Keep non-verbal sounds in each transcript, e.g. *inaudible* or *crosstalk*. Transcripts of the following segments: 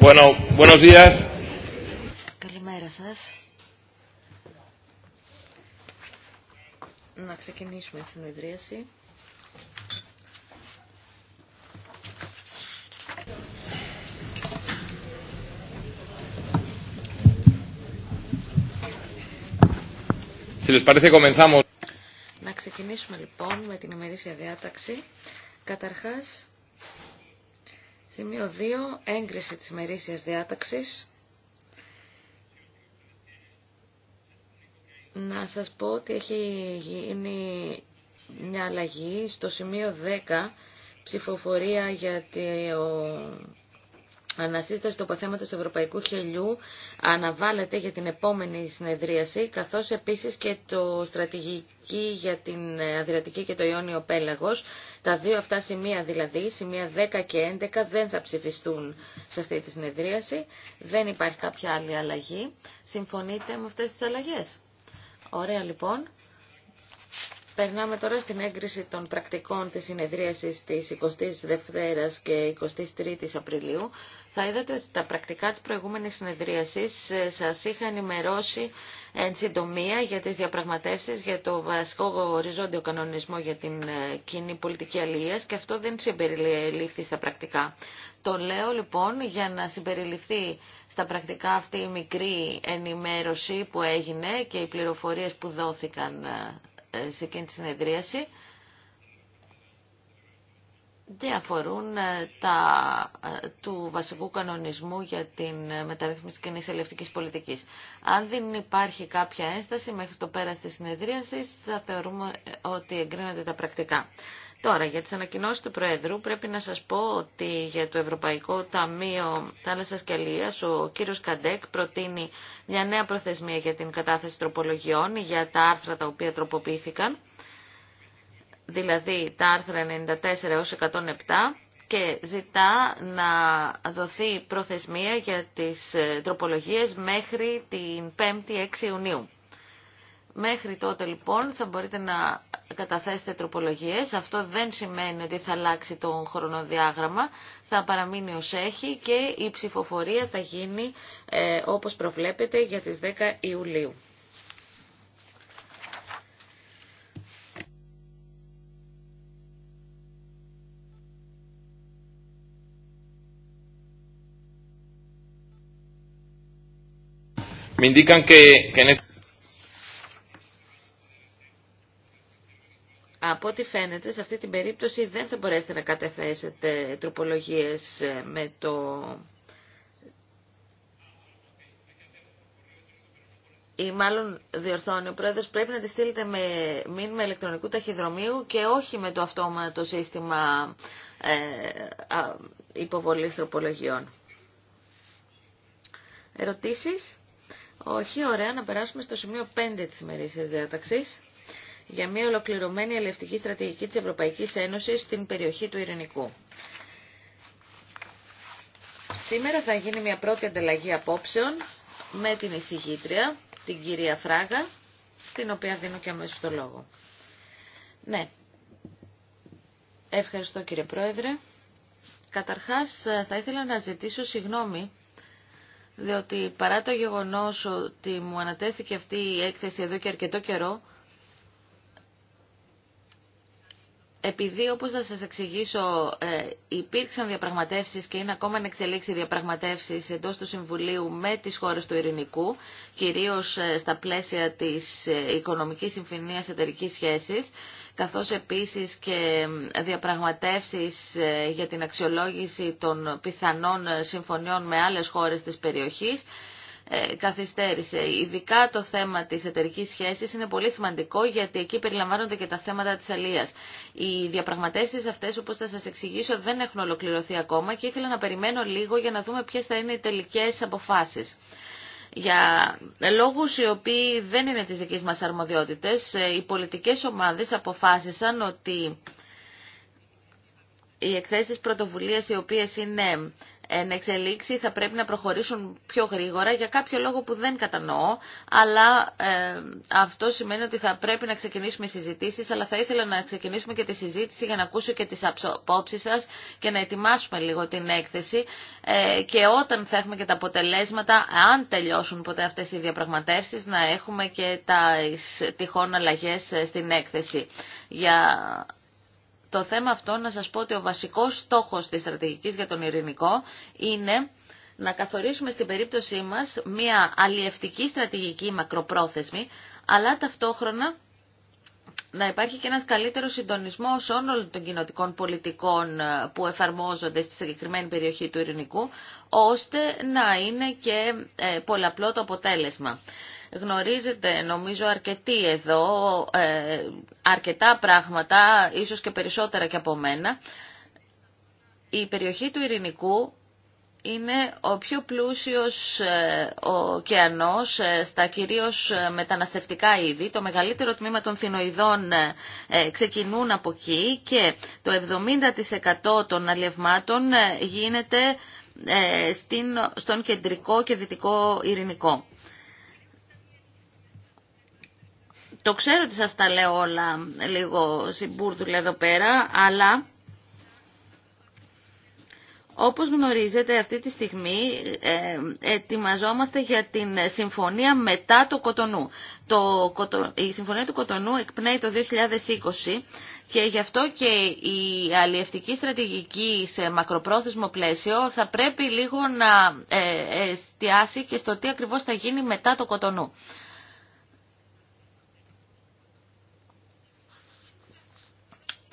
Bueno, buenos días. Καλημέρα σα. Να ξεκινήσουμε τη συνεδρίαση. Να ξεκινήσουμε λοιπόν με την ημερήσια διάταξη. Καταρχάς, Σημείο 2. Έγκριση της μερίσιας διάταξης. Να σας πω ότι έχει γίνει μια αλλαγή στο σημείο 10 ψηφοφορία για το Ανασύσταση του αποθέματο του Ευρωπαϊκού Χελιού αναβάλλεται για την επόμενη συνεδρίαση, καθώς επίσης και το στρατηγική για την ε, Αδριατική και το Ιόνιο Πέλαγος. Τα δύο αυτά σημεία δηλαδή, σημεία 10 και 11, δεν θα ψηφιστούν σε αυτή τη συνεδρίαση. Δεν υπάρχει κάποια άλλη αλλαγή. Συμφωνείτε με αυτές τις αλλαγές. Ωραία λοιπόν. Περνάμε τώρα στην έγκριση των πρακτικών της συνεδρίασης της 22ης και 23ης Απριλίου. Θα είδατε ότι τα πρακτικά της προηγούμενης συνεδρίασης ε, σας είχα ενημερώσει εν συντομία για τις διαπραγματεύσεις για το βασικό οριζόντιο κανονισμό για την ε, κοινή πολιτική αλληλείας και αυτό δεν συμπεριλήφθη στα πρακτικά. Το λέω λοιπόν για να συμπεριληφθεί στα πρακτικά αυτή η μικρή ενημέρωση που έγινε και οι πληροφορίες που δόθηκαν ε, σε εκείνη τη συνεδρίαση διαφορούν ε, τα ε, του βασικού κανονισμού για την ε, μεταρρύθμιση κοινή ελευτικής πολιτικής. Αν δεν υπάρχει κάποια ένσταση μέχρι το πέρας της συνεδρίασης θα θεωρούμε ότι εγκρίνονται τα πρακτικά. Τώρα, για τις ανακοινώσεις του Προέδρου πρέπει να σας πω ότι για το Ευρωπαϊκό Ταμείο Θάλασσας και ο κύριος Καντέκ προτείνει μια νέα προθεσμία για την κατάθεση τροπολογιών για τα άρθρα τα οποία τροποποιήθηκαν, δηλαδή τα άρθρα 94 έως 107 και ζητά να δοθεί προθεσμία για τις ε, τροπολογίες μέχρι την 5η 6 Ιουνίου. Μέχρι τότε λοιπόν θα μπορείτε να καταθέσετε τροπολογίες. Αυτό δεν σημαίνει ότι θα αλλάξει το χρονοδιάγραμμα. Θα παραμείνει ως έχει και η ψηφοφορία θα γίνει ε, όπως προβλέπετε για τις 10 Ιουλίου. Me indican que, que en Από ό,τι φαίνεται, σε αυτή την περίπτωση δεν θα μπορέσετε να κατεθέσετε τροπολογίες ε, με το... ή μάλλον διορθώνει ο πρόεδρος, πρέπει να τη στείλετε με μήνυμα ηλεκτρονικού ταχυδρομείου και όχι με το αυτόματο σύστημα ε, υποβολής τροπολογιών. Ερωτήσεις? Όχι, ωραία, να περάσουμε στο σημείο 5 της ημερήσιας διάταξης για μια ολοκληρωμένη ελευθερική στρατηγική της Ευρωπαϊκής Ένωσης στην περιοχή του Ειρηνικού. Σήμερα θα γίνει μια πρώτη ανταλλαγή απόψεων με την εισηγήτρια, την κυρία Φράγα, στην οποία δίνω και αμέσω το λόγο. Ναι. Ευχαριστώ κύριε Πρόεδρε. Καταρχάς θα ήθελα να ζητήσω συγγνώμη διότι παρά το γεγονός ότι μου ανατέθηκε αυτή η έκθεση εδώ και αρκετό καιρό, επειδή όπως θα σας εξηγήσω ε, υπήρξαν διαπραγματεύσεις και είναι ακόμα να εξελίξει διαπραγματεύσεις εντός του Συμβουλίου με τις χώρες του Ειρηνικού, κυρίως ε, στα πλαίσια της ε, Οικονομικής Συμφωνίας Εταιρικής Σχέσης, καθώς επίσης και διαπραγματεύσεις για την αξιολόγηση των πιθανών συμφωνιών με άλλες χώρες της περιοχής, ε, καθυστέρησε. Ειδικά το θέμα της εταιρική σχέσης είναι πολύ σημαντικό γιατί εκεί περιλαμβάνονται και τα θέματα της αλίας. Οι διαπραγματεύσεις αυτές όπως θα σας εξηγήσω δεν έχουν ολοκληρωθεί ακόμα και ήθελα να περιμένω λίγο για να δούμε ποιες θα είναι οι τελικές αποφάσεις για λόγους οι οποίοι δεν είναι της δικής μας αρμοδιότητες, ε, οι πολιτικές ομάδες αποφάσισαν ότι οι εκθέσεις πρωτοβουλίας οι οποίες είναι εν εξελίξει θα πρέπει να προχωρήσουν πιο γρήγορα για κάποιο λόγο που δεν κατανοώ, αλλά ε, αυτό σημαίνει ότι θα πρέπει να ξεκινήσουμε συζητήσεις, αλλά θα ήθελα να ξεκινήσουμε και τη συζήτηση για να ακούσω και τις απόψεις σας και να ετοιμάσουμε λίγο την έκθεση ε, και όταν θα έχουμε και τα αποτελέσματα, αν τελειώσουν ποτέ αυτές οι διαπραγματεύσεις, να έχουμε και τα τυχόν αλλαγές ε, στην έκθεση. Για το θέμα αυτό να σας πω ότι ο βασικός στόχος της στρατηγικής για τον ειρηνικό είναι να καθορίσουμε στην περίπτωσή μας μια αλλιευτική στρατηγική μακροπρόθεσμη, αλλά ταυτόχρονα να υπάρχει και ένας καλύτερος συντονισμός όλων των κοινοτικών πολιτικών ε, που εφαρμόζονται στη συγκεκριμένη περιοχή του Ειρηνικού, ώστε να είναι και ε, πολλαπλό το αποτέλεσμα γνωρίζετε νομίζω αρκετοί εδώ, ε, αρκετά πράγματα, ίσως και περισσότερα και από μένα. Η περιοχή του Ειρηνικού είναι ο πιο πλούσιος ε, ωκεανός ε, στα κυρίως μεταναστευτικά είδη. Το μεγαλύτερο τμήμα των θηνοειδών ξεκινούν από εκεί και το 70% των αλλιευμάτων γίνεται στον κεντρικό και δυτικό ειρηνικό. το ξέρω ότι σας τα λέω όλα λίγο συμπούρδουλα εδώ πέρα, αλλά όπως γνωρίζετε αυτή τη στιγμή ε, ετοιμαζόμαστε για την συμφωνία μετά το Κοτονού. Το, η συμφωνία του Κοτονού εκπνέει το 2020 και γι' αυτό και η αλλιευτική στρατηγική σε μακροπρόθεσμο πλαίσιο θα πρέπει λίγο να ε, εστιάσει και στο τι ακριβώς θα γίνει μετά το Κοτονού.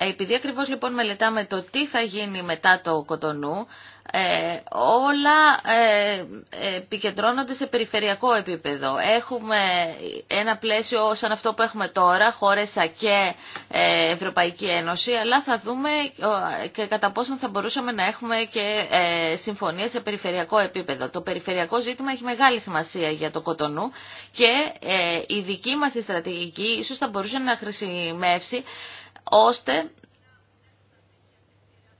Επειδή ακριβώς λοιπόν μελετάμε το τι θα γίνει μετά το Κοτονού, ε, όλα ε, επικεντρώνονται σε περιφερειακό επίπεδο. Έχουμε ένα πλαίσιο σαν αυτό που έχουμε τώρα, χώρες ΑΚΕ, Ευρωπαϊκή Ένωση, αλλά θα δούμε και κατά πόσο θα μπορούσαμε να έχουμε και ε, συμφωνίες σε περιφερειακό επίπεδο. Το περιφερειακό ζήτημα έχει μεγάλη σημασία για το Κοτονού και ε, η δική μας στρατηγική ίσως θα μπορούσε να χρησιμεύσει ώστε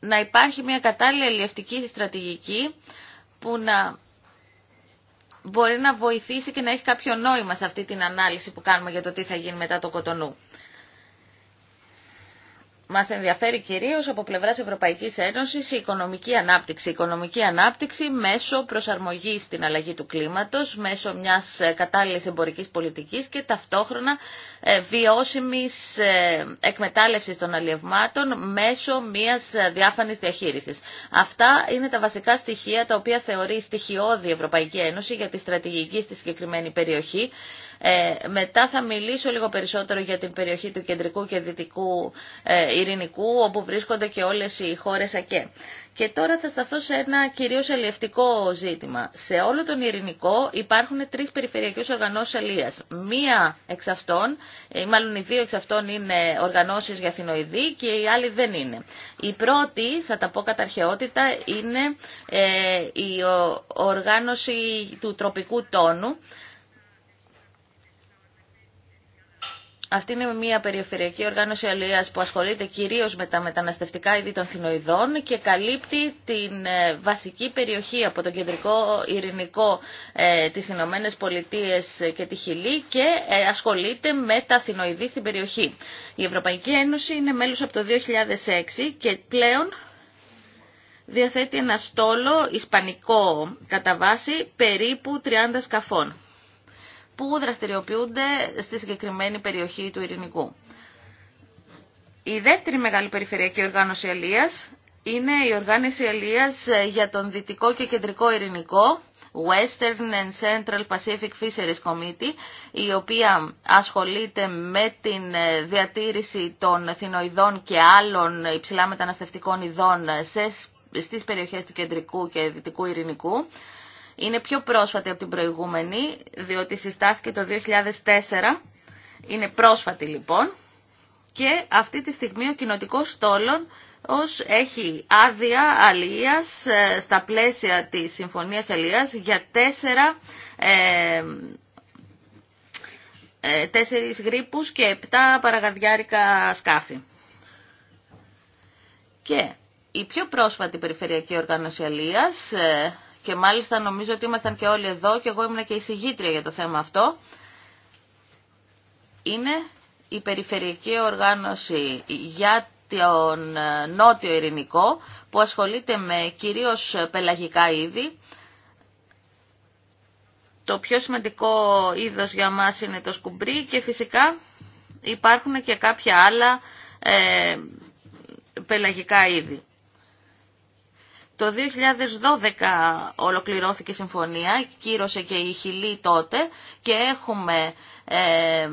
να υπάρχει μια κατάλληλη ελιευτική στρατηγική που να μπορεί να βοηθήσει και να έχει κάποιο νόημα σε αυτή την ανάλυση που κάνουμε για το τι θα γίνει μετά το κοτονού μας ενδιαφέρει κυρίως από πλευράς Ευρωπαϊκής Ένωσης η οικονομική ανάπτυξη. Η οικονομική ανάπτυξη μέσω προσαρμογής στην αλλαγή του κλίματος, μέσω μιας ε, κατάλληλης εμπορικής πολιτικής και ταυτόχρονα ε, βιώσιμης ε, εκμετάλλευσης των αλλιευμάτων μέσω μιας διάφανης διαχείρισης. Αυτά είναι τα βασικά στοιχεία τα οποία θεωρεί στοιχειώδη η Ευρωπαϊκή Ένωση για τη στρατηγική στη συγκεκριμένη περιοχή ε, μετά θα μιλήσω λίγο περισσότερο για την περιοχή του κεντρικού και δυτικού ε, ειρηνικού, όπου βρίσκονται και όλες οι χώρες ΑΚΕ. Και τώρα θα σταθώ σε ένα κυρίως αλλιευτικό ζήτημα. Σε όλο τον ειρηνικό υπάρχουν τρεις περιφερειακούς οργανώσεις αλλίας. Μία εξ αυτών, ή ε, μάλλον οι δύο εξ αυτών είναι οργανώσεις για θηνοειδή και οι άλλοι δεν είναι. Η πρώτη, θα τα πω κατά αρχαιότητα, είναι ε, η οργάνωση του τροπικού τόνου, Αυτή είναι μια περιφερειακή οργάνωση αλληλεία που ασχολείται κυρίως με τα μεταναστευτικά είδη των θηνοειδών και καλύπτει την ε, βασική περιοχή από τον κεντρικό ειρηνικό ε, της Ηνωμένες και τη Χιλή και ε, ασχολείται με τα θηνοειδή στην περιοχή. Η Ευρωπαϊκή Ένωση είναι μέλο από το 2006 και πλέον διαθέτει ένα στόλο ισπανικό κατά βάση περίπου 30 σκαφών που δραστηριοποιούνται στη συγκεκριμένη περιοχή του Ειρηνικού. Η δεύτερη μεγάλη περιφερειακή οργάνωση Αλίας είναι η οργάνωση Αλίας για τον Δυτικό και Κεντρικό Ειρηνικό, Western and Central Pacific Fisheries Committee, η οποία ασχολείται με την διατήρηση των θηνοειδών και άλλων υψηλά μεταναστευτικών ειδών σε στις περιοχές του κεντρικού και δυτικού ειρηνικού είναι πιο πρόσφατη από την προηγούμενη, διότι συστάθηκε το 2004, είναι πρόσφατη λοιπόν, και αυτή τη στιγμή ο κοινοτικό στόλων ως έχει άδεια αλίας ε, στα πλαίσια της Συμφωνίας Αλίας για τέσσερα ε, ε, τέσσερις γρήπους και επτά παραγαδιάρικα σκάφη. Και η πιο πρόσφατη περιφερειακή οργάνωση αλίας, ε, και μάλιστα νομίζω ότι ήμασταν και όλοι εδώ και εγώ ήμουν και εισηγήτρια για το θέμα αυτό, είναι η περιφερειακή οργάνωση για τον ε, νότιο ειρηνικό που ασχολείται με κυρίως πελαγικά είδη. Το πιο σημαντικό είδος για μας είναι το σκουμπρί και φυσικά υπάρχουν και κάποια άλλα ε, πελαγικά είδη. Το 2012 ολοκληρώθηκε η συμφωνία, κύρωσε και η Χιλή τότε και έχουμε ε,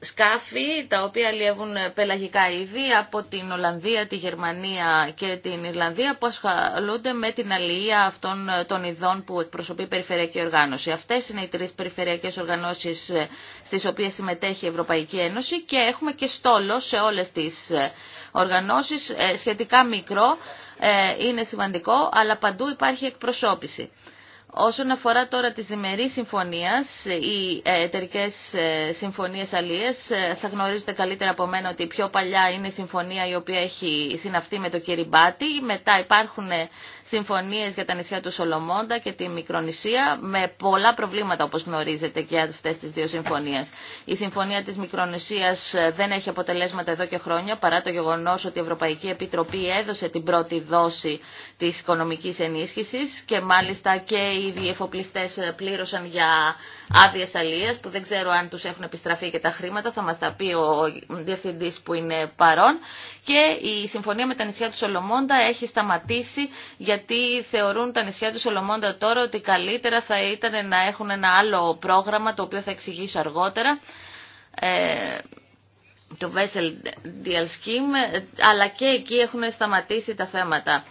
σκάφη τα οποία αλλιεύουν πελαγικά είδη από την Ολλανδία, τη Γερμανία και την Ιρλανδία που ασχολούνται με την αλληλεία αυτών των ειδών που εκπροσωπεί η Περιφερειακή Οργάνωση. Αυτές είναι οι τρεις περιφερειακές οργανώσεις ε, στις οποίες συμμετέχει η Ευρωπαϊκή Ένωση και έχουμε και στόλο σε όλες τις ε, οργανώσεις ε, σχετικά μικρό ε, είναι σημαντικό, αλλά παντού υπάρχει εκπροσώπηση. Όσον αφορά τώρα τις διμερείς συμφωνίες, οι ε, εταιρικέ ε, συμφωνίες αλλιες ε, θα γνωρίζετε καλύτερα από μένα ότι η πιο παλιά είναι η συμφωνία η οποία έχει συναυτεί με το Κυριμπάτι. Μετά υπάρχουν συμφωνίες για τα νησιά του Σολομόντα και τη Μικρονησία με πολλά προβλήματα όπως γνωρίζετε και αυτές τις δύο συμφωνίες. Η συμφωνία της Μικρονησίας δεν έχει αποτελέσματα εδώ και χρόνια παρά το γεγονός ότι η Ευρωπαϊκή Επιτροπή έδωσε την πρώτη δόση της οικονομικής ενίσχυσης και μάλιστα και η ήδη οι εφοπλιστές ε, πλήρωσαν για άδειες αλλοίε που δεν ξέρω αν τους έχουν επιστραφεί και τα χρήματα, θα μας τα πει ο διευθυντής που είναι παρόν. Και η συμφωνία με τα νησιά του Σολομόντα έχει σταματήσει γιατί θεωρούν τα νησιά του Σολομόντα τώρα ότι καλύτερα θα ήταν να έχουν ένα άλλο πρόγραμμα το οποίο θα εξηγήσω αργότερα. Ε, το Vessel Deal Scheme, ε, αλλά και εκεί έχουν σταματήσει τα θέματα.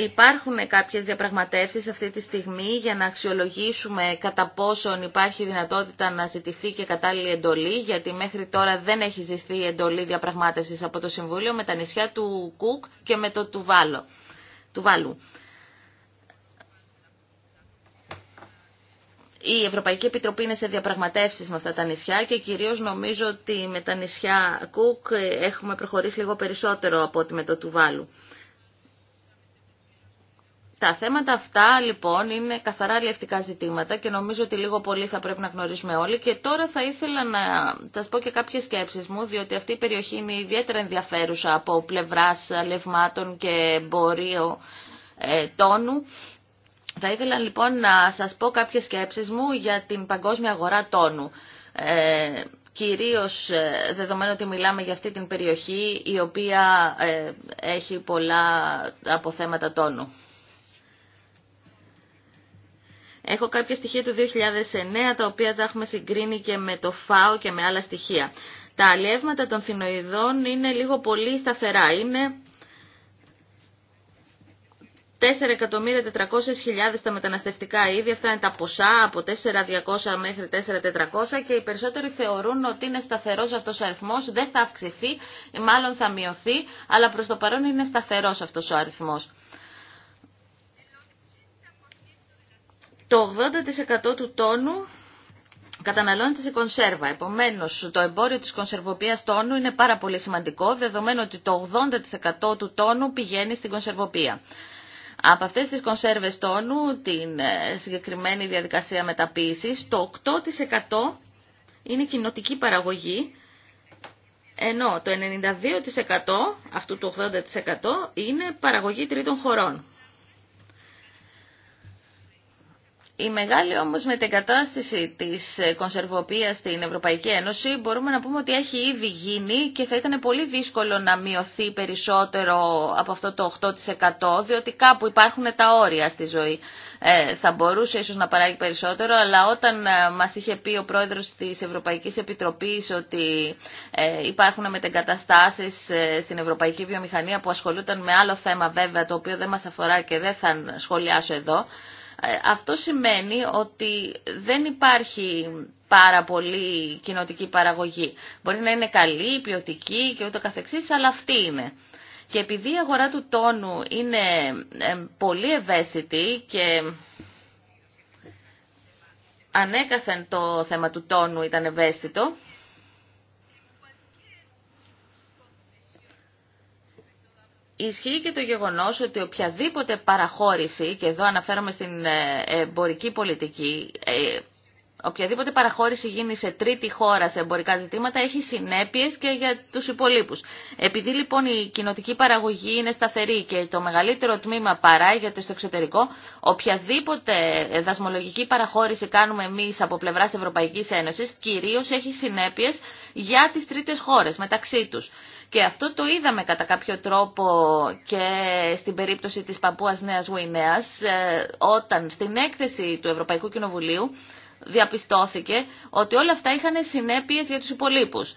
Υπάρχουν κάποιες διαπραγματεύσεις αυτή τη στιγμή για να αξιολογήσουμε κατά πόσον υπάρχει δυνατότητα να ζητηθεί και κατάλληλη εντολή, γιατί μέχρι τώρα δεν έχει ζητηθεί εντολή διαπραγμάτευσης από το Συμβούλιο με τα νησιά του Κουκ και με το Τουβάλο, Βάλου. Η Ευρωπαϊκή Επιτροπή είναι σε διαπραγματεύσεις με αυτά τα νησιά και κυρίως νομίζω ότι με τα νησιά Κουκ έχουμε προχωρήσει λίγο περισσότερο από ότι με το Τουβάλου. Τα θέματα αυτά λοιπόν είναι καθαρά λευτικά ζητήματα και νομίζω ότι λίγο πολύ θα πρέπει να γνωρίζουμε όλοι και τώρα θα ήθελα να σας πω και κάποιες σκέψεις μου διότι αυτή η περιοχή είναι ιδιαίτερα ενδιαφέρουσα από πλευράς λευμάτων και εμπορίου ε, τόνου. Θα ήθελα λοιπόν να σας πω κάποιες σκέψεις μου για την παγκόσμια αγορά τόνου. Ε, κυρίως ε, δεδομένου ότι μιλάμε για αυτή την περιοχή η οποία ε, έχει πολλά αποθέματα τόνου. Έχω κάποια στοιχεία του 2009 τα οποία τα έχουμε συγκρίνει και με το ΦΑΟ και με άλλα στοιχεία. Τα αλλιεύματα των θηνοειδών είναι λίγο πολύ σταθερά. Είναι 4.400.000 τα μεταναστευτικά είδη, αυτά είναι τα ποσά από 4.200 μέχρι 4.400 και οι περισσότεροι θεωρούν ότι είναι σταθερός αυτός ο αριθμός, δεν θα αυξηθεί, μάλλον θα μειωθεί, αλλά προς το παρόν είναι σταθερός αυτός ο αριθμός. Το 80% του τόνου καταναλώνεται σε κονσέρβα. Επομένως, το εμπόριο της κονσερβοποιίας τόνου είναι πάρα πολύ σημαντικό, δεδομένου ότι το 80% του τόνου πηγαίνει στην κονσερβοπία. Από αυτές τις κονσέρβες τόνου, την ε, συγκεκριμένη διαδικασία μεταποίησης, το 8% είναι κοινοτική παραγωγή, ενώ το 92% αυτού του 80% είναι παραγωγή τρίτων χωρών. Η μεγάλη όμως μετεγκατάσταση της ε, κονσερβοποίησης στην Ευρωπαϊκή Ένωση μπορούμε να πούμε ότι έχει ήδη γίνει και θα ήταν πολύ δύσκολο να μειωθεί περισσότερο από αυτό το 8% διότι κάπου υπάρχουν τα όρια στη ζωή. Ε, θα μπορούσε ίσως να παράγει περισσότερο, αλλά όταν ε, μας είχε πει ο πρόεδρος της Ευρωπαϊκής Επιτροπής ότι ε, υπάρχουν μετεγκαταστάσεις στην Ευρωπαϊκή Βιομηχανία που ασχολούνταν με άλλο θέμα βέβαια, το οποίο δεν μας αφορά και δεν θα σχολιάσω εδώ, ε, αυτό σημαίνει ότι δεν υπάρχει πάρα πολύ κοινοτική παραγωγή. Μπορεί να είναι καλή, ποιοτική και ούτω καθεξής, αλλά αυτή είναι. Και επειδή η αγορά του τόνου είναι ε, πολύ ευαίσθητη και ανέκαθεν το θέμα του τόνου ήταν ευαίσθητο, Ισχύει και το γεγονός ότι οποιαδήποτε παραχώρηση, και εδώ αναφέρομαι στην ε, εμπορική πολιτική, ε, οποιαδήποτε παραχώρηση γίνει σε τρίτη χώρα σε εμπορικά ζητήματα έχει συνέπειες και για τους υπολείπους. Επειδή λοιπόν η κοινοτική παραγωγή είναι σταθερή και το μεγαλύτερο τμήμα παράγεται στο εξωτερικό, οποιαδήποτε δασμολογική παραχώρηση κάνουμε εμείς από πλευράς Ευρωπαϊκής Ένωσης κυρίως έχει συνέπειες για τις τρίτες χώρες μεταξύ τους. Και αυτό το είδαμε κατά κάποιο τρόπο και στην περίπτωση της Παππούας Νέας Γουινέας, ε, όταν στην έκθεση του Ευρωπαϊκού Κοινοβουλίου διαπιστώθηκε ότι όλα αυτά είχαν συνέπειες για τους υπολείπους.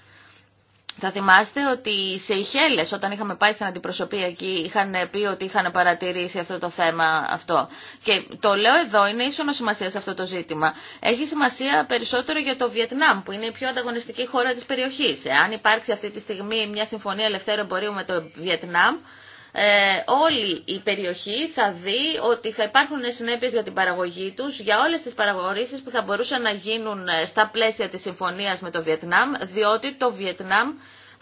Θα θυμάστε ότι σε Σεϊχέλες όταν είχαμε πάει στην αντιπροσωπεία εκεί είχαν πει ότι είχαν παρατηρήσει αυτό το θέμα αυτό. Και το λέω εδώ, είναι ίσονο σημασία σε αυτό το ζήτημα. Έχει σημασία περισσότερο για το Βιετνάμ που είναι η πιο ανταγωνιστική χώρα της περιοχής. Αν υπάρξει αυτή τη στιγμή μια συμφωνία ελευθέρω εμπορίου με το Βιετνάμ, ε, όλη η περιοχή θα δει ότι θα υπάρχουν συνέπειες για την παραγωγή τους, για όλες τις παραγωγήσεις που θα μπορούσαν να γίνουν ε, στα πλαίσια της συμφωνίας με το Βιετνάμ, διότι το Βιετνάμ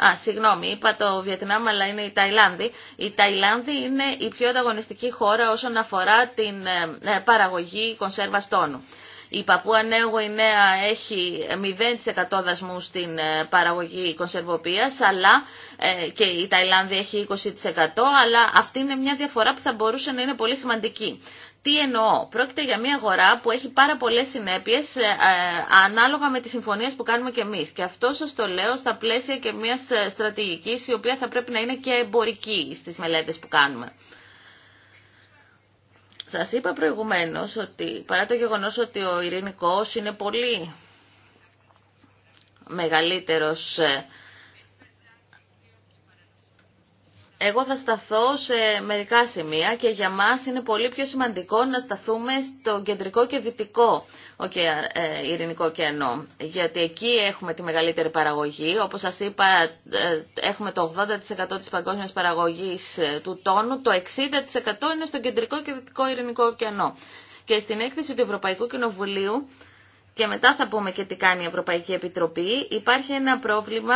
Α, συγγνώμη, είπα το Βιετνάμ, αλλά είναι η Ταϊλάνδη. Η Ταϊλάνδη είναι η πιο ανταγωνιστική χώρα όσον αφορά την ε, παραγωγή κονσέρβας τόνου. Η Παππούα Νέου Γουινέα έχει 0% δασμού στην ε, παραγωγή κονσερβοποίησης, αλλά ε, και η Ταϊλάνδη έχει 20%, αλλά αυτή είναι μια διαφορά που θα μπορούσε να είναι πολύ σημαντική. Τι εννοώ. Πρόκειται για μια αγορά που έχει πάρα πολλέ συνέπειε ε, ανάλογα με τι συμφωνίε που κάνουμε και εμεί. Και αυτό σα το λέω στα πλαίσια και μια στρατηγική η οποία θα πρέπει να είναι και εμπορική στι μελέτε που κάνουμε. Σας είπα προηγουμένως ότι παρά το γεγονός ότι ο ειρηνικός είναι πολύ μεγαλύτερος ε, εγώ θα σταθώ σε μερικά σημεία και για μας είναι πολύ πιο σημαντικό να σταθούμε στο κεντρικό και δυτικό ε, ειρηνικό κενό. Γιατί εκεί έχουμε τη μεγαλύτερη παραγωγή. Όπως σας είπα, ε, έχουμε το 80% της παγκόσμιας παραγωγής ε, του τόνου. Το 60% είναι στο κεντρικό και δυτικό ειρηνικό κενό. Και στην έκθεση του Ευρωπαϊκού Κοινοβουλίου και μετά θα πούμε και τι κάνει η Ευρωπαϊκή Επιτροπή, υπάρχει ένα πρόβλημα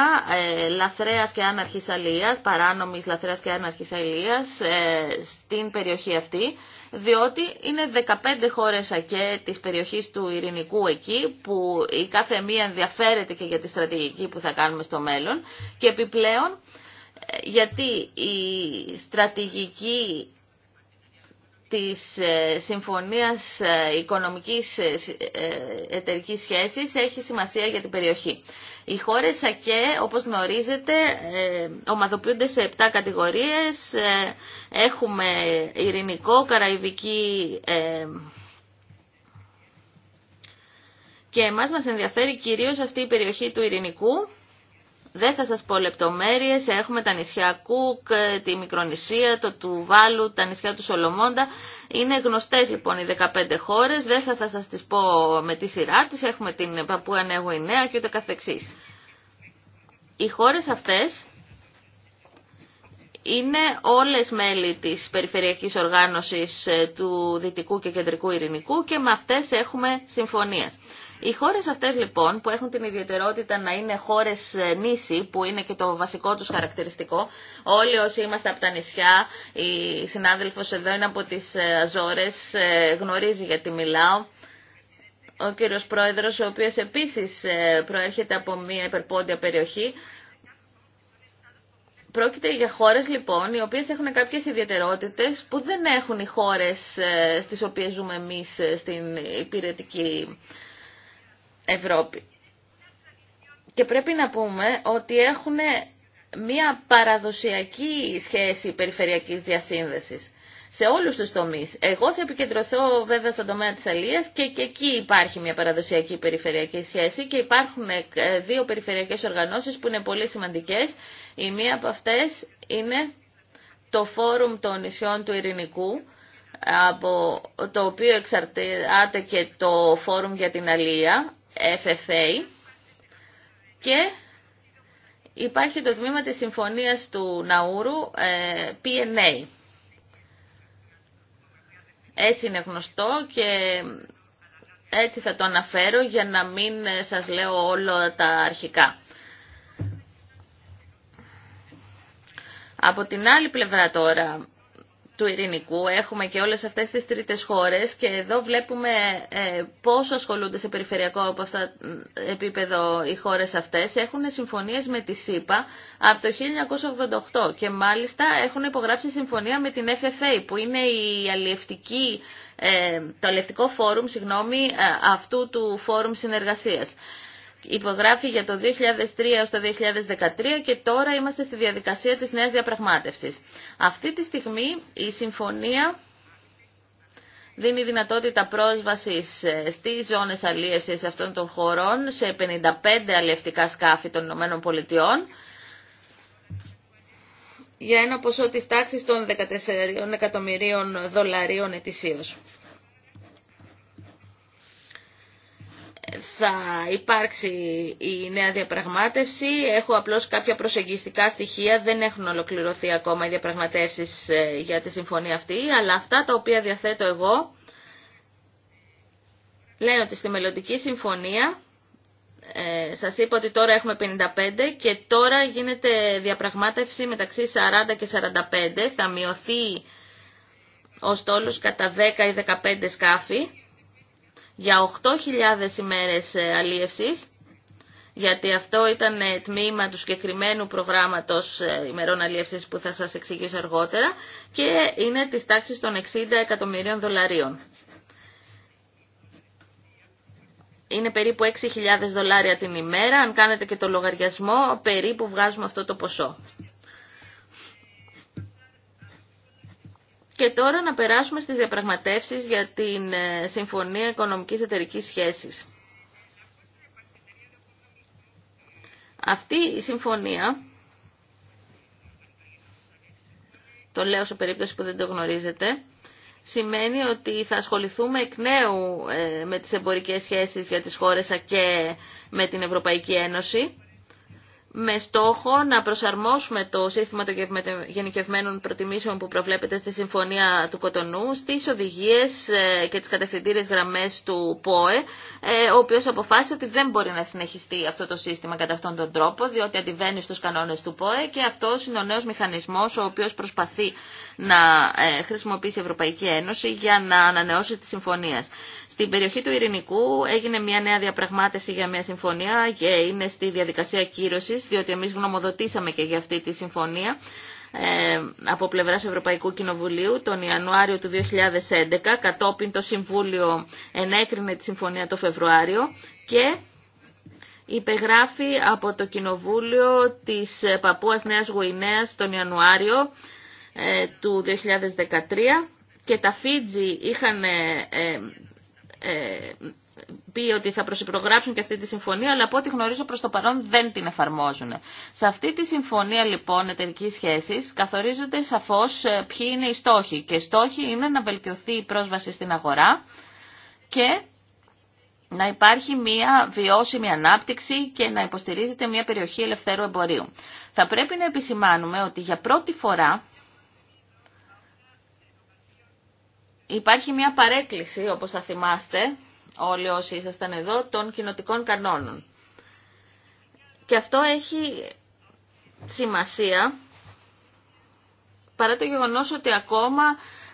ε, και άναρχης αλίας, παράνομης λαθρέας και άναρχης αλίας ε, στην περιοχή αυτή, διότι είναι 15 χώρες ακέ της περιοχής του Ειρηνικού εκεί, που η κάθε μία ενδιαφέρεται και για τη στρατηγική που θα κάνουμε στο μέλλον, και επιπλέον ε, γιατί η στρατηγική της ε, Συμφωνίας ε, Οικονομικής ε, Εταιρικής Σχέσης έχει σημασία για την περιοχή. Οι χώρες ΑΚΕ, όπως γνωρίζετε, ομαδοποιούνται σε 7 κατηγορίες. Έχουμε ειρηνικό, καραϊβική και εμάς μας ενδιαφέρει κυρίως αυτή η περιοχή του ειρηνικού δεν θα σας πω λεπτομέρειες, έχουμε τα νησιά Κουκ, ε, τη Μικρονησία, το Τουβάλου, τα νησιά του Σολομόντα. Είναι γνωστές λοιπόν οι 15 χώρες, δεν θα, σας τις πω με τη σειρά τις, έχουμε την Παππού Νέα και ούτε καθεξής. Οι χώρες αυτές είναι όλες μέλη της Περιφερειακής Οργάνωσης ε, του Δυτικού και Κεντρικού Ειρηνικού και με αυτές έχουμε συμφωνίες. Οι χώρες αυτές λοιπόν που έχουν την ιδιαιτερότητα να είναι χώρες ε, νήσι που είναι και το βασικό τους χαρακτηριστικό όλοι όσοι είμαστε από τα νησιά η συνάδελφος εδώ είναι από τις ε, Αζόρες ε, γνωρίζει γιατί μιλάω ο κύριος πρόεδρος ο οποίος επίσης προέρχεται από μια υπερπόντια περιοχή Πρόκειται για χώρες λοιπόν οι οποίες έχουν κάποιες ιδιαιτερότητες που δεν έχουν οι χώρες στις οποίες ζούμε εμείς στην υπηρετική Ευρώπη. Και πρέπει να πούμε ότι έχουν μία παραδοσιακή σχέση περιφερειακής διασύνδεσης σε όλους τους τομείς. Εγώ θα επικεντρωθώ βέβαια στον τομέα της αλίας και, και εκεί υπάρχει μια παραδοσιακή περιφερειακή σχέση και υπάρχουν ε, δύο περιφερειακές οργανώσεις που είναι πολύ σημαντικές. Η μία από αυτές είναι το Φόρουμ των Νησιών του Ειρηνικού, από το οποίο εξαρτάται και το Φόρουμ για την Αλία, FFA και υπάρχει το τμήμα της συμφωνίας του Ναούρου ε, PNA. Έτσι είναι γνωστό και έτσι θα το αναφέρω για να μην σας λέω όλα τα αρχικά. Από την άλλη πλευρά τώρα, του έχουμε και όλες αυτές τις τρίτες χώρες και εδώ βλέπουμε ε, πόσο ασχολούνται σε περιφερειακό από αυτά ε, επίπεδο οι χώρες αυτές. Έχουν συμφωνίες με τη ΣΥΠΑ από το 1988 και μάλιστα έχουν υπογράψει συμφωνία με την FFA που είναι η ε, το αλληλευτικό φόρουμ αυτού του φόρουμ συνεργασίας υπογράφει για το 2003 έως το 2013 και τώρα είμαστε στη διαδικασία της νέας διαπραγμάτευσης. Αυτή τη στιγμή η συμφωνία δίνει δυνατότητα πρόσβασης στις ζώνες αλίευσης αυτών των χωρών σε 55 αλλιευτικά σκάφη των Ηνωμένων Πολιτειών για ένα ποσό της τάξης των 14 εκατομμυρίων δολαρίων ετησίως. θα υπάρξει η νέα διαπραγμάτευση. Έχω απλώς κάποια προσεγγιστικά στοιχεία. Δεν έχουν ολοκληρωθεί ακόμα οι διαπραγματεύσεις ε, για τη συμφωνία αυτή, αλλά αυτά τα οποία διαθέτω εγώ λένε ότι στη μελλοντική συμφωνία ε, σας είπα ότι τώρα έχουμε 55 και τώρα γίνεται διαπραγμάτευση μεταξύ 40 και 45. Θα μειωθεί ο στόλος κατά 10 ή 15 σκάφη για 8.000 ημέρες ε, αλίευσης, γιατί αυτό ήταν ε, τμήμα του συγκεκριμένου προγράμματος ε, ημερών αλίευσης που θα σας εξηγήσω αργότερα και είναι της τάξης των 60 εκατομμυρίων δολαρίων. είναι περίπου 6.000 δολάρια την ημέρα. Αν κάνετε και το λογαριασμό, περίπου βγάζουμε αυτό το ποσό. Και τώρα να περάσουμε στις διαπραγματεύσεις για την ε, Συμφωνία Οικονομικής Εταιρικής Σχέσης. Αυτή η συμφωνία, το λέω σε περίπτωση που δεν το γνωρίζετε, σημαίνει ότι θα ασχοληθούμε εκ νέου ε, με τις εμπορικές σχέσεις για τις χώρες και με την Ευρωπαϊκή Ένωση με στόχο να προσαρμόσουμε το σύστημα των γενικευμένων προτιμήσεων που προβλέπεται στη Συμφωνία του Κοτονού στις οδηγίες ε, και τις κατευθυντήρες γραμμές του ΠΟΕ, ε, ο οποίος αποφάσισε ότι δεν μπορεί να συνεχιστεί αυτό το σύστημα κατά αυτόν τον τρόπο, διότι αντιβαίνει στους κανόνες του ΠΟΕ και αυτό είναι ο νέος μηχανισμός ο οποίος προσπαθεί να ε, χρησιμοποιήσει η Ευρωπαϊκή Ένωση για να ανανεώσει τη συμφωνία. Στην περιοχή του Ειρηνικού έγινε μια νέα διαπραγμάτευση για μια συμφωνία και είναι στη διαδικασία κύρωση διότι εμείς γνωμοδοτήσαμε και για αυτή τη συμφωνία ε, από πλευράς Ευρωπαϊκού Κοινοβουλίου τον Ιανουάριο του 2011 κατόπιν το Συμβούλιο ενέκρινε τη συμφωνία το Φεβρουάριο και υπεγράφει από το Κοινοβούλιο της Παππούας Νέας Γουινέας τον Ιανουάριο ε, του 2013 και τα Φίτζι είχαν ε, πει ότι θα προσυπρογράψουν και αυτή τη συμφωνία, αλλά από ό,τι γνωρίζω προς το παρόν δεν την εφαρμόζουν. Σε αυτή τη συμφωνία λοιπόν εταιρική σχέση καθορίζονται σαφώς ε, ποιοι είναι οι στόχοι και οι στόχοι είναι να βελτιωθεί η πρόσβαση στην αγορά και να υπάρχει μια βιώσιμη ανάπτυξη και να υποστηρίζεται μια περιοχή ελευθέρου εμπορίου. Θα πρέπει να επισημάνουμε ότι για πρώτη φορά υπάρχει μια παρέκκληση, όπως θα θυμάστε, όλοι όσοι ήσασταν εδώ, των κοινοτικών κανόνων. Και αυτό έχει σημασία παρά το γεγονός ότι ακόμα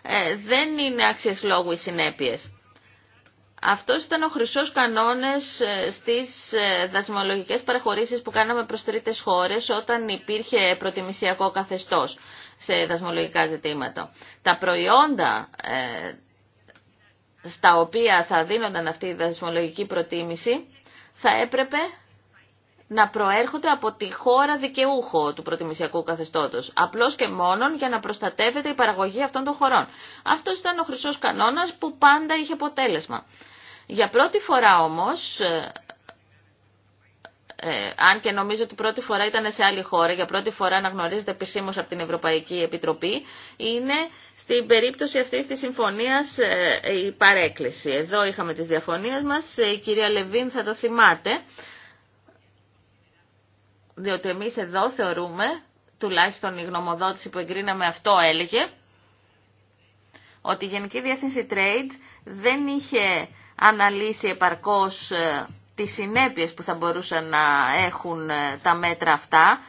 ε, δεν είναι άξιες λόγου οι συνέπειες. Αυτός ήταν ο χρυσός κανόνες ε, στις ε, δασμολογικές παραχωρήσεις που κάναμε προς τρίτες χώρες όταν υπήρχε προτιμησιακό καθεστώς σε δασμολογικά ζητήματα. Τα προϊόντα στα οποία θα δίνονταν αυτή η δασμολογική προτίμηση θα έπρεπε να προέρχονται από τη χώρα δικαιούχο του προτιμησιακού καθεστώτος, απλώς και μόνον για να προστατεύεται η παραγωγή αυτών των χωρών. Αυτός ήταν ο χρυσός κανόνας που πάντα είχε αποτέλεσμα. Για πρώτη φορά όμως ε, ε, αν και νομίζω ότι πρώτη φορά ήταν σε άλλη χώρα, για πρώτη φορά να γνωρίζετε επισήμως από την Ευρωπαϊκή Επιτροπή, είναι στην περίπτωση αυτής της συμφωνίας ε, η παρέκκληση. Εδώ είχαμε τις διαφωνίες μας, ε, η κυρία Λεβίν θα το θυμάται, διότι εμείς εδώ θεωρούμε, τουλάχιστον η γνωμοδότηση που εγκρίναμε αυτό έλεγε, ότι η Γενική Διεύθυνση Trade δεν είχε αναλύσει επαρκώς τις συνέπειες που θα μπορούσαν να έχουν ε, τα μέτρα αυτά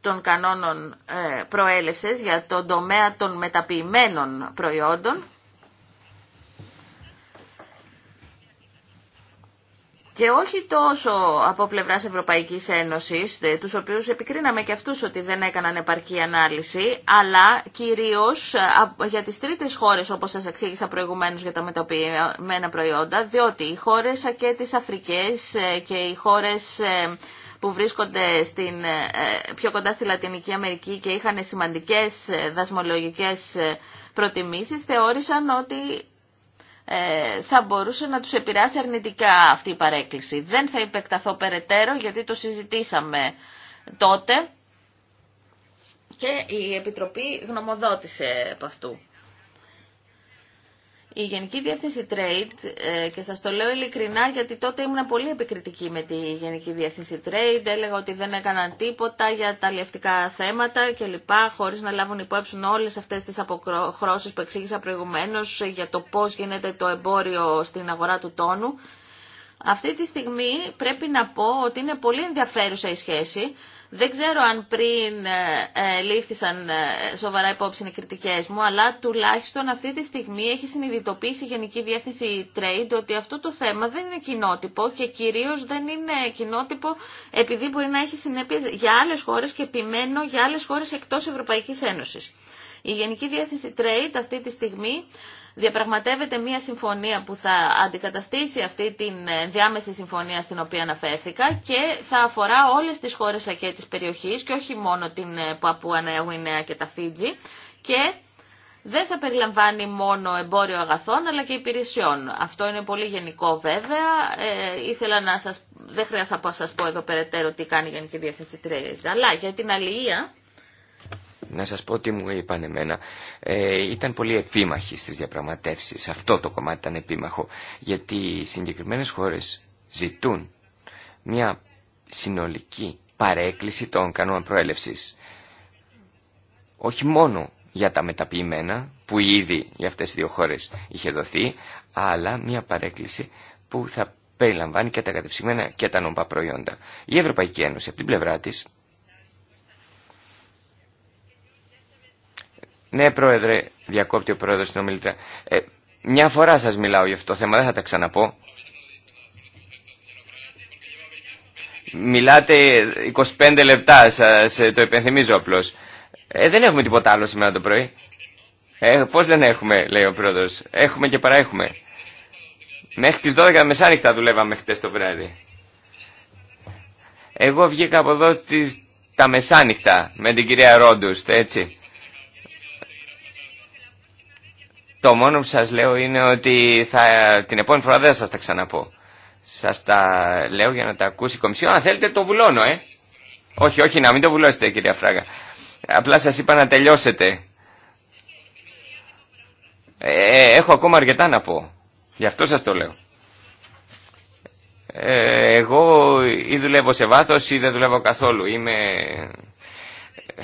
των κανόνων ε, προέλευσης για τον τομέα των μεταποιημένων προϊόντων και όχι τόσο από πλευράς Ευρωπαϊκής Ένωση, του οποίους επικρίναμε και αυτού ότι δεν έκαναν επαρκή ανάλυση, αλλά κυρίως για τις τρίτε χώρες, όπως σας εξήγησα προηγουμένως για τα μεταποιημένα προϊόντα, διότι οι χώρες και τι Αφρικέ ε, και οι χώρες ε, που βρίσκονται στην, ε, πιο κοντά στη Λατινική Αμερική και είχαν σημαντικέ δασμολογικέ προτιμήσει, θεώρησαν ότι ε, θα μπορούσε να τους επηρεάσει αρνητικά αυτή η παρέκκληση. Δεν θα υπεκταθώ περαιτέρω γιατί το συζητήσαμε τότε και η Επιτροπή γνωμοδότησε από αυτού η Γενική Διεύθυνση Trade, ε, και σας το λέω ειλικρινά γιατί τότε ήμουν πολύ επικριτική με τη Γενική Διεύθυνση Trade, έλεγα ότι δεν έκαναν τίποτα για τα λιευτικά θέματα και λοιπά, χωρίς να λάβουν υπόψη όλες αυτές τις αποχρώσεις που εξήγησα προηγουμένως για το πώς γίνεται το εμπόριο στην αγορά του τόνου. Αυτή τη στιγμή πρέπει να πω ότι είναι πολύ ενδιαφέρουσα η σχέση. Δεν ξέρω αν πριν ε, ε λήφθησαν ε, σοβαρά υπόψη οι κριτικές μου, αλλά τουλάχιστον αυτή τη στιγμή έχει συνειδητοποιήσει η Γενική Διεύθυνση Trade ότι αυτό το θέμα δεν είναι κοινότυπο και κυρίως δεν είναι κοινότυπο επειδή μπορεί να έχει συνέπειες για άλλες χώρες και επιμένω για άλλες χώρες εκτός Ευρωπαϊκής Ένωσης. Η Γενική Διεύθυνση Trade αυτή τη στιγμή διαπραγματεύεται μια συμφωνία που θα αντικαταστήσει αυτή την ε, διάμεση συμφωνία στην οποία αναφέρθηκα και θα αφορά όλες τις χώρες και της περιοχής και όχι μόνο την ε, Παππούα Νέα και τα Φίτζη και δεν θα περιλαμβάνει μόνο εμπόριο αγαθών αλλά και υπηρεσιών. Αυτό είναι πολύ γενικό βέβαια. Ε, ήθελα να σας, δεν χρειάζεται να σας πω εδώ περαιτέρω τι κάνει η Γενική Διεύθυνση 3, αλλά για την αλληλεία να σας πω τι μου είπαν εμένα. Ε, ήταν πολύ επίμαχη στις διαπραγματεύσεις. Αυτό το κομμάτι ήταν επίμαχο. Γιατί οι συγκεκριμένες χώρες ζητούν μια συνολική παρέκκληση των κανόνων προέλευσης. Όχι μόνο για τα μεταποιημένα που ήδη για αυτές τις δύο χώρες είχε δοθεί, αλλά μια παρέκκληση που θα περιλαμβάνει και τα κατευσυγμένα και τα νομπα προϊόντα. Η Ευρωπαϊκή Ένωση από την πλευρά της Ναι, πρόεδρε, διακόπτει ο πρόεδρος στην ομιλητρία. Ε, μια φορά σα μιλάω για αυτό το θέμα, δεν θα τα ξαναπώ. Μιλάτε 25 λεπτά, σα ε, το υπενθυμίζω απλώς. Ε, δεν έχουμε τίποτα άλλο σήμερα το πρωί. Ε, πώς δεν έχουμε, λέει ο πρόεδρος. Έχουμε και παραέχουμε. Μέχρι τι 12 μεσάνυχτα δουλεύαμε χτε το βράδυ. Εγώ βγήκα από εδώ τα μεσάνυχτα με την κυρία Ρόντουστ, έτσι. Το μόνο που σας λέω είναι ότι θα, την επόμενη φορά δεν σας τα ξαναπώ. Σας τα λέω για να τα ακούσει η Κομισιόν. Αν θέλετε το βουλώνω, ε. Όχι, όχι, να μην το βουλώσετε κυρία Φράγα. Απλά σας είπα να τελειώσετε. Ε, ε, έχω ακόμα αρκετά να πω. Γι' αυτό σας το λέω. Ε, εγώ ή δουλεύω σε βάθος ή δεν δουλεύω καθόλου. Είμαι ε,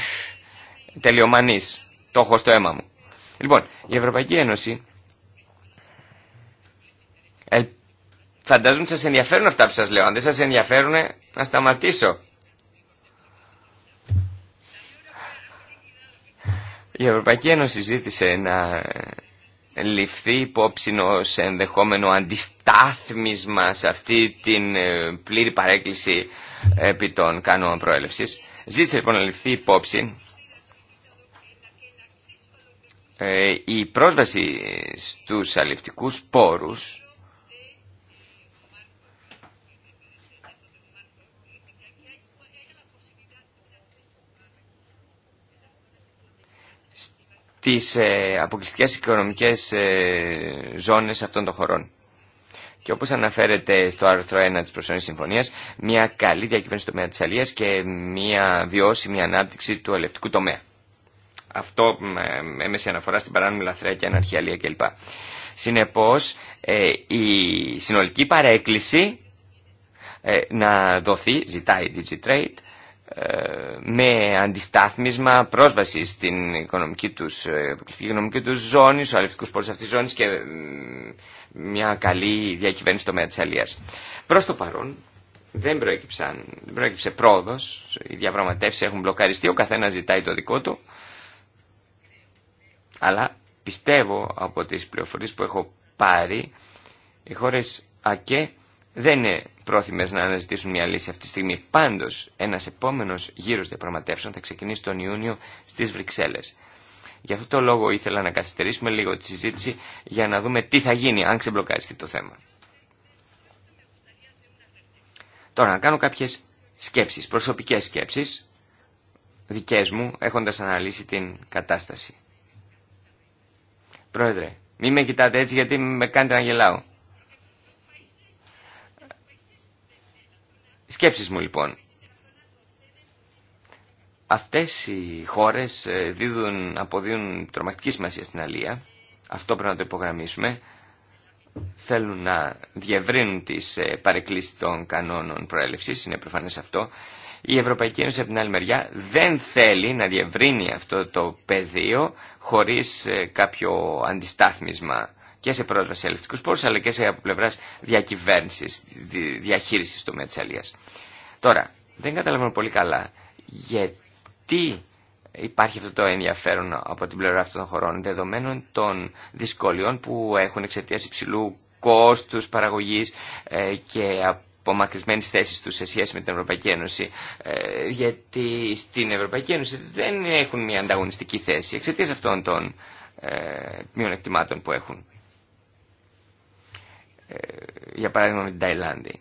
τελειομανής. Το έχω στο αίμα μου. Λοιπόν, η Ευρωπαϊκή Ένωση ε, φαντάζομαι ότι σας ενδιαφέρουν αυτά που σας λέω. Αν δεν σας ενδιαφέρουν, να σταματήσω. Η Ευρωπαϊκή Ένωση ζήτησε να ληφθεί υπόψη ω ενδεχόμενο αντιστάθμισμα σε αυτή την ε, πλήρη παρέκκληση ε, επί των κανόνων προέλευσης. Ζήτησε λοιπόν να ληφθεί υπόψη ε, η πρόσβαση στους αλευτικούς πόρους τις ε, αποκλειστικές οικονομικές ε, ζώνες αυτών των χωρών. Και όπως αναφέρεται στο άρθρο 1 της Προσωρινής Συμφωνίας, μια καλή διακυβέρνηση του τομέα της Αλίας και μια βιώσιμη ανάπτυξη του ελευτικού τομέα αυτό με έμεση αναφορά στην παράνομη λαθρέα και αναρχιαλία κλπ. Συνεπώς ε, η συνολική παρέκκληση ε, να δοθεί, ζητάει η DigiTrade, ε, με αντιστάθμισμα πρόσβαση στην οικονομική τους, στην οικονομική τους ζώνη, στους αληθικούς πόρους αυτής της ζώνης και μια καλή διακυβέρνηση στο τομέα της αλίας. Προς το παρόν δεν, προέκυψαν, προέκυψε πρόοδος, οι διαπραγματεύσει έχουν μπλοκαριστεί, ο καθένας ζητάει το δικό του. Αλλά πιστεύω από τις πληροφορίες που έχω πάρει, οι χώρες ΑΚΕ δεν είναι πρόθυμες να αναζητήσουν μια λύση αυτή τη στιγμή. Πάντως, ένας επόμενος γύρος διαπραγματεύσεων θα ξεκινήσει τον Ιούνιο στις Βρυξέλλες. Γι' αυτό το λόγο ήθελα να καθυστερήσουμε λίγο τη συζήτηση για να δούμε τι θα γίνει αν ξεμπλοκαριστεί το θέμα. Τώρα, να κάνω κάποιες σκέψεις, προσωπικές σκέψεις, δικές μου, έχοντας αναλύσει την κατάσταση. Πρόεδρε, μη με κοιτάτε έτσι γιατί με κάνετε να γελάω. Σκέψεις μου λοιπόν. Αυτές οι χώρες ε, δίδουν, αποδίδουν τρομακτική σημασία στην Αλία. Αυτό πρέπει να το υπογραμμίσουμε. Θέλουν να διευρύνουν τις ε, παρεκκλήσεις των κανόνων προέλευσης, είναι προφανές αυτό. Η Ευρωπαϊκή Ένωση από την άλλη μεριά δεν θέλει να διευρύνει αυτό το πεδίο χωρίς ε, κάποιο αντιστάθμισμα και σε πρόσβαση ελευθερικού πόρου, πόρους αλλά και σε από διακυβέρνησης, διαχείρισης του Μετσαλίας. Τώρα, δεν καταλαβαίνω πολύ καλά γιατί υπάρχει αυτό το ενδιαφέρον από την πλευρά αυτών των χωρών δεδομένων των δυσκολιών που έχουν εξαιτία υψηλού κόστους παραγωγής ε, και από απομακρυσμένη θέση τους σε σχέση με την Ευρωπαϊκή Ένωση. Ε, γιατί στην Ευρωπαϊκή Ένωση δεν έχουν μια ανταγωνιστική θέση εξαιτία αυτών των ε, μειονεκτημάτων που έχουν. Ε, για παράδειγμα με την Ταϊλάνδη.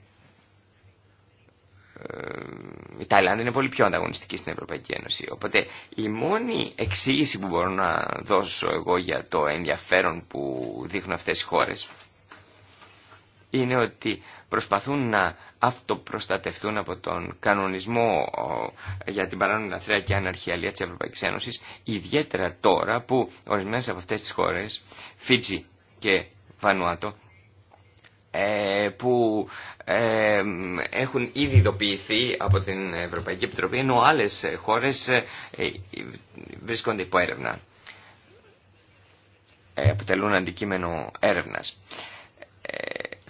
Η Ταϊλάνδη είναι πολύ πιο ανταγωνιστική στην Ευρωπαϊκή Ένωση. Οπότε η μόνη εξήγηση που μπορώ να δώσω εγώ για το ενδιαφέρον που δείχνουν αυτές οι χώρες είναι ότι προσπαθούν να αυτοπροστατευτούν από τον κανονισμό για την παράνομη λαθρέα και αναρχιαλία της Ευρωπαϊκής Ένωσης, ιδιαίτερα τώρα που ορισμένες από αυτές τις χώρες, Φίτζι και Βανουάτο, ε, που ε, έχουν ήδη ειδοποιηθεί από την Ευρωπαϊκή Επιτροπή, ενώ άλλες χώρες ε, βρίσκονται υπό έρευνα, αποτελούν αντικείμενο έρευνας.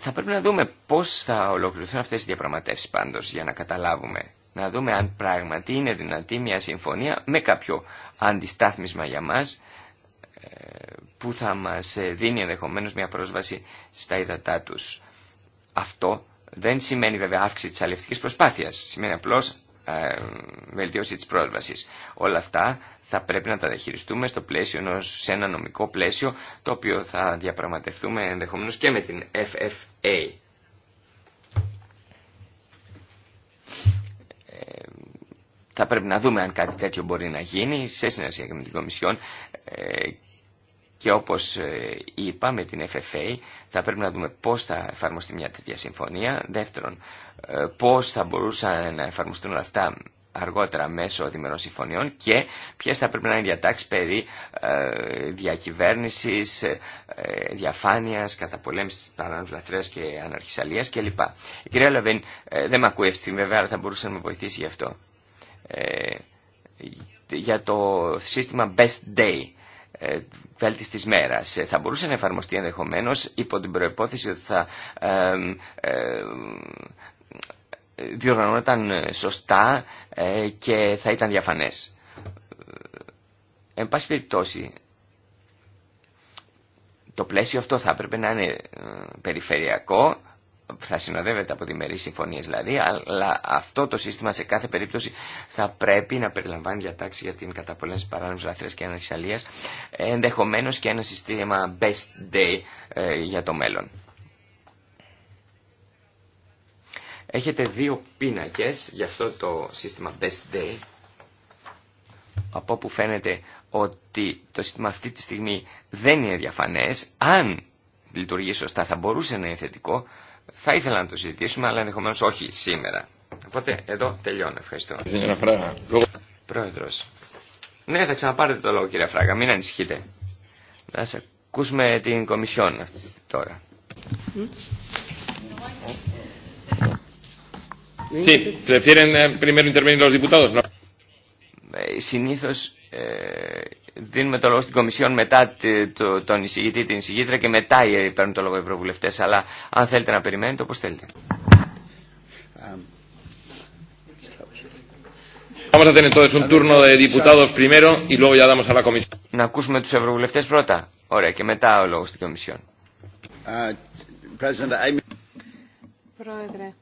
Θα πρέπει να δούμε πώς θα ολοκληρωθούν αυτές οι διαπραγματεύσεις πάντως για να καταλάβουμε. Να δούμε αν πράγματι είναι δυνατή μια συμφωνία με κάποιο αντιστάθμισμα για μας ε, που θα μας ε, δίνει ενδεχομένως μια πρόσβαση στα υδατά τους. Αυτό δεν σημαίνει βέβαια αύξηση της αλληλευτικής προσπάθειας. Σημαίνει απλώς ε, βελτίωση της πρόσβασης. Όλα αυτά θα πρέπει να τα διαχειριστούμε στο πλαίσιο ενός, σε ένα νομικό πλαίσιο το οποίο θα διαπραγματευτούμε ενδεχομένως και με την FFA. Ε, θα πρέπει να δούμε αν κάτι τέτοιο μπορεί να γίνει σε συνεργασία και με την Κομισιόν ε, και όπως ε, είπα με την FFA θα πρέπει να δούμε πώς θα εφαρμοστεί μια τέτοια συμφωνία. Δεύτερον, ε, πώς θα μπορούσαν να εφαρμοστούν αυτά αργότερα μέσω διμερών συμφωνιών και ποιες θα πρέπει να είναι διατάξεις περί ε, διακυβέρνησης, διαφάνειας, καταπολέμησης τη και αναρχισαλίας κλπ. Η κυρία Λαβέν δεν με ακούει αυτή βέβαια, αλλά θα μπορούσε να με βοηθήσει γι' αυτό. για το σύστημα Best Day ε, βέλτιστης μέρας. Ε, θα μπορούσε να εφαρμοστεί ενδεχομένως υπό την προϋπόθεση ότι θα ε, ε σωστά και θα ήταν διαφανές. Εν πάση περιπτώσει, το πλαίσιο αυτό θα έπρεπε να είναι περιφερειακό θα συνοδεύεται από διμερείς συμφωνίες δηλαδή, αλλά αυτό το σύστημα σε κάθε περίπτωση θα πρέπει να περιλαμβάνει διατάξει για την καταπολέμηση παράνομης λαθρές και αναξιαλίας, ενδεχομένως και ένα σύστημα best day ε, για το μέλλον. Έχετε δύο πίνακες για αυτό το σύστημα best day, από όπου φαίνεται ότι το σύστημα αυτή τη στιγμή δεν είναι διαφανές, αν λειτουργεί σωστά θα μπορούσε να είναι θετικό, θα ήθελα να το συζητήσουμε, αλλά ενδεχομένω όχι σήμερα. Οπότε εδώ τελειώνω. Ευχαριστώ. Πρόεδρο. Ναι, θα ξαναπάρετε το λόγο, κύριε φράγκα, Μην ανησυχείτε. Να σα ακούσουμε την Κομισιόν αυτή τώρα. Sí, prefieren eh, primero intervenir los diputados, ε, Συνήθως ε, δίνουμε το λόγο στην Κομισιόν μετά τον εισηγητή, την εισηγήτρια και μετά παίρνουν το λόγο οι ευρωβουλευτές. Αλλά αν θέλετε να περιμένετε, όπως θέλετε. Να ακούσουμε τους ευρωβουλευτές πρώτα. Ωραία, και μετά ο λόγος στην Κομισιόν. Uh, Πρόεδρε,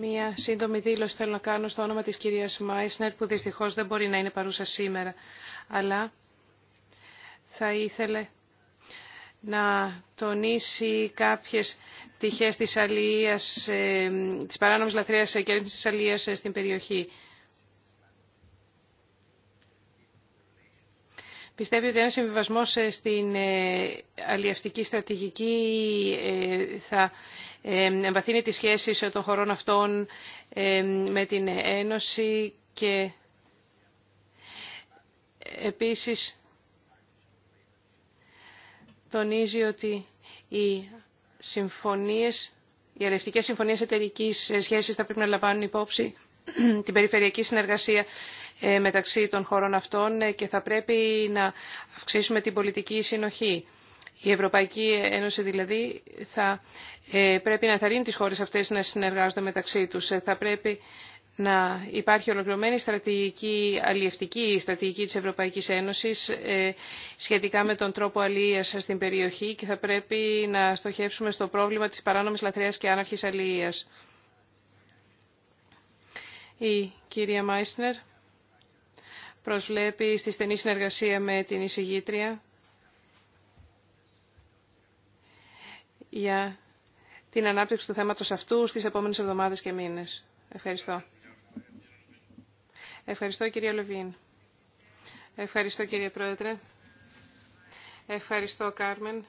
Μία σύντομη δήλωση θέλω να κάνω στο όνομα της κυρίας Μάισνερ που δυστυχώς δεν μπορεί να είναι παρούσα σήμερα. Αλλά θα ήθελε να τονίσει κάποιες τυχές της, αλίας, ε, της παράνομης λαθρείας και της αλίας ε, στην περιοχή. Πιστεύει ότι ένα συμβιβασμός ε, στην αλλιευτική στρατηγική θα εμβαθύνει τις σχέσεις των χωρών αυτών με την Ένωση και επίσης τονίζει ότι οι συμφωνίες, οι αλευτικές συμφωνίες εταιρικής σχέσης θα πρέπει να λαμβάνουν υπόψη *clears throat* την περιφερειακή συνεργασία ε, μεταξύ των χωρών αυτών ε, και θα πρέπει να αυξήσουμε την πολιτική συνοχή. Η Ευρωπαϊκή Ένωση δηλαδή θα ε, πρέπει να θαρρύνει τις χώρες αυτές να συνεργάζονται μεταξύ τους. Ε, θα πρέπει να υπάρχει ολοκληρωμένη στρατηγική αλλιευτική στρατηγική της Ευρωπαϊκής Ένωσης ε, σχετικά με τον τρόπο αλληλείας στην περιοχή και θα πρέπει να στοχεύσουμε στο πρόβλημα της παράνομης λαθρείας και άναρχης αλληλείας. Η κυρία Μάισνερ προσβλέπει στη στενή συνεργασία με την εισηγήτρια για την ανάπτυξη του θέματος αυτού στις επόμενες εβδομάδες και μήνες. Ευχαριστώ. Ευχαριστώ κυρία Λεβίν. Ευχαριστώ κύριε Πρόεδρε. Ευχαριστώ Κάρμεν.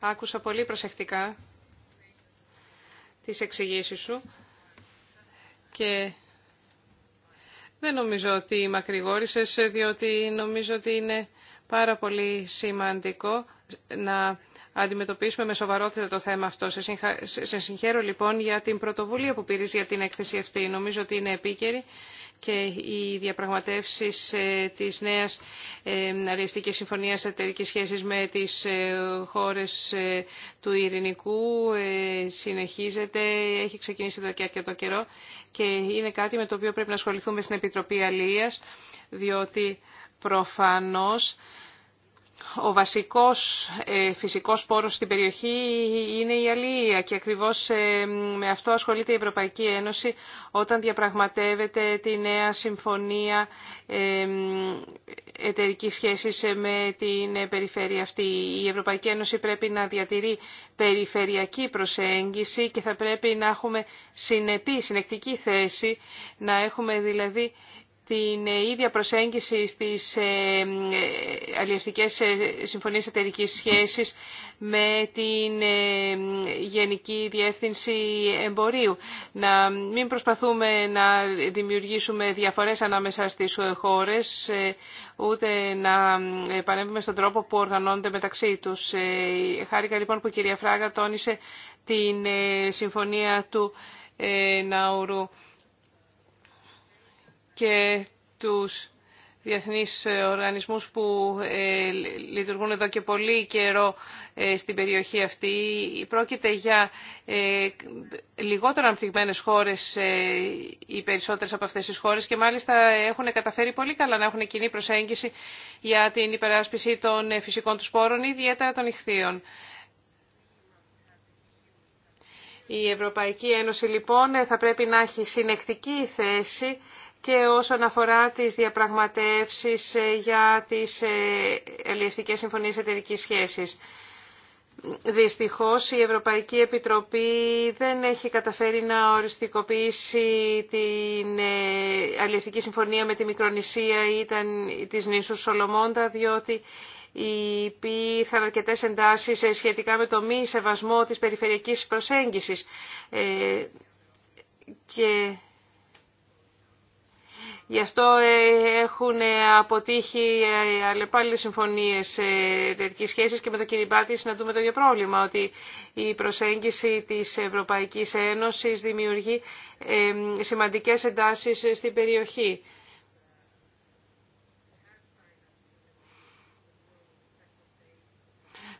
Άκουσα πολύ προσεκτικά τις εξηγήσεις σου και δεν νομίζω ότι μακρηγόρησες διότι νομίζω ότι είναι πάρα πολύ σημαντικό να αντιμετωπίσουμε με σοβαρότητα το θέμα αυτό. Σε, συγχαίρω λοιπόν για την πρωτοβουλία που πήρε για την έκθεση αυτή. Νομίζω ότι είναι επίκαιρη και οι διαπραγματεύσεις ε, της νέας αριευτική ε, συμφωνίας εταιρικής σχέση με τις ε, χώρες του Ειρηνικού συνεχίζεται, έχει ξεκινήσει εδώ και αρκετό καιρό και είναι κάτι με το οποίο πρέπει να ασχοληθούμε στην Επιτροπή Αλληλείας διότι προφανώς ο βασικός ε, φυσικός πόρος στην περιοχή είναι η αλληλεία και ακριβώς ε, με αυτό ασχολείται η Ευρωπαϊκή Ένωση όταν διαπραγματεύεται τη νέα συμφωνία ε, εταιρικής σχέσης με την περιφέρεια αυτή. Η Ευρωπαϊκή Ένωση πρέπει να διατηρεί περιφερειακή προσέγγιση και θα πρέπει να έχουμε συνεπή, συνεκτική θέση, να έχουμε δηλαδή την ίδια προσέγγιση στις ε, ε, αλληλευτικές ε, συμφωνίες εταιρική σχέσης με την Γενική Διεύθυνση Εμπορίου. Να μην προσπαθούμε να δημιουργήσουμε διαφορές ανάμεσα στις χώρες, ούτε να παρέμβουμε στον τρόπο που οργανώνονται μεταξύ τους. Χάρηκα λοιπόν που η κυρία Φράγα τόνισε την συμφωνία του Ναουρού και τους διεθνείς οργανισμούς που ε, λειτουργούν εδώ και πολύ καιρό ε, στην περιοχή αυτή. Πρόκειται για ε, λιγότερο αμφιγμένες χώρες οι περισσότερες από αυτές τις χώρες και μάλιστα έχουν καταφέρει πολύ καλά να έχουν κοινή προσέγγιση για την υπεράσπιση των φυσικών του σπόρων, ιδιαίτερα των ηχθείων. Η Ευρωπαϊκή Ένωση λοιπόν θα πρέπει να έχει συνεκτική θέση και όσον αφορά τις διαπραγματεύσεις ε, για τις ελληνικές συμφωνίες εταιρική σχέσης. Δυστυχώς η Ευρωπαϊκή Επιτροπή δεν έχει καταφέρει να οριστικοποιήσει την ε, αλληλευτική συμφωνία με τη Μικρονησία ή της νήσου Σολομώντα, διότι υπήρχαν αρκετές εντάσεις ε, σχετικά με το μη σεβασμό της περιφερειακής προσέγγισης. και Γι' αυτό ε, έχουν ε, αποτύχει ε, αλλεπάλληλες συμφωνίες τέτοιες σχέσεις και με το να συναντούμε το ίδιο πρόβλημα, ότι η προσέγγιση της Ευρωπαϊκής Ένωσης δημιουργεί σημαντικές εντάσεις στην περιοχή.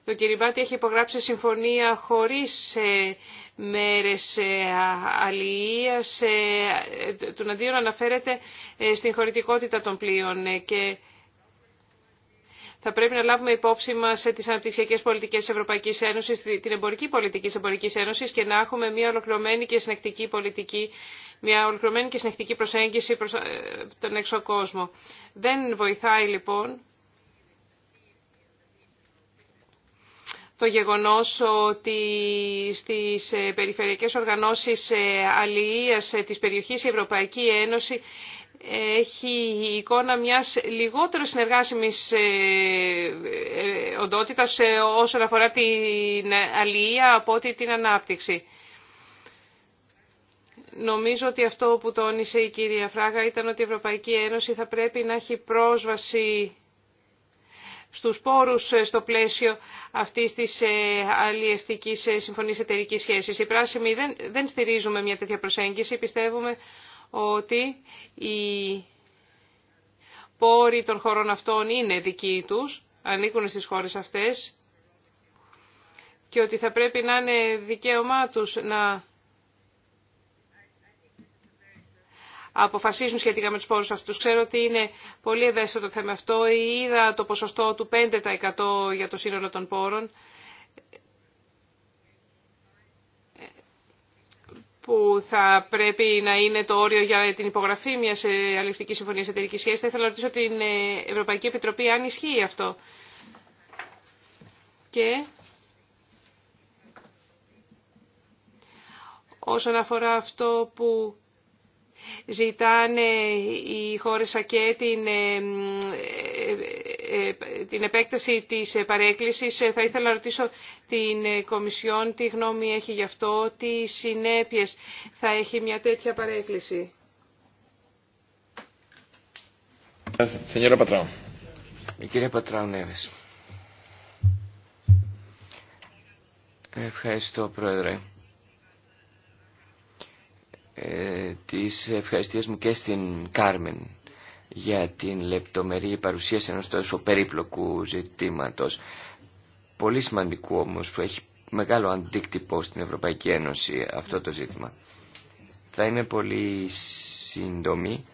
Το Κυριμπάτι έχει υπογράψει συμφωνία χωρίς ε, μέρες ε, αλληλείας. Ε, του να αναφέρεται στην χωρητικότητα των πλοίων και θα πρέπει να λάβουμε υπόψη μα τι αναπτυξιακέ πολιτικέ τη Ευρωπαϊκή Ένωση, την εμπορική πολιτική τη Ευρωπαϊκή Ένωση και να έχουμε μια ολοκληρωμένη και συνεκτική πολιτική, μια ολοκληρωμένη και συνεκτική προσέγγιση προ τον έξω κόσμο. Δεν βοηθάει λοιπόν το γεγονός ότι στις ε, περιφερειακές οργανώσεις ε, αλληλείας ε, της περιοχής η Ευρωπαϊκή Ένωση έχει εικόνα μιας λιγότερο συνεργάσιμης οντότητας όσον αφορά την αλληλεία από την ανάπτυξη. Νομίζω ότι αυτό που τόνισε η κυρία Φράγα ήταν ότι η Ευρωπαϊκή Ένωση θα πρέπει να έχει πρόσβαση στους πόρους ε, στο πλαίσιο αυτή της ε, αλλιευτικής ε, συμφωνία εταιρική σχέσης. Οι πράσινοι δεν, δεν στηρίζουμε μια τέτοια προσέγγιση. Πιστεύουμε ότι οι πόροι των χωρών αυτών είναι δικοί τους, ανήκουν στις χώρες αυτές και ότι θα πρέπει να είναι δικαίωμά τους να αποφασίσουν σχετικά με τους πόρους αυτούς. Ξέρω ότι είναι πολύ ευαίσθητο το θέμα αυτό. Είδα το ποσοστό του 5% για το σύνολο των πόρων που θα πρέπει να είναι το όριο για την υπογραφή μιας ε, αληφτικής συμφωνίας εταιρικής σχέσης. Θα ήθελα να ρωτήσω την ε, Ευρωπαϊκή Επιτροπή αν ισχύει αυτό. Και όσον αφορά αυτό που Ζητάνε οι χώρες ΑΚΕ την, ε, ε, ε, την επέκταση της παρέκκλησης. Θα ήθελα να ρωτήσω την Κομισιόν τι γνώμη έχει γι' αυτό, τι συνέπειες θα έχει μια τέτοια παρέκκληση. Η Πατράου Νέβες. Ευχαριστώ, Πρόεδρε. Ε, τις μου και στην Κάρμεν για την λεπτομερή παρουσίαση ενός τόσο περίπλοκου ζητήματος. Πολύ σημαντικού όμως που έχει μεγάλο αντίκτυπο στην Ευρωπαϊκή Ένωση αυτό το ζήτημα. Θα είναι πολύ σύντομη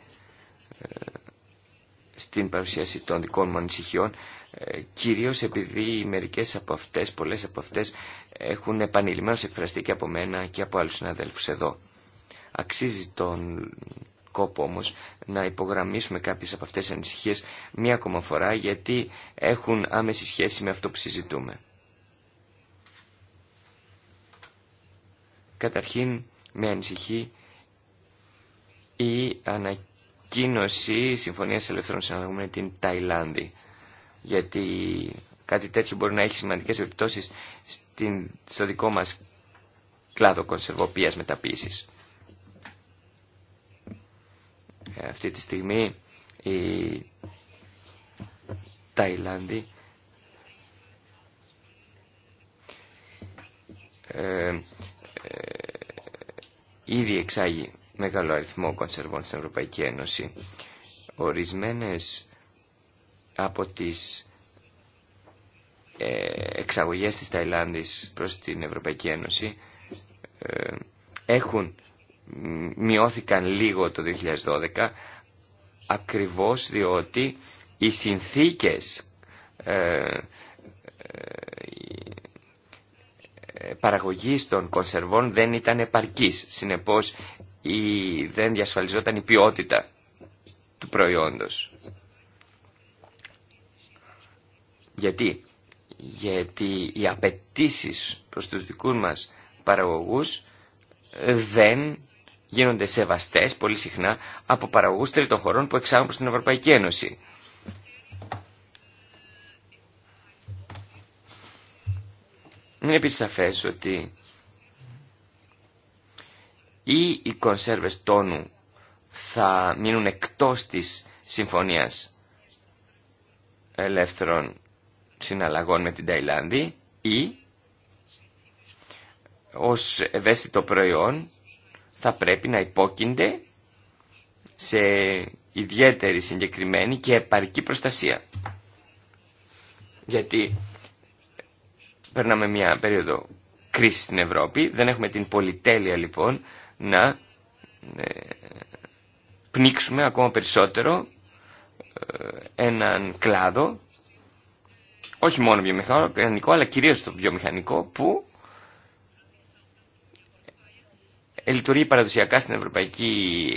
ε, στην παρουσίαση των δικών μου ανησυχιών, ε, κυρίως επειδή μερικές από αυτές, πολλές από αυτές έχουν επανειλημμένως εκφραστεί και από μένα και από άλλους συναδέλφους εδώ. Αξίζει τον κόπο όμως να υπογραμμίσουμε κάποιες από αυτές τις ανησυχίες μία ακόμα φορά γιατί έχουν άμεση σχέση με αυτό που συζητούμε. Καταρχήν με ανησυχεί η ανακοίνωση Συμφωνίας Ελευθερών συναλλαγούμενη με την Ταϊλάνδη γιατί κάτι τέτοιο μπορεί να έχει σημαντικές επιπτώσεις στην, στο δικό μας κλάδο κονσερβοποίησης μεταποίησης. Αυτή τη στιγμή η Ταϊλάνδη ε, ε, ήδη εξάγει μεγάλο αριθμό κονσερβών στην Ευρωπαϊκή Ένωση. Ορισμένες από τις ε, εξαγωγές της Ταϊλάνδης προς την Ευρωπαϊκή Ένωση ε, έχουν μειώθηκαν λίγο το 2012 ακριβώς διότι οι συνθήκες ε, ε παραγωγής των κονσερβών δεν ήταν επαρκής. Συνεπώς η, δεν διασφαλιζόταν η ποιότητα του προϊόντος. Γιατί, Γιατί οι απαιτήσει προς τους δικούς μας παραγωγούς δεν γίνονται σεβαστές πολύ συχνά από παραγωγούς τρίτων χωρών που εξάγουν προς την Ευρωπαϊκή Ένωση. Είναι επίσης σαφές ότι ή οι κονσέρβες τόνου θα μείνουν εκτός της συμφωνίας ελεύθερων συναλλαγών με την Ταϊλάνδη ή ως ευαίσθητο προϊόν θα πρέπει να υπόκεινται σε ιδιαίτερη συγκεκριμένη και επαρκή προστασία. Γιατί περνάμε μια περίοδο κρίση στην Ευρώπη, δεν έχουμε την πολυτέλεια λοιπόν να ε, πνίξουμε ακόμα περισσότερο ε, έναν κλάδο, όχι μόνο βιομηχανικό, αλλά κυρίως το βιομηχανικό, που λειτουργεί παραδοσιακά στην Ευρωπαϊκή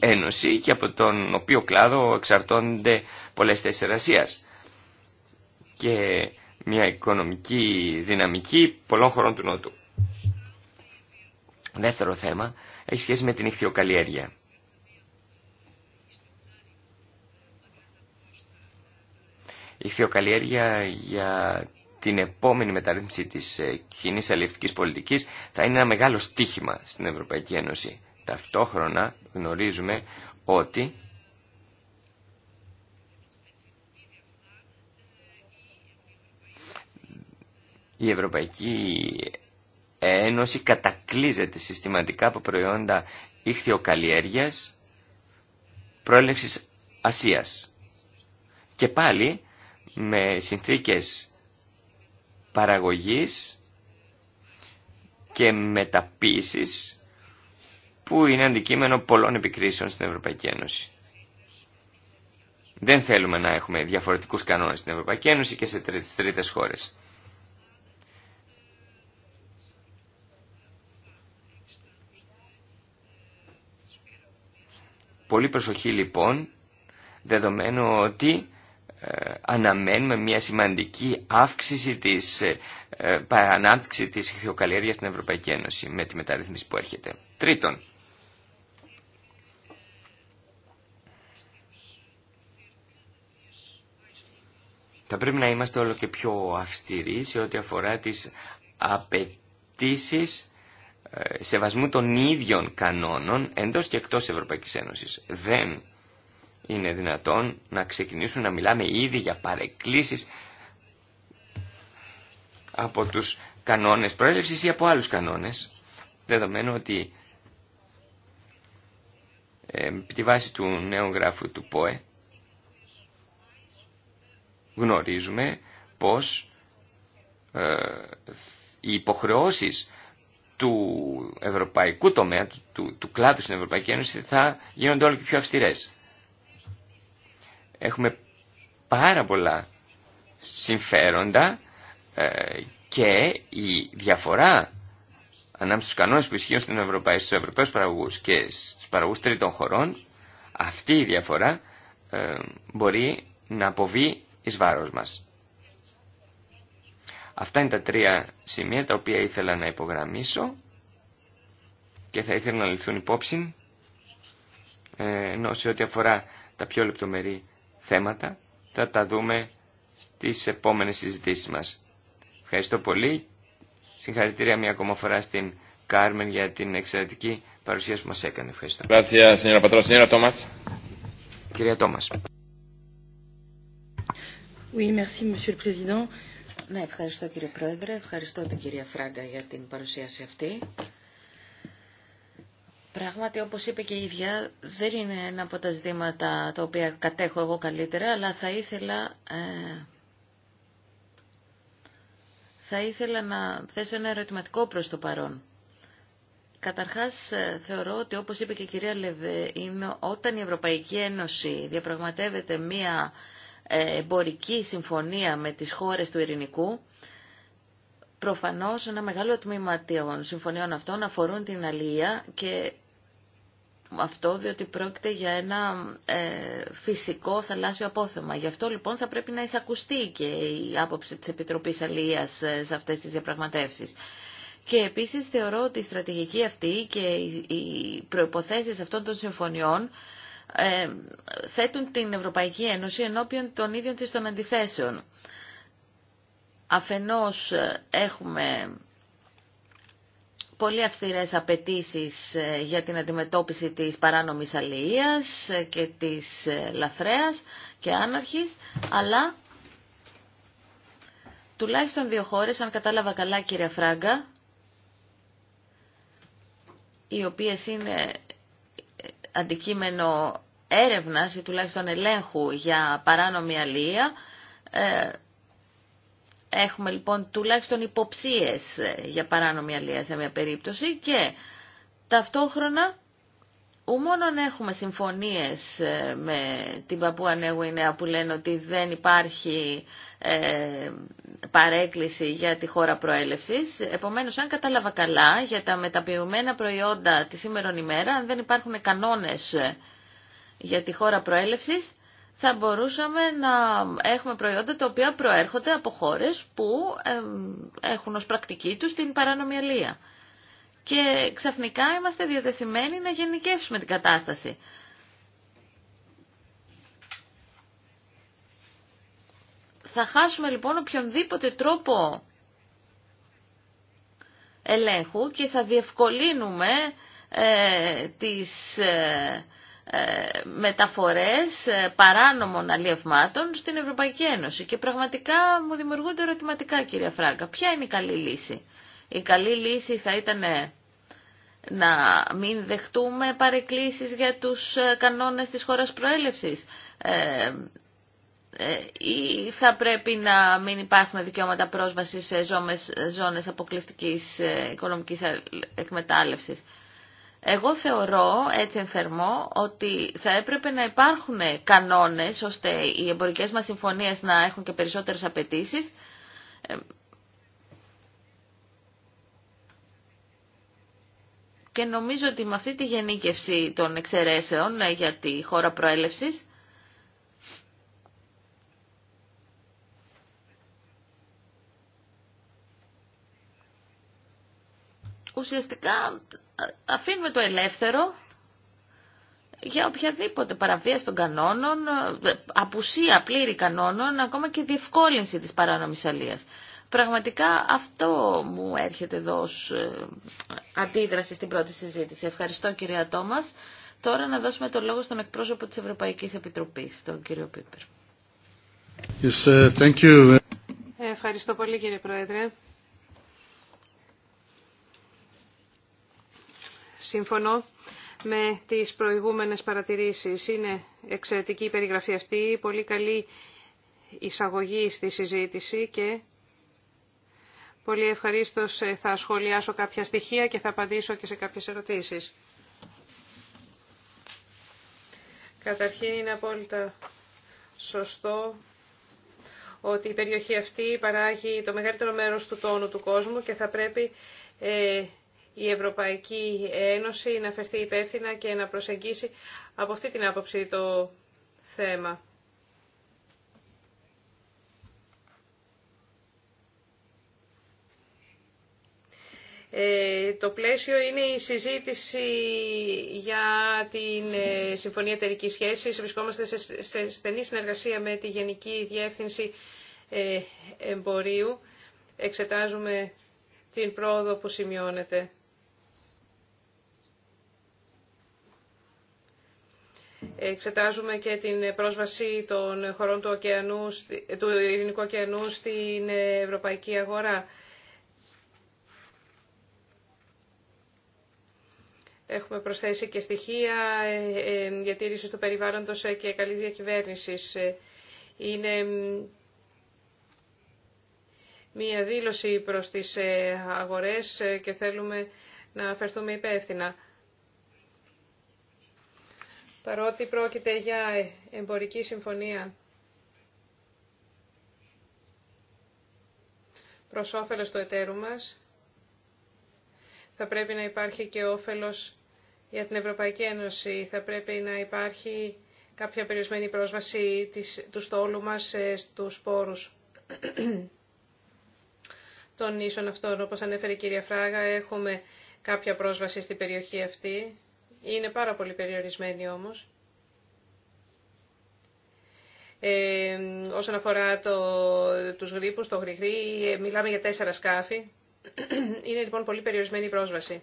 Ένωση και από τον οποίο κλάδο εξαρτώνται πολλές θέσεις εργασίας Και μια οικονομική δυναμική πολλών χωρών του Νότου. Δεύτερο θέμα έχει σχέση με την ηχθειοκαλλιέργεια. Η ηχθειοκαλλιέργεια για την επόμενη μεταρρύθμιση της ε, κοινή αλληλευτικής πολιτικής θα είναι ένα μεγάλο στίχημα στην Ευρωπαϊκή Ένωση. Ταυτόχρονα γνωρίζουμε ότι η Ευρωπαϊκή Ένωση κατακλείζεται συστηματικά από προϊόντα ηχθειοκαλλιέργειας πρόλευσης Ασίας. Και πάλι με συνθήκες παραγωγής και μεταποίησης που είναι αντικείμενο πολλών επικρίσεων στην Ευρωπαϊκή Ένωση. Δεν θέλουμε να έχουμε διαφορετικούς κανόνες στην Ευρωπαϊκή Ένωση και σε τρίτες χώρες. Πολύ προσοχή λοιπόν, δεδομένου ότι ε, αναμένουμε μια σημαντική αύξηση της ε, ε της ηχθειοκαλλιέργειας στην Ευρωπαϊκή Ένωση με τη μεταρρύθμιση που έρχεται. Τρίτον, θα πρέπει να είμαστε όλο και πιο αυστηροί σε ό,τι αφορά τις απαιτήσει ε, σεβασμού των ίδιων κανόνων εντός και εκτός Ευρωπαϊκής Ένωσης. Δεν είναι δυνατόν να ξεκινήσουν να μιλάμε ήδη για παρεκκλήσεις από τους κανόνες προέλευσης ή από άλλους κανόνες, δεδομένου ότι ε, επί τη βάση του νέου γράφου του ΠΟΕ γνωρίζουμε πως ε, οι υποχρεώσεις του ευρωπαϊκού τομέα, του, του, του κλάδου στην Ευρωπαϊκή Ένωση θα γίνονται όλο και πιο αυστηρές. Έχουμε πάρα πολλά συμφέροντα ε, και η διαφορά ανάμεσα στους κανόνες που ισχύουν στην Ευρωπαϊκή, στους Ευρωπαίους παραγωγούς και στους παραγωγούς τρίτων χωρών, αυτή η διαφορά ε, μπορεί να αποβεί εις βάρος μας. Αυτά είναι τα τρία σημεία τα οποία ήθελα να υπογραμμίσω και θα ήθελα να ληφθούν υπόψη, ε, ενώ σε ό,τι αφορά τα πιο λεπτομερή θέματα θα τα δούμε στις επόμενες συζητήσεις μας. Ευχαριστώ πολύ. Συγχαρητήρια μια ακόμα φορά στην Κάρμεν για την εξαιρετική παρουσίαση που μας έκανε. Ευχαριστώ. Κυρία Τόμας. Oui, merci, Monsieur le Président. Ναι, ευχαριστώ κύριε Πρόεδρε, ευχαριστώ την κυρία Φράγκα για την παρουσίαση αυτή. Πράγματι, όπω είπε και η ίδια, δεν είναι ένα από τα ζητήματα τα οποία κατέχω εγώ καλύτερα, αλλά θα ήθελα, ε, θα ήθελα να θέσω ένα ερωτηματικό προς το παρόν. Καταρχάς, ε, θεωρώ ότι όπως είπε και η κυρία Λεβέ, είναι όταν η Ευρωπαϊκή Ένωση διαπραγματεύεται μία ε, εμπορική συμφωνία με τις χώρες του ειρηνικού, προφανώς ένα μεγάλο τμήμα των συμφωνιών αυτών αφορούν την αλληλεία και αυτό διότι πρόκειται για ένα ε, φυσικό θαλάσσιο απόθεμα. Γι' αυτό λοιπόν θα πρέπει να εισακουστεί και η άποψη της Επιτροπής ε, σε αυτές τις διαπραγματεύσεις. Και επίσης θεωρώ ότι η στρατηγική αυτή και οι προϋποθέσεις αυτών των συμφωνιών ε, θέτουν την Ευρωπαϊκή Ένωση ενώπιον των ίδιων της των αντιθέσεων. Αφενός ε, έχουμε πολύ αυστηρές απαιτήσει ε, για την αντιμετώπιση της παράνομης αλληλείας ε, και της ε, λαθρέας και άναρχης, αλλά τουλάχιστον δύο χώρες, αν κατάλαβα καλά κυρία Φράγκα, οι οποίες είναι αντικείμενο έρευνας ή τουλάχιστον ελέγχου για παράνομη αλληλεία, έχουμε λοιπόν τουλάχιστον υποψίες για παράνομη αλία σε μια περίπτωση και ταυτόχρονα ου έχουμε συμφωνίες ε, με την Παππούα η Ινέα που λένε ότι δεν υπάρχει ε, παρέκκληση για τη χώρα προέλευσης. Επομένως, αν κατάλαβα καλά, για τα μεταποιημένα προϊόντα τη σήμερον ημέρα, αν δεν υπάρχουν κανόνες ε, για τη χώρα προέλευσης, θα μπορούσαμε να έχουμε προϊόντα τα οποία προέρχονται από χώρες που έχουν ως πρακτική τους την παράνομη Και ξαφνικά είμαστε διατεθειμένοι να γενικεύσουμε την κατάσταση. Θα χάσουμε λοιπόν οποιονδήποτε τρόπο ελέγχου και θα διευκολύνουμε ε, τις... Ε, ε, μεταφορές ε, παράνομων αλλιευμάτων στην Ευρωπαϊκή Ένωση. Και πραγματικά μου δημιουργούνται ερωτηματικά, κυρία Φράγκα. Ποια είναι η καλή λύση. Η καλή λύση θα ήταν να μην δεχτούμε παρεκκλήσεις για τους ε, κανόνες της χώρας προέλευσης ή θα πρέπει να μην υπάρχουν δικαιώματα πρόσβασης σε ζώνες αποκλειστικής οικονομικής εκμετάλλευσης. Εγώ θεωρώ, έτσι ενθερμό, ότι θα έπρεπε να υπάρχουν κανόνες ώστε οι εμπορικές μας συμφωνίες να έχουν και περισσότερες απαιτήσει. Ε, και νομίζω ότι με αυτή τη γενίκευση των εξαιρέσεων ε, για τη χώρα προέλευσης ουσιαστικά ε, αφήνουμε το ελεύθερο για οποιαδήποτε παραβίαση των κανόνων, ε, απουσία πλήρη κανόνων, ακόμα και διευκόλυνση της παράνομης αλίας. Πραγματικά αυτό μου έρχεται εδώ ως ε, αντίδραση στην πρώτη συζήτηση. Ευχαριστώ κυρία Τόμας. Τώρα να δώσουμε το λόγο στον εκπρόσωπο της Ευρωπαϊκής Επιτροπής, τον κύριο Πίπερ. Yes, uh, Ευχαριστώ πολύ κύριε Πρόεδρε. Σύμφωνο με τις προηγούμενες παρατηρήσεις. Είναι εξαιρετική η περιγραφή αυτή, πολύ καλή εισαγωγή στη συζήτηση και πολύ ευχαρίστως ε, θα σχολιάσω κάποια στοιχεία και θα απαντήσω και σε κάποιες ερωτήσεις. Καταρχήν είναι απόλυτα σωστό ότι η περιοχή αυτή παράγει το μεγαλύτερο μέρος του τόνου του κόσμου και θα πρέπει ε, η Ευρωπαϊκή Ένωση να φερθεί υπεύθυνα και να προσεγγίσει από αυτή την άποψη το θέμα. Ε, το πλαίσιο είναι η συζήτηση για την ε, Συμφωνία Εταιρικής Σχέσης. Βρισκόμαστε σε, στενή συνεργασία με τη Γενική Διεύθυνση ε, Εμπορίου. Εξετάζουμε την πρόοδο που σημειώνεται. Εξετάζουμε και την πρόσβαση των χωρών του, ωκεανού, του Ειρηνικού ωκεανού στην ευρωπαϊκή αγορά. Έχουμε προσθέσει και στοιχεία ε, ε, διατήρηση του περιβάλλοντος ε, και καλή διακυβέρνησης. Είναι μία δήλωση προς τις αγορές και θέλουμε να φερθούμε υπεύθυνα. Παρότι πρόκειται για εμπορική συμφωνία προς όφελος του εταίρου μας, θα πρέπει να υπάρχει και όφελος για την Ευρωπαϊκή Ένωση. Θα πρέπει να υπάρχει κάποια περιορισμένη πρόσβαση της, του στόλου μας ε, στους πόρους των νήσων αυτών. Όπως ανέφερε η κυρία Φράγα, έχουμε κάποια πρόσβαση στην περιοχή αυτή. Είναι πάρα πολύ περιορισμένη όμως. Ε, όσον αφορά το, τους γρήπους, το γρηγρή, ε, μιλάμε για τέσσερα σκάφη. *clears throat* Είναι λοιπόν πολύ περιορισμένη η πρόσβαση.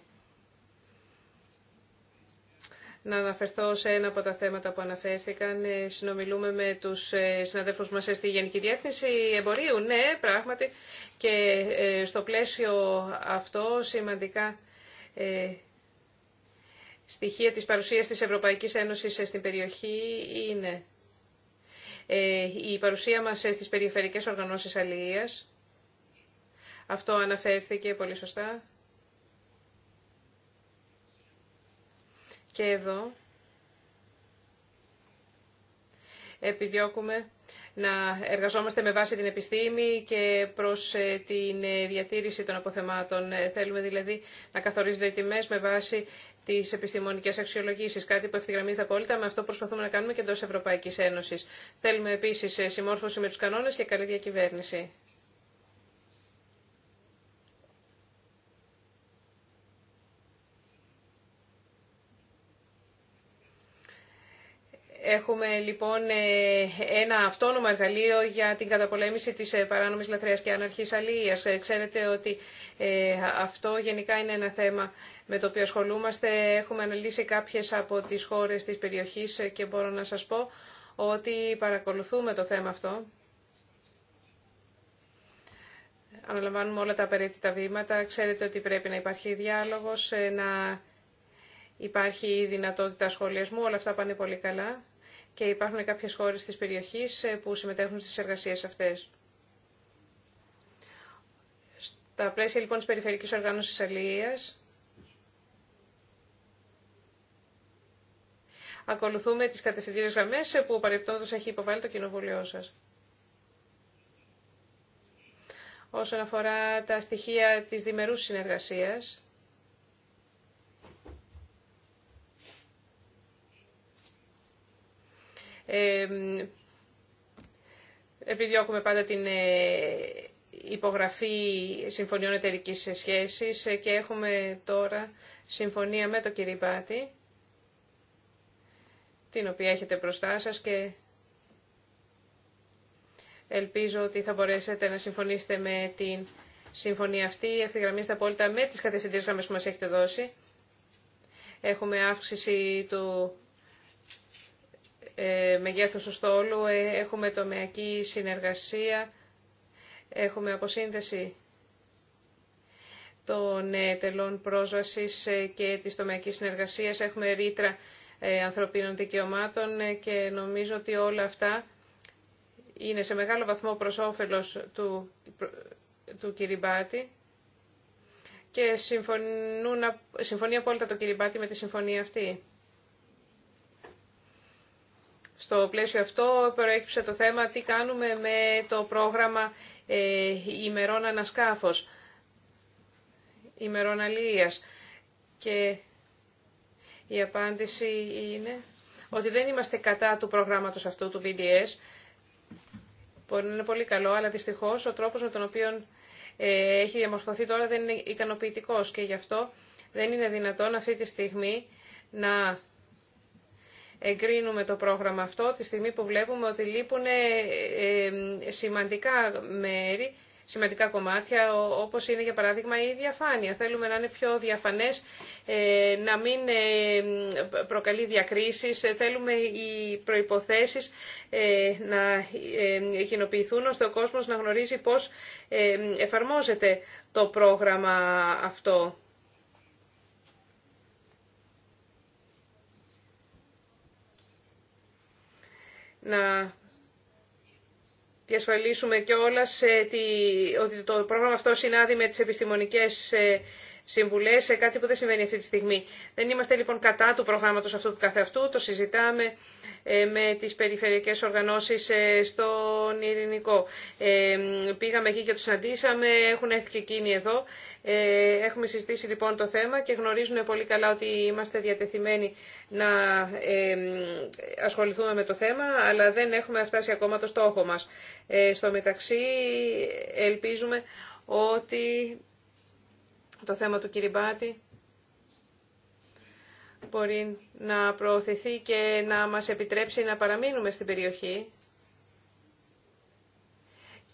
Να αναφερθώ σε ένα από τα θέματα που αναφέρθηκαν. Ε, συνομιλούμε με τους συναδέλφους μας στη Γενική Διεύθυνση Εμπορίου. Ναι, πράγματι. Και στο πλαίσιο αυτό σημαντικά στοιχεία της παρουσίας της Ευρωπαϊκής Ένωσης στην περιοχή είναι ε, η παρουσία μας στις περιφερειακές οργανώσεις αλληλείας. Αυτό αναφέρθηκε πολύ σωστά. Και εδώ επιδιώκουμε να εργαζόμαστε με βάση την επιστήμη και προς ε, την ε, διατήρηση των αποθεμάτων. Ε, θέλουμε δηλαδή να καθορίζονται οι τιμές με βάση τι επιστημονικέ αξιολογήσει, κάτι που ευθυγραμμίζεται απόλυτα με αυτό που προσπαθούμε να κάνουμε και εντό Ευρωπαϊκή Ένωση. Θέλουμε επίση συμμόρφωση με του κανόνε και καλή διακυβέρνηση. Έχουμε λοιπόν ε, ένα αυτόνομο εργαλείο για την καταπολέμηση της ε, παράνομης λαθρείας και αναρχής αλληλείας. Ε, ξέρετε ότι αυτό γενικά είναι ένα θέμα με το οποίο ασχολούμαστε. Έχουμε αναλύσει κάποιες από τις χώρες της περιοχής και μπορώ να σας πω ότι παρακολουθούμε το θέμα αυτό. Αναλαμβάνουμε όλα τα απαραίτητα βήματα. Ξέρετε ότι πρέπει να υπάρχει διάλογος, να υπάρχει δυνατότητα σχολιασμού. Όλα αυτά πάνε πολύ καλά και υπάρχουν κάποιες χώρες της περιοχής ε, που συμμετέχουν στις εργασίες αυτές. Στα πλαίσια λοιπόν της Περιφερικής Οργάνωσης Αλληλείας ακολουθούμε τις κατευθυντήρες γραμμές ε, που παρεπτόντως έχει υποβάλει το κοινοβούλιο σας. Όσον αφορά τα στοιχεία της διμερούς συνεργασίας, έχουμε πάντα την ε, υπογραφή συμφωνιών εταιρικής σχέσης ε, και έχουμε τώρα συμφωνία με το κυριπάτι την οποία έχετε μπροστά σας και ελπίζω ότι θα μπορέσετε να συμφωνήσετε με την συμφωνία αυτή, ευθυγραμμίστε απόλυτα με τις κατευθυντήρες γραμμές που μας έχετε δώσει. Έχουμε αύξηση του ε, μεγέθους του στόλου, ε, έχουμε τομεακή συνεργασία, έχουμε αποσύνδεση των τελών πρόσβασης ε, και της τομεακής συνεργασίας, έχουμε ρήτρα ανθρωπίνων δικαιωμάτων και νομίζω ότι όλα αυτά είναι σε μεγάλο βαθμό προς όφελος του, του Κυριμπάτη και συμφωνούν, συμφωνεί απόλυτα το Κυριμπάτη με τη συμφωνία αυτή. Στο πλαίσιο αυτό προέκυψε το θέμα τι κάνουμε με το πρόγραμμα ε, ημερών ανασκάφος, ημερών αλληλείας. Και η απάντηση είναι ότι δεν είμαστε κατά του προγράμματος αυτού του BDS. Μπορεί να είναι πολύ καλό, αλλά δυστυχώς ο τρόπος με τον οποίο ε, έχει διαμορφωθεί τώρα δεν είναι ικανοποιητικός και γι' αυτό δεν είναι δυνατόν αυτή τη στιγμή να εγκρίνουμε το πρόγραμμα αυτό τη στιγμή που βλέπουμε ότι λείπουν ε, ε, σημαντικά μέρη, σημαντικά κομμάτια, όπως είναι για παράδειγμα η διαφάνεια. Θέλουμε να είναι πιο διαφανές, ε, να μην προκαλεί διακρίσεις, θέλουμε οι προϋποθέσεις να κοινοποιηθούν ώστε ο κόσμος να γνωρίζει πώς εφαρμόζεται το πρόγραμμα αυτό. να διασφαλίσουμε κιόλα ότι το πρόγραμμα αυτό συνάδει με τις επιστημονικές ε, συμβουλές, σε κάτι που δεν συμβαίνει αυτή τη στιγμή. Δεν είμαστε λοιπόν κατά του προγράμματος αυτού του καθεαυτού, το συζητάμε ε, με τις περιφερειακές οργανώσεις ε, στον Ειρηνικό. Πήγαμε εκεί και τους αντίσαμε, έχουν έρθει και εκείνοι εδώ ε, έχουμε συζητήσει λοιπόν το θέμα και γνωρίζουν πολύ καλά ότι είμαστε διατεθειμένοι να ε, ασχοληθούμε με το θέμα, αλλά δεν έχουμε φτάσει ακόμα το στόχο μας. Ε, στο μεταξύ ελπίζουμε ότι το θέμα του Κυριμπάτη μπορεί να προωθηθεί και να μας επιτρέψει να παραμείνουμε στην περιοχή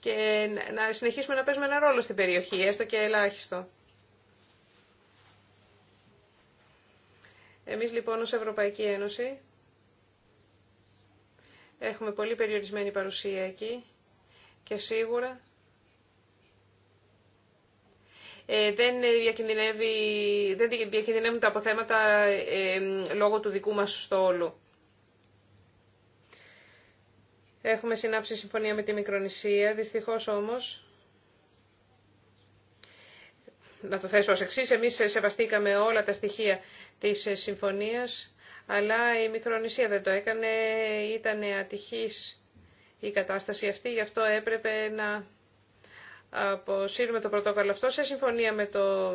και να συνεχίσουμε να παίζουμε ένα ρόλο στην περιοχή, έστω και ελάχιστο. Εμείς λοιπόν ως Ευρωπαϊκή Ένωση έχουμε πολύ περιορισμένη παρουσία εκεί και σίγουρα ε, δεν, διακινδυνεύει, δεν διακινδυνεύουν τα αποθέματα ε, ε, λόγω του δικού μας στόλου. Έχουμε συνάψει συμφωνία με τη Μικρονησία, δυστυχώς όμως... Να το θέσω ως εξής, εμείς σεβαστήκαμε όλα τα στοιχεία της συμφωνίας, αλλά η Μικρονησία δεν το έκανε, ήταν ατυχής η κατάσταση αυτή, γι' αυτό έπρεπε να αποσύρουμε το πρωτόκολλο αυτό σε συμφωνία με, το,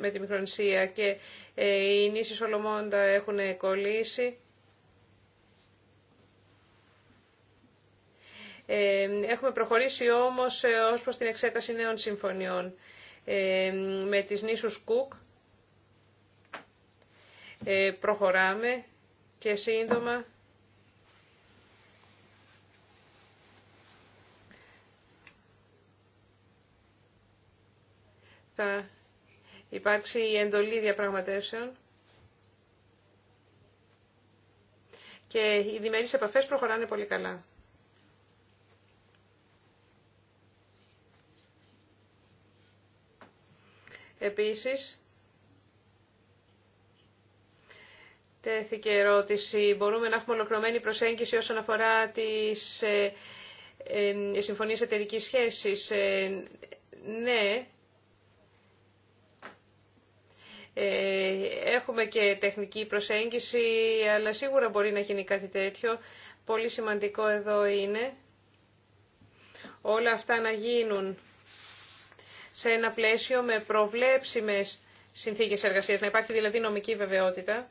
με τη Μικρονησία και ε, οι νήσοι Σολομώντα έχουν κολλήσει. Ε, έχουμε προχωρήσει όμως ε, ως προς την εξέταση νέων συμφωνιών ε, με τις νήσους Κουκ. Προχωράμε και σύντομα θα υπάρξει η εντολή διαπραγματεύσεων και οι διμερείς επαφές προχωράνε πολύ καλά. Επίσης, τέθηκε ερώτηση, μπορούμε να έχουμε ολοκληρωμένη προσέγγιση όσον αφορά τις ε, ε, συμφωνίες εταιρικής σχέσης. Ε, ναι, ε, έχουμε και τεχνική προσέγγιση, αλλά σίγουρα μπορεί να γίνει κάτι τέτοιο. Πολύ σημαντικό εδώ είναι όλα αυτά να γίνουν σε ένα πλαίσιο με προβλέψιμες συνθήκες εργασίας, να υπάρχει δηλαδή νομική βεβαιότητα.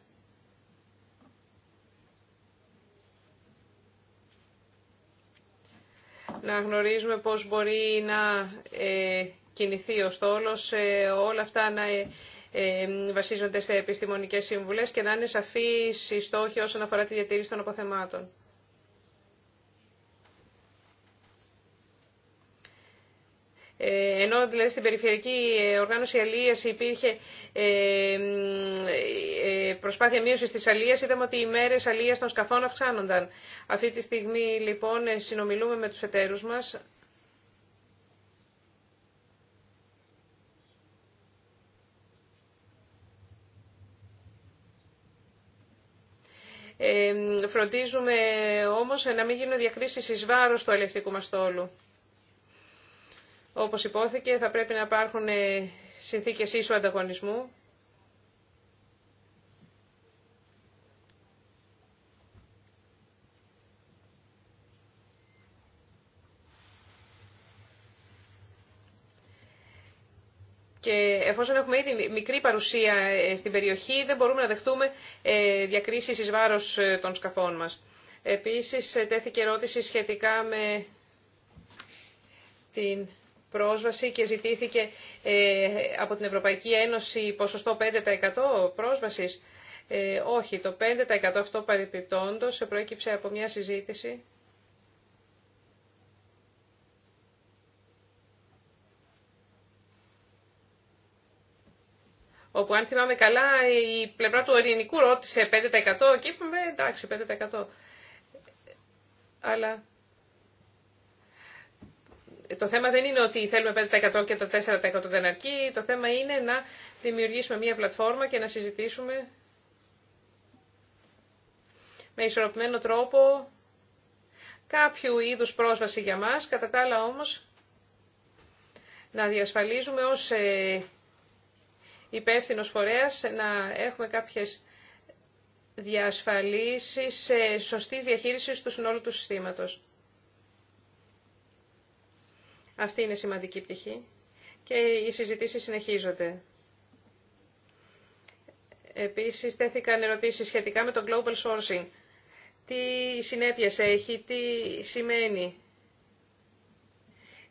Να γνωρίζουμε πώς μπορεί να ε, κινηθεί ο στόλος, ε, όλα αυτά να ε, ε, βασίζονται σε επιστημονικές σύμβουλες και να είναι σαφείς οι στόχοι όσον αφορά τη διατήρηση των αποθεμάτων. Ε, ενώ δηλαδή στην περιφερειακή ε, οργάνωση αλίας υπήρχε ε, προσπάθεια μείωσης της αλίας, είδαμε ότι οι μέρες αλίας των σκαφών αυξάνονταν. Αυτή τη στιγμή λοιπόν συνομιλούμε με τους εταίρους μας. φροντίζουμε όμως να μην γίνουν διακρίσεις εις βάρος του αλευτικού μας τόλου. Όπως υπόθηκε, θα πρέπει να υπάρχουν ε, συνθήκες ίσου ανταγωνισμού. Και εφόσον έχουμε ήδη μικρή παρουσία ε, στην περιοχή, δεν μπορούμε να δεχτούμε ε, διακρίσεις εις βάρος των σκαφών μας. Επίσης, τέθηκε ερώτηση σχετικά με την πρόσβαση και ζητήθηκε ε, από την Ευρωπαϊκή Ένωση ποσοστό 5% πρόσβασης. Ε, όχι, το 5% αυτό παρεπιπτόντος προέκυψε από μια συζήτηση όπου αν θυμάμαι καλά η πλευρά του ελληνικού ρώτησε 5% και είπαμε εντάξει 5%. Αλλά το θέμα δεν είναι ότι θέλουμε 5% και το 4% δεν αρκεί. Το θέμα είναι να δημιουργήσουμε μια πλατφόρμα και να συζητήσουμε με ισορροπημένο τρόπο κάποιου είδους πρόσβαση για μας. Κατά τα άλλα όμως να διασφαλίζουμε ως ε, υπεύθυνο φορέας να έχουμε κάποιες διασφαλίσεις ε, σωστής διαχείρισης του συνόλου του συστήματος. Αυτή είναι σημαντική πτυχή και οι συζητήσεις συνεχίζονται. Επίσης, τέθηκαν ερωτήσεις σχετικά με το global sourcing. Τι συνέπειες έχει, τι σημαίνει.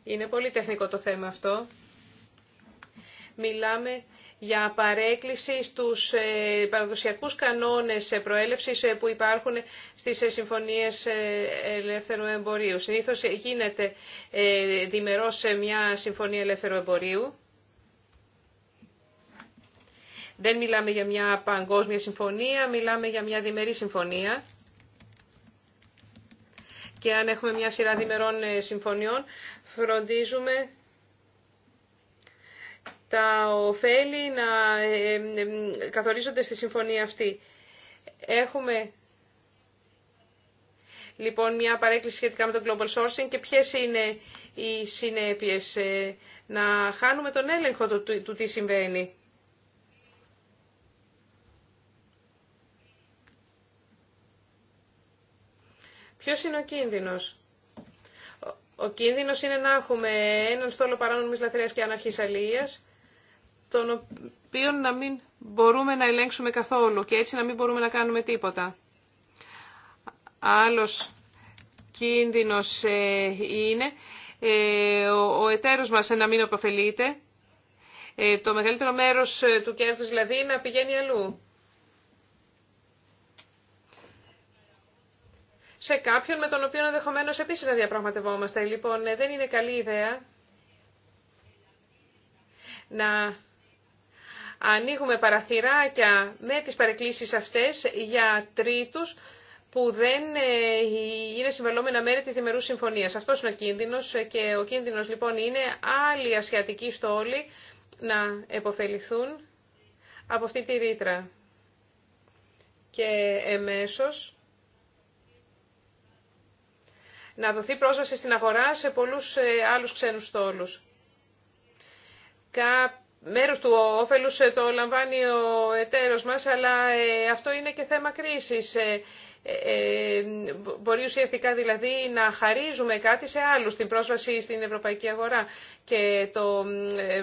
Είναι πολύ τεχνικό το θέμα αυτό. Μιλάμε για παρέκκληση στους ε, παραδοσιακούς κανόνες ε, προέλευσης ε, που υπάρχουν στις συμφωνίες ελεύθερου εμπορίου. Συνήθως γίνεται διμερώς σε μια συμφωνία ελεύθερου εμπορίου. Δεν μιλάμε για μια παγκόσμια συμφωνία, μιλάμε για μια διμερή συμφωνία. Και αν έχουμε μια σειρά διμερών συμφωνιών, φροντίζουμε τα ωφέλη να ε, ε, ε, καθορίζονται στη συμφωνία αυτή. Έχουμε λοιπόν μια παρέκκληση σχετικά με το global sourcing και ποιες είναι οι συνέπειες να χάνουμε τον έλεγχο του, του, τι συμβαίνει. Ποιος είναι ο κίνδυνος. Ο, ο κίνδυνος είναι να έχουμε έναν στόλο παράνομης λαθρείας και αναρχής αλληλείας τον οποίο να μην μπορούμε να ελέγξουμε καθόλου και έτσι να μην μπορούμε να κάνουμε τίποτα. Άλλος κίνδυνος ε, είναι ε, ο εταίρος μας να μην αποφελείται, ε, το μεγαλύτερο μέρος του κέρδους δηλαδή να πηγαίνει αλλού. σε κάποιον με τον οποίο ενδεχομένω επίση να διαπραγματευόμαστε. Λοιπόν, δεν είναι καλή ιδέα να ανοίγουμε παραθυράκια με τις παρεκκλήσεις αυτές για τρίτους που δεν ε, είναι συμβαλόμενα μέρη της Δημερού συμφωνίας. Αυτός είναι ο κίνδυνος και ο κίνδυνος λοιπόν είναι άλλοι ασιατικοί στόλοι να επωφεληθούν από αυτή τη ρήτρα. Και εμέσως να δοθεί πρόσβαση στην αγορά σε πολλούς ε, άλλους ξένους στόλους. Κάποιοι μέρος του όφελους ε, το λαμβάνει ο εταίρος μας, αλλά ε, αυτό είναι και θέμα κρίσης. Ε, μπορεί ουσιαστικά δηλαδή να χαρίζουμε κάτι σε άλλους, την πρόσβαση στην ευρωπαϊκή αγορά και το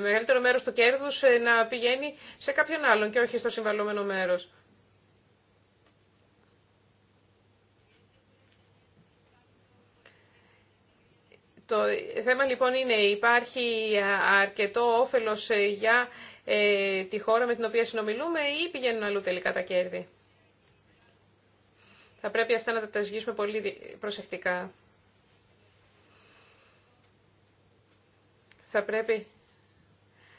μεγαλύτερο μέρος του κέρδους να πηγαίνει σε κάποιον άλλον και όχι στο συμβαλόμενο μέρος. Το θέμα λοιπόν είναι υπάρχει αρκετό όφελος για ε, τη χώρα με την οποία συνομιλούμε ή πηγαίνουν αλλού τελικά τα κέρδη. Θα πρέπει αυτά να τα πολύ προσεκτικά. Θα πρέπει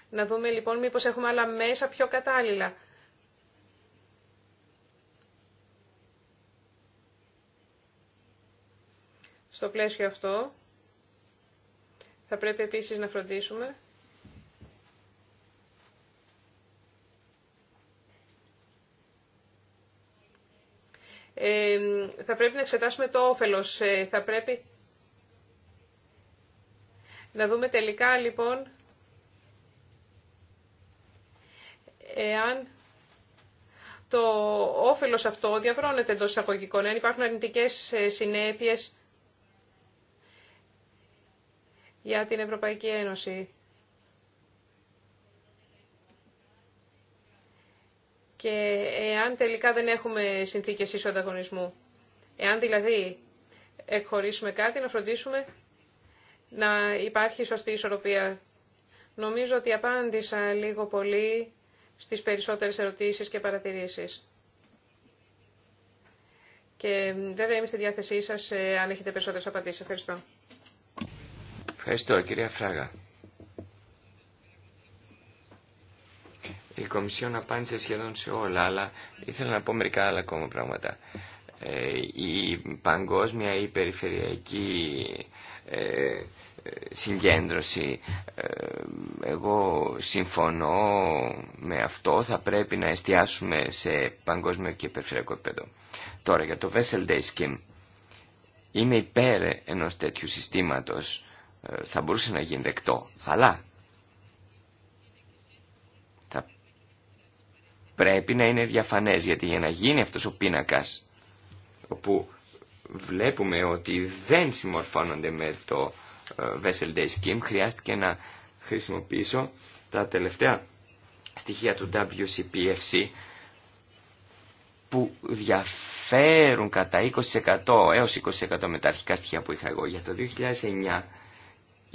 να δούμε λοιπόν μήπως έχουμε άλλα μέσα πιο κατάλληλα. Στο πλαίσιο αυτό θα πρέπει επίσης να φροντίσουμε ε, θα πρέπει να εξετάσουμε το όφελος. Ε, θα πρέπει να δούμε τελικά λοιπόν εάν το όφελος αυτό διαβρώνεται εντός εισαγωγικών, εάν υπάρχουν αρνητικές ε, συνέπειες για την Ευρωπαϊκή Ένωση. Και εάν τελικά δεν έχουμε συνθήκες ίσου ανταγωνισμού, εάν δηλαδή εκχωρήσουμε κάτι, να φροντίσουμε να υπάρχει σωστή ισορροπία. Νομίζω ότι απάντησα λίγο πολύ στις περισσότερες ερωτήσεις και παρατηρήσεις. Και βέβαια είμαι στη διάθεσή σας ε, αν έχετε περισσότερες απαντήσεις. Ευχαριστώ. Ευχαριστώ, κυρία Φράγα. Η Κομισιόν απάντησε σχεδόν σε όλα, αλλά ήθελα να πω μερικά άλλα ακόμα πράγματα. Ε, η παγκόσμια ή περιφερειακή ε, συγκέντρωση. Ε, εγώ συμφωνώ με αυτό, θα πρέπει να εστιάσουμε σε παγκόσμιο και περιφερειακό επίπεδο. Τώρα για το Vessel Day Scheme. Είμαι υπέρ ενός τέτοιου συστήματος θα μπορούσε να γίνει δεκτό. Αλλά πρέπει να είναι διαφανές γιατί για να γίνει αυτός ο πίνακας όπου βλέπουμε ότι δεν συμμορφώνονται με το ε, Vessel Day Scheme χρειάστηκε να χρησιμοποιήσω τα τελευταία στοιχεία του WCPFC που διαφέρουν κατά 20% έως 20% με τα αρχικά στοιχεία που είχα εγώ. Για το 2009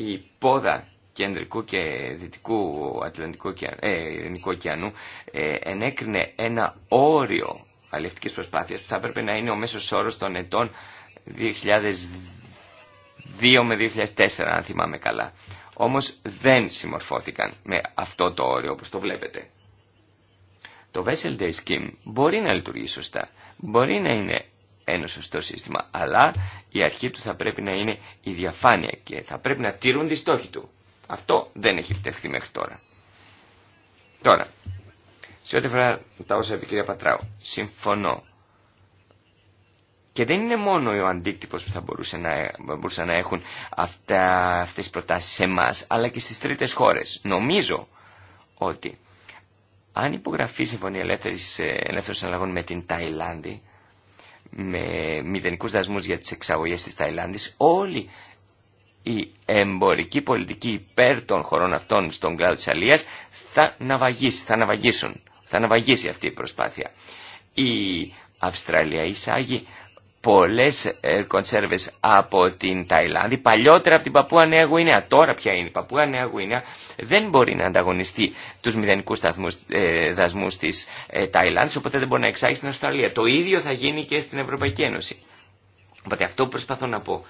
η πόδα κεντρικού και δυτικού Ατλαντικού ε, Ελληνικού ωκεανού ε, ενέκρινε ένα όριο αλληλευτικής προσπάθειας που θα έπρεπε να είναι ο μέσος όρος των ετών 2002 με 2004 αν θυμάμαι καλά. Όμως δεν συμμορφώθηκαν με αυτό το όριο όπως το βλέπετε. Το Vessel Day Scheme μπορεί να λειτουργεί σωστά, μπορεί να είναι ένα σωστό σύστημα. Αλλά η αρχή του θα πρέπει να είναι η διαφάνεια και θα πρέπει να τηρούν τη στόχη του. Αυτό δεν έχει επιτευχθεί μέχρι τώρα. Τώρα, σε ό,τι φορά τα όσα είπε η κυρία Πατράου, συμφωνώ. Και δεν είναι μόνο ο αντίκτυπος που θα μπορούσε να, μπορούσαν να έχουν αυτά, αυτές τις προτάσεις σε εμά, αλλά και στις τρίτες χώρες. Νομίζω ότι αν υπογραφεί η Συμφωνία Ελεύθερης, ε, Ελεύθερης με την Ταϊλάνδη, με μηδενικούς δασμούς για τις εξαγωγές της Ταϊλάνδης, όλη η εμπορική πολιτική υπέρ των χωρών αυτών στον κλάδο της αλίας θα ναυαγήσει, θα ναυαγήσουν, θα ναυαγήσει αυτή η προσπάθεια. Η Αυστραλία εισάγει πολλές ε, κονσέρβες από την Ταϊλάνδη, παλιότερα από την Παππούα Νέα Γουινέα, τώρα πια είναι η Παππούα Νέα Γουινέα, δεν μπορεί να ανταγωνιστεί τους μηδενικούς δασμού τη ε, δασμούς της ε, Ταϊλάνδης, οπότε δεν μπορεί να εξάγει στην Αυστραλία. Το ίδιο θα γίνει και στην Ευρωπαϊκή Ένωση. Οπότε αυτό που προσπαθώ να πω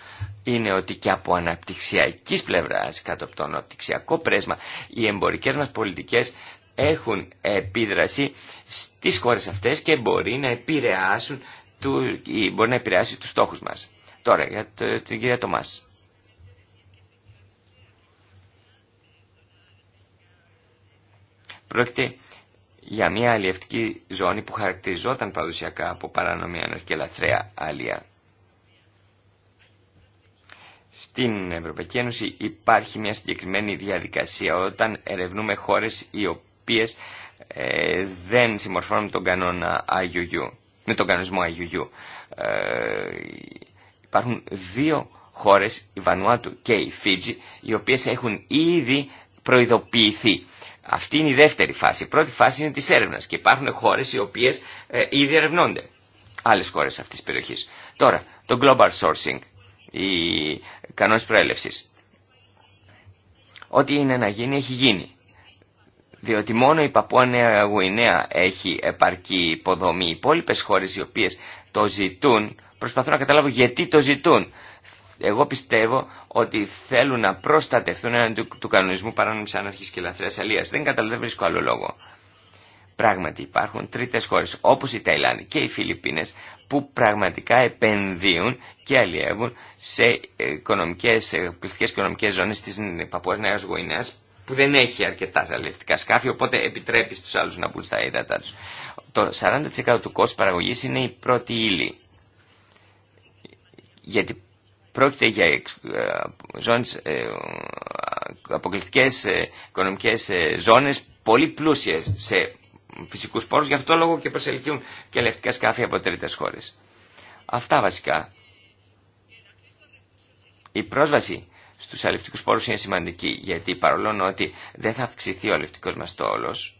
είναι ότι και από αναπτυξιακή πλευρά, κάτω από το αναπτυξιακό πρέσμα, οι εμπορικέ μα πολιτικέ έχουν επίδραση στις χώρες αυτές και μπορεί να επηρεάσουν του, ή μπορεί να επηρεάσει τους στόχους μας. Τώρα, για την κυρία Τομάς. Πρόκειται για μια αλλιευτική ζώνη που χαρακτηριζόταν παραδοσιακά από παρανομία και λαθρέα άλλια. Στην Ευρωπαϊκή Ένωση υπάρχει μια συγκεκριμένη διαδικασία όταν ερευνούμε χώρες οι οποίες ε, δεν συμμορφώνουν τον κανόνα IUU με τον κανονισμό IUU. Ε, υπάρχουν δύο χώρες, η Βανουάτου και η Φίτζη, οι οποίες έχουν ήδη προειδοποιηθεί. Αυτή είναι η δεύτερη φάση. Η πρώτη φάση είναι της έρευνας και υπάρχουν χώρες οι οποίες ε, ήδη ερευνώνται. Άλλες χώρες αυτής της περιοχής. Τώρα, το global sourcing, οι κανόνες προέλευσης. Ό,τι είναι να γίνει έχει γίνει. Διότι μόνο η Παππούα Νέα Γουινέα έχει επαρκή υποδομή. Οι υπόλοιπε χώρε οι οποίε το ζητούν προσπαθούν να καταλάβω γιατί το ζητούν. Εγώ πιστεύω ότι θέλουν να προστατευτούν έναν του, του κανονισμού παράνομη άναρχη και λαθρέα αλεία. Δεν καταλαβαίνω, δεν βρίσκω άλλο λόγο. Πράγματι υπάρχουν τρίτες χώρες όπως η Ταϊλάνδη και οι Φιλιππίνες που πραγματικά επενδύουν και αλλιεύουν σε ε, οικονομικές, ε, πληθυντικές οικονομικές ζώνες της Νέα Νέας που δεν έχει αρκετά ζαλευτικά σκάφη, οπότε επιτρέπει στους άλλους να μπουν στα ύδατά τους. Το 40% του κόσμου παραγωγής είναι η πρώτη ύλη. Γιατί πρόκειται για ε, ζώνες, ε, αποκλειστικές ε, οικονομικές ζώνες πολύ πλούσιες σε φυσικούς πόρους, γι' αυτό λόγο και προσελκύουν και ζαλευτικά σκάφη από τρίτες χώρες. Αυτά βασικά. Η πρόσβαση στους αληφτικούς πόρους είναι σημαντική, γιατί παρόλο ότι δεν θα αυξηθεί ο αληφτικός μας τόλος,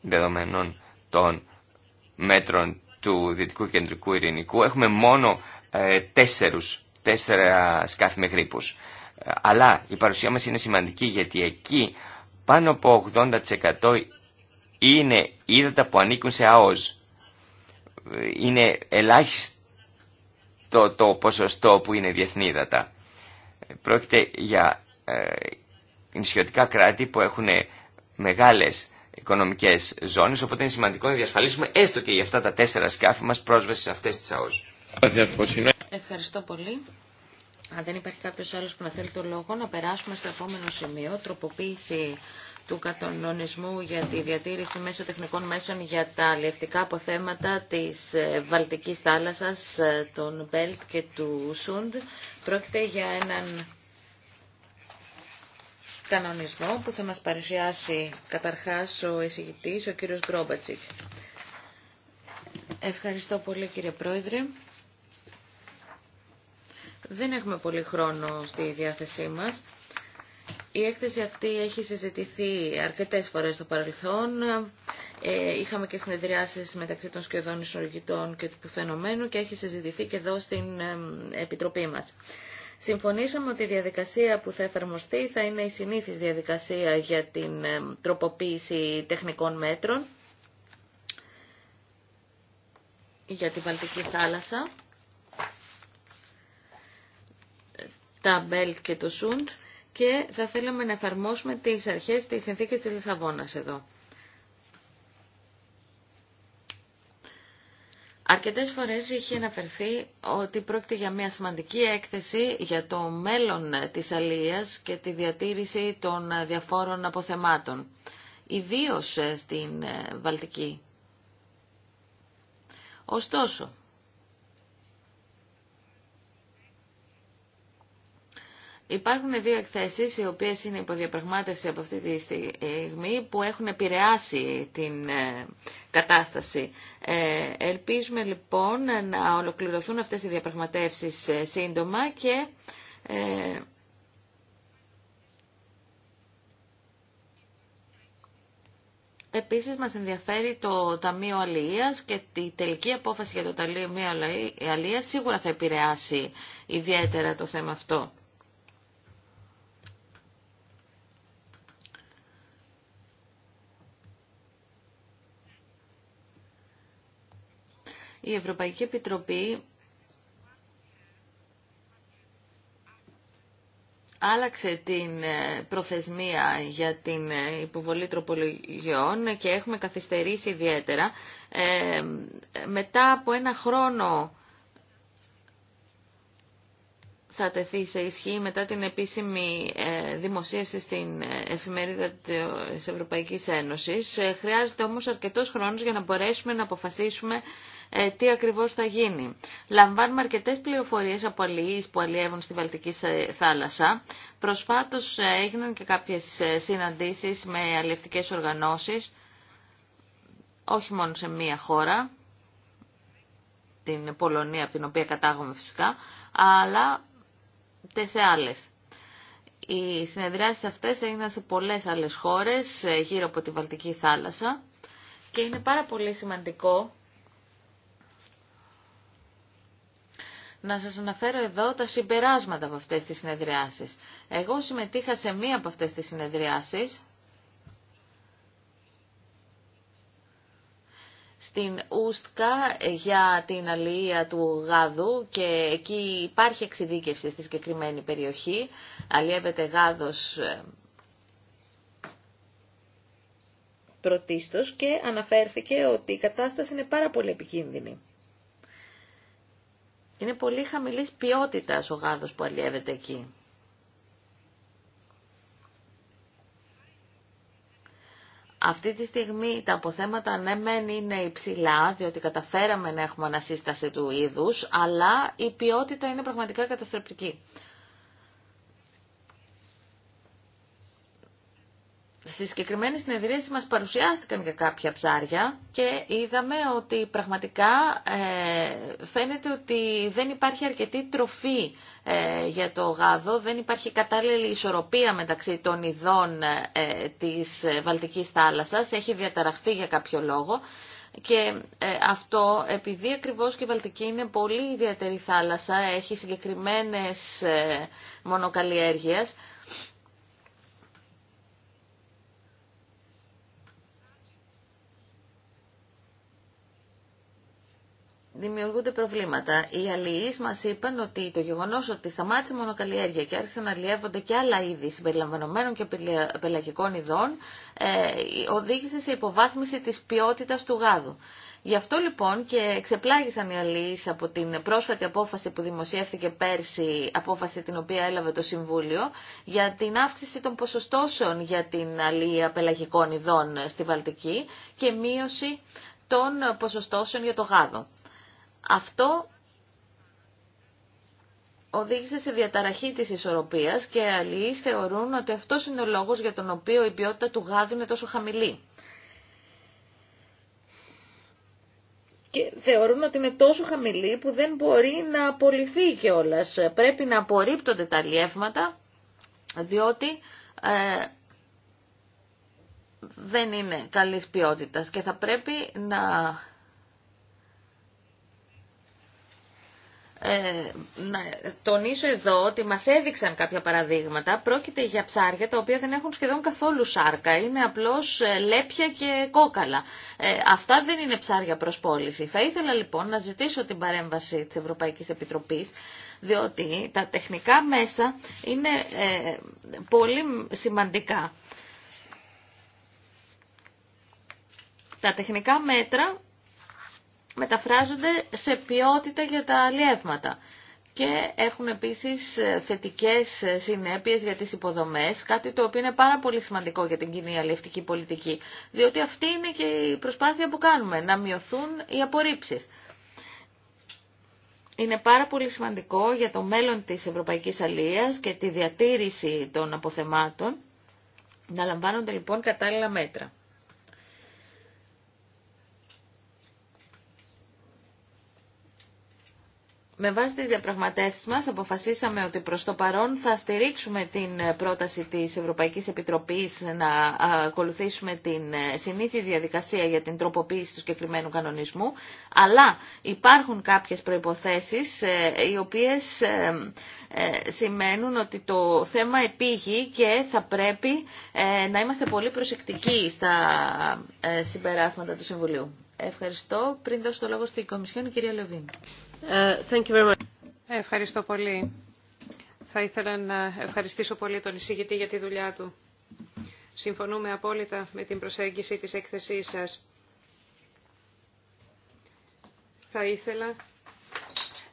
δεδομένων των μέτρων του Δυτικού Κεντρικού Ειρηνικού, έχουμε μόνο ε, τέσσερους, τέσσερα σκάφη με γρήπους. Αλλά η παρουσία μας είναι σημαντική γιατί εκεί πάνω από 80% είναι ύδατα που ανήκουν σε ΑΟΣ. Είναι ελάχιστο το ποσοστό που είναι διεθνή Πρόκειται για ε, νησιωτικά κράτη που έχουν μεγάλες οικονομικές ζώνες, οπότε είναι σημαντικό να διασφαλίσουμε έστω και για αυτά τα τέσσερα σκάφη μας πρόσβαση σε αυτές τις ΑΟΣ. Ευχαριστώ πολύ. Αν δεν υπάρχει κάποιος άλλος που να θέλει το λόγο, να περάσουμε στο επόμενο σημείο, τροποποίηση του κατανονισμού για τη διατήρηση μέσω τεχνικών μέσων για τα λευτικά αποθέματα της ε, Βαλτικής θάλασσας, ε, των Μπέλτ και του Σούντ. Πρόκειται για έναν κανονισμό που θα μας παρουσιάσει καταρχάς ο εισηγητής, ο κύριος Γκρόμπατσικ. Ευχαριστώ πολύ κύριε Πρόεδρε. Δεν έχουμε πολύ χρόνο στη διάθεσή μας. Η έκθεση αυτή έχει συζητηθεί αρκετές φορές στο παρελθόν. Ε, είχαμε και συνεδριάσεις μεταξύ των σκεδών ισορροπητών και του φαινομένου και έχει συζητηθεί και εδώ στην Επιτροπή μας. Συμφωνήσαμε ότι η διαδικασία που θα εφαρμοστεί θα είναι η συνήθις διαδικασία για την τροποποίηση τεχνικών μέτρων για την Βαλτική θάλασσα, τα Μπέλτ και το Σούντ και θα θέλαμε να εφαρμόσουμε τις αρχές της συνθήκης της Λισαβόνας εδώ. Αρκετές φορές είχε αναφερθεί ότι πρόκειται για μια σημαντική έκθεση για το μέλλον της αλίας και τη διατήρηση των διαφόρων αποθεμάτων, ιδίως στην Βαλτική. Ωστόσο, Υπάρχουν δύο εκθέσει, οι οποίες είναι υποδιαπραγμάτευση από αυτή τη στιγμή που έχουν επηρεάσει την ε, κατάσταση. Ε, ελπίζουμε λοιπόν να ολοκληρωθούν αυτές οι διαπραγματεύσεις ε, σύντομα και Επίσης μας ενδιαφέρει το Ταμείο Αλίας και τη τελική απόφαση για το Ταμείο Αλίας. σίγουρα θα επηρεάσει ιδιαίτερα το θέμα αυτό. η Ευρωπαϊκή Επιτροπή άλλαξε την ε, προθεσμία για την ε, υποβολή τροπολογιών και έχουμε καθυστερήσει ιδιαίτερα. Ε, μετά από ένα χρόνο θα τεθεί σε ισχύ μετά την επίσημη δημοσίευση στην εφημερίδα της Ευρωπαϊκής Ένωσης. Χρειάζεται όμως αρκετός χρόνος για να μπορέσουμε να αποφασίσουμε ε, τι ακριβώς θα γίνει. Λαμβάνουμε αρκετές πληροφορίες από αλληλείς που αλλιεύουν στη Βαλτική θάλασσα. Προσφάτως ε, έγιναν και κάποιες ε, συναντήσεις με αλληλευτικές οργανώσεις, όχι μόνο σε μία χώρα, την Πολωνία από την οποία κατάγομαι φυσικά, αλλά και σε άλλες. Οι συνεδριάσεις αυτές έγιναν σε πολλές άλλες χώρες γύρω από τη Βαλτική θάλασσα και είναι πάρα πολύ σημαντικό να σας αναφέρω εδώ τα συμπεράσματα από αυτές τις συνεδριάσεις. Εγώ συμμετείχα σε μία από αυτές τις συνεδριάσεις, στην Ούστκα για την αλληλεία του γάδου και εκεί υπάρχει εξειδίκευση στη συγκεκριμένη περιοχή. Αλλιεύεται γάδος ε, πρωτίστως και αναφέρθηκε ότι η κατάσταση είναι πάρα πολύ επικίνδυνη. Είναι πολύ χαμηλής ποιότητας ο γάδος που αλλιεύεται εκεί. Αυτή τη στιγμή τα αποθέματα ναι μεν είναι υψηλά, διότι καταφέραμε να έχουμε ανασύσταση του είδους, αλλά η ποιότητα είναι πραγματικά καταστρεπτική. Στις συγκεκριμένες συνεδρίες μας παρουσιάστηκαν και κάποια ψάρια και είδαμε ότι πραγματικά ε, φαίνεται ότι δεν υπάρχει αρκετή τροφή ε, για το γάδο, δεν υπάρχει κατάλληλη ισορροπία μεταξύ των ειδών ε, της Βαλτικής θάλασσας, έχει διαταραχθεί για κάποιο λόγο. Και αυτό επειδή ακριβώς και η Βαλτική είναι πολύ ιδιαίτερη θάλασσα, έχει συγκεκριμένες μονοκαλλιέργειες, δημιουργούνται προβλήματα. Οι αλληλείς μας είπαν ότι το γεγονός ότι σταμάτησε η μονοκαλλιέργεια και άρχισαν να αλλιεύονται και άλλα είδη συμπεριλαμβανομένων και πελαγικών ειδών ε, οδήγησε σε υποβάθμιση της ποιότητας του γάδου. Γι' αυτό λοιπόν και ξεπλάγησαν οι αλληλείς από την πρόσφατη απόφαση που δημοσιεύθηκε πέρσι, απόφαση την οποία έλαβε το Συμβούλιο, για την αύξηση των ποσοστώσεων για την αλληλεία πελαγικών ειδών στη Βαλτική και μείωση των ποσοστώσεων για το γάδο. Αυτό οδήγησε σε διαταραχή της ισορροπίας και αλλοί θεωρούν ότι αυτός είναι ο λόγος για τον οποίο η ποιότητα του γάδου είναι τόσο χαμηλή. και θεωρούν ότι είναι τόσο χαμηλή που δεν μπορεί να απολυθεί όλας Πρέπει να απορρίπτονται τα αλλιεύματα, διότι ε, δεν είναι καλής ποιότητας και θα πρέπει να ε, να τονίσω εδώ ότι μας έδειξαν κάποια παραδείγματα. Πρόκειται για ψάρια τα οποία δεν έχουν σχεδόν καθόλου σάρκα. Είναι απλώς ε, λέπια και κόκαλα. Ε, αυτά δεν είναι ψάρια προς πώληση. Θα ήθελα λοιπόν να ζητήσω την παρέμβαση της Ευρωπαϊκής Επιτροπής διότι τα τεχνικά μέσα είναι ε, πολύ σημαντικά. Τα τεχνικά μέτρα μεταφράζονται σε ποιότητα για τα αλλιεύματα. Και έχουν επίσης ε, θετικές ε, συνέπειες για τις υποδομές, κάτι το οποίο είναι πάρα πολύ σημαντικό για την κοινή αλλιευτική πολιτική. Διότι αυτή είναι και η προσπάθεια που κάνουμε, να μειωθούν οι απορρίψεις. Είναι πάρα πολύ σημαντικό για το μέλλον της Ευρωπαϊκής Αλίας και τη διατήρηση των αποθεμάτων να λαμβάνονται λοιπόν κατάλληλα μέτρα. Με βάση τις διαπραγματεύσεις μας αποφασίσαμε ότι προς το παρόν θα στηρίξουμε την πρόταση της Ευρωπαϊκής Επιτροπής να ακολουθήσουμε την συνήθη διαδικασία για την τροποποίηση του συγκεκριμένου κανονισμού, αλλά υπάρχουν κάποιες προϋποθέσεις ε, οι οποίες ε, ε, σημαίνουν ότι το θέμα επίγει και θα πρέπει να είμαστε πολύ προσεκτικοί στα συμπεράσματα του Συμβουλίου. Ευχαριστώ. Πριν δώσω το λόγο στην Κομισιόν, κυρία Λεβίν. Uh, ε, ευχαριστώ πολύ. Θα ήθελα να ευχαριστήσω πολύ τον εισηγητή για τη δουλειά του. Συμφωνούμε απόλυτα με την προσέγγιση της έκθεσής σας. Θα ήθελα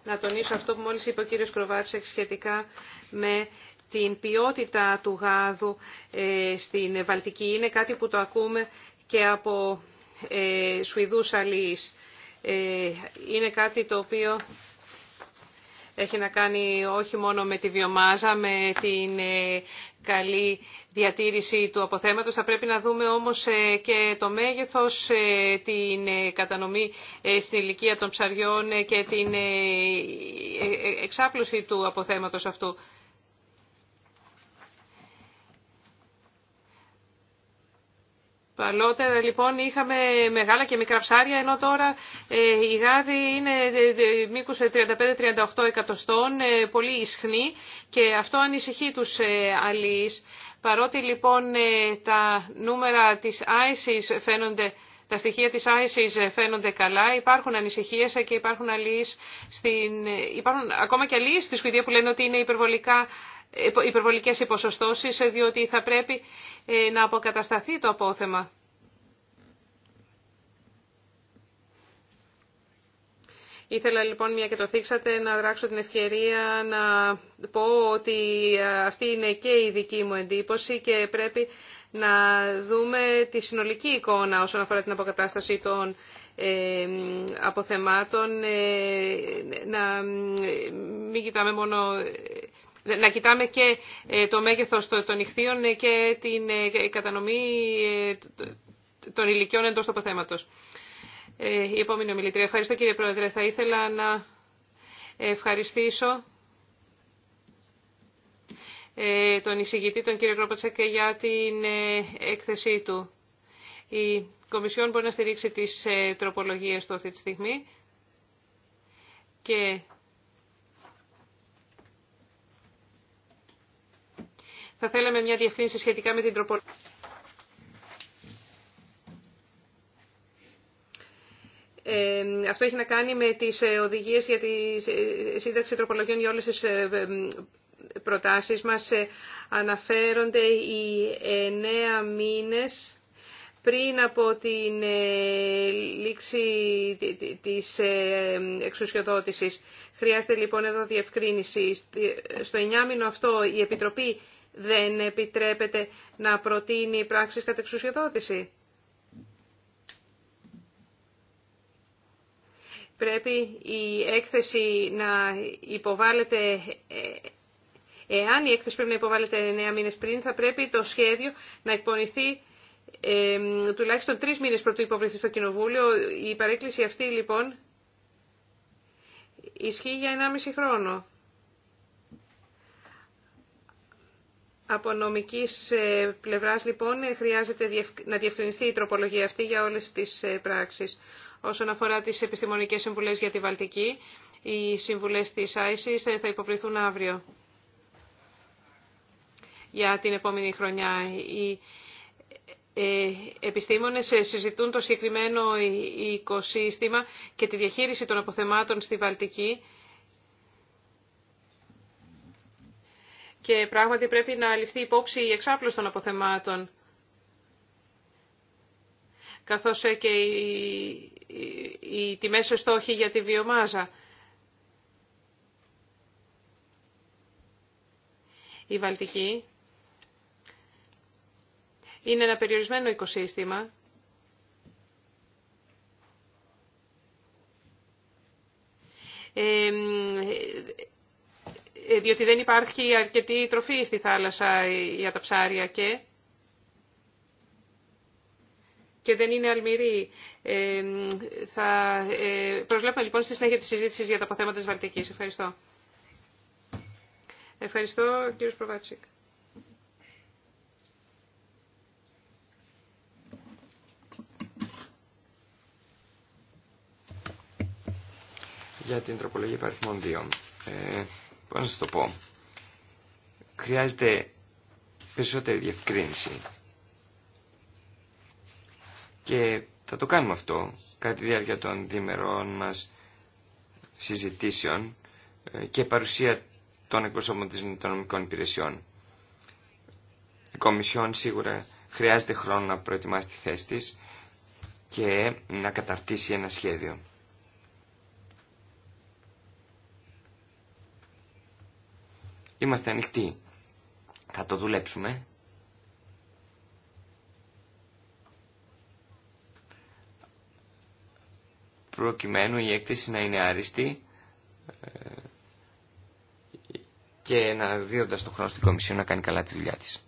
να τονίσω αυτό που μόλις είπε ο κύριος Κροβάτσεκ σχετικά με την ποιότητα του γάδου ε, στην Βαλτική. Είναι κάτι που το ακούμε και από ε, Σουηδούς αλείς. Ε, είναι κάτι το οποίο έχει να κάνει όχι μόνο με τη βιομάζα, με την ε, καλή διατήρηση του αποθέματος. Θα πρέπει να δούμε όμως ε, και το μέγεθος, την κατανομή στην ηλικία των ψαριών και την εξάπλωση του αποθέματος αυτού. Παλότερα λοιπόν είχαμε μεγάλα και μικρά ψάρια, ενώ τώρα ε, η γάδη είναι ε, ε, μήκους 35-38 εκατοστών, πολύ ισχνή και αυτό ανησυχεί τους αλληλείς. Παρότι λοιπόν τα νούμερα της ISIS φαίνονται τα στοιχεία της ISIS φαίνονται καλά, υπάρχουν ανησυχίες και υπάρχουν, στην... υπάρχουν ακόμα και αλληλείς στη Σουηδία που λένε ότι είναι υπερβολικά υπερβολικές υποσοστώσεις, ε, διότι θα πρέπει ε, να αποκατασταθεί το απόθεμα. Ήθελα λοιπόν, μια και το θίξατε, να δράξω την ευκαιρία να πω ότι ε, αυτή είναι και η δική μου εντύπωση και πρέπει να δούμε τη συνολική εικόνα όσον αφορά την αποκατάσταση των αποθεμάτων, να μην κοιτάμε μόνο να κοιτάμε και ε, το μέγεθος των ηχθείων ε, και την ε, κατανομή των ηλικιών εντός του αποθέματος. Η επόμενη ομιλητρία. Ευχαριστώ κύριε Πρόεδρε. Θα ήθελα να ευχαριστήσω τον εισηγητή, τον κύριο Κρόπατσα, και για την έκθεσή του. Η Κομισιόν μπορεί να στηρίξει τις τροπολογίες του αυτή τη στιγμή και Θα θέλαμε μια διευθύνση σχετικά με την τροπολογία. Ε, αυτό έχει να κάνει με τις ε, οδηγίες για τη ε, σύνταξη τροπολογιών για όλες τις ε, προτάσεις μας. Αναφέρονται οι εννέα μήνες πριν από την λήξη της εξουσιοδότησης. Χρειάζεται λοιπόν εδώ διευκρίνηση. Στο εννιάμινο αυτό η Επιτροπή δεν επιτρέπεται να προτείνει πράξεις κατ' εξουσιοδότηση. Πρέπει η έκθεση να υποβάλλεται ε, Εάν η έκθεση πρέπει να υποβάλλεται 9 μήνες πριν, θα πρέπει το σχέδιο να εκπονηθεί ε, τουλάχιστον 3 μήνες πρωτού υποβληθεί στο Κοινοβούλιο. Η παρέκκληση αυτή, λοιπόν, ισχύει για 1,5 χρόνο. Από νομικής ε, πλευράς, λοιπόν, χρειάζεται να διευκρινιστεί η τροπολογία αυτή για όλες τις ε, πράξεις. Όσον αφορά τις επιστημονικές συμβουλές για τη Βαλτική, οι συμβουλές της ISIS ε, θα υποβληθούν αύριο για την επόμενη χρονιά. Οι επιστήμονες συζητούν το συγκεκριμένο οικοσύστημα και τη διαχείριση των αποθεμάτων στη Βαλτική και πράγματι πρέπει να ληφθεί υπόψη η εξάπλωση των αποθεμάτων καθώς ε, και οι, οι, οι τιμές για τη βιομάζα. Η Βαλτική είναι ένα περιορισμένο οικοσύστημα ε, διότι δεν υπάρχει αρκετή τροφή στη θάλασσα για τα ψάρια και, και δεν είναι αλμυρή. Ε, θα ε, λοιπόν στη συνέχεια της συζήτηση για τα αποθέματα της Βαλτικής. Ευχαριστώ. Ευχαριστώ κύριος Προβάτσικ. για την τροπολογία υπαριθμών 2. Πώς να σας το πω. Χρειάζεται περισσότερη διευκρίνηση. Και θα το κάνουμε αυτό κατά τη διάρκεια των διημερών μας συζητήσεων ε, και παρουσία των εκπροσώπων της νομικών υπηρεσιών. Η Κομισιόν σίγουρα χρειάζεται χρόνο να προετοιμάσει τη θέση της και να καταρτήσει ένα σχέδιο. Είμαστε ανοιχτοί. Θα το δουλέψουμε. Προκειμένου η έκθεση να είναι άριστη ε, και να δίνοντας τον χρόνο στην Κομισιό να κάνει καλά τη δουλειά της.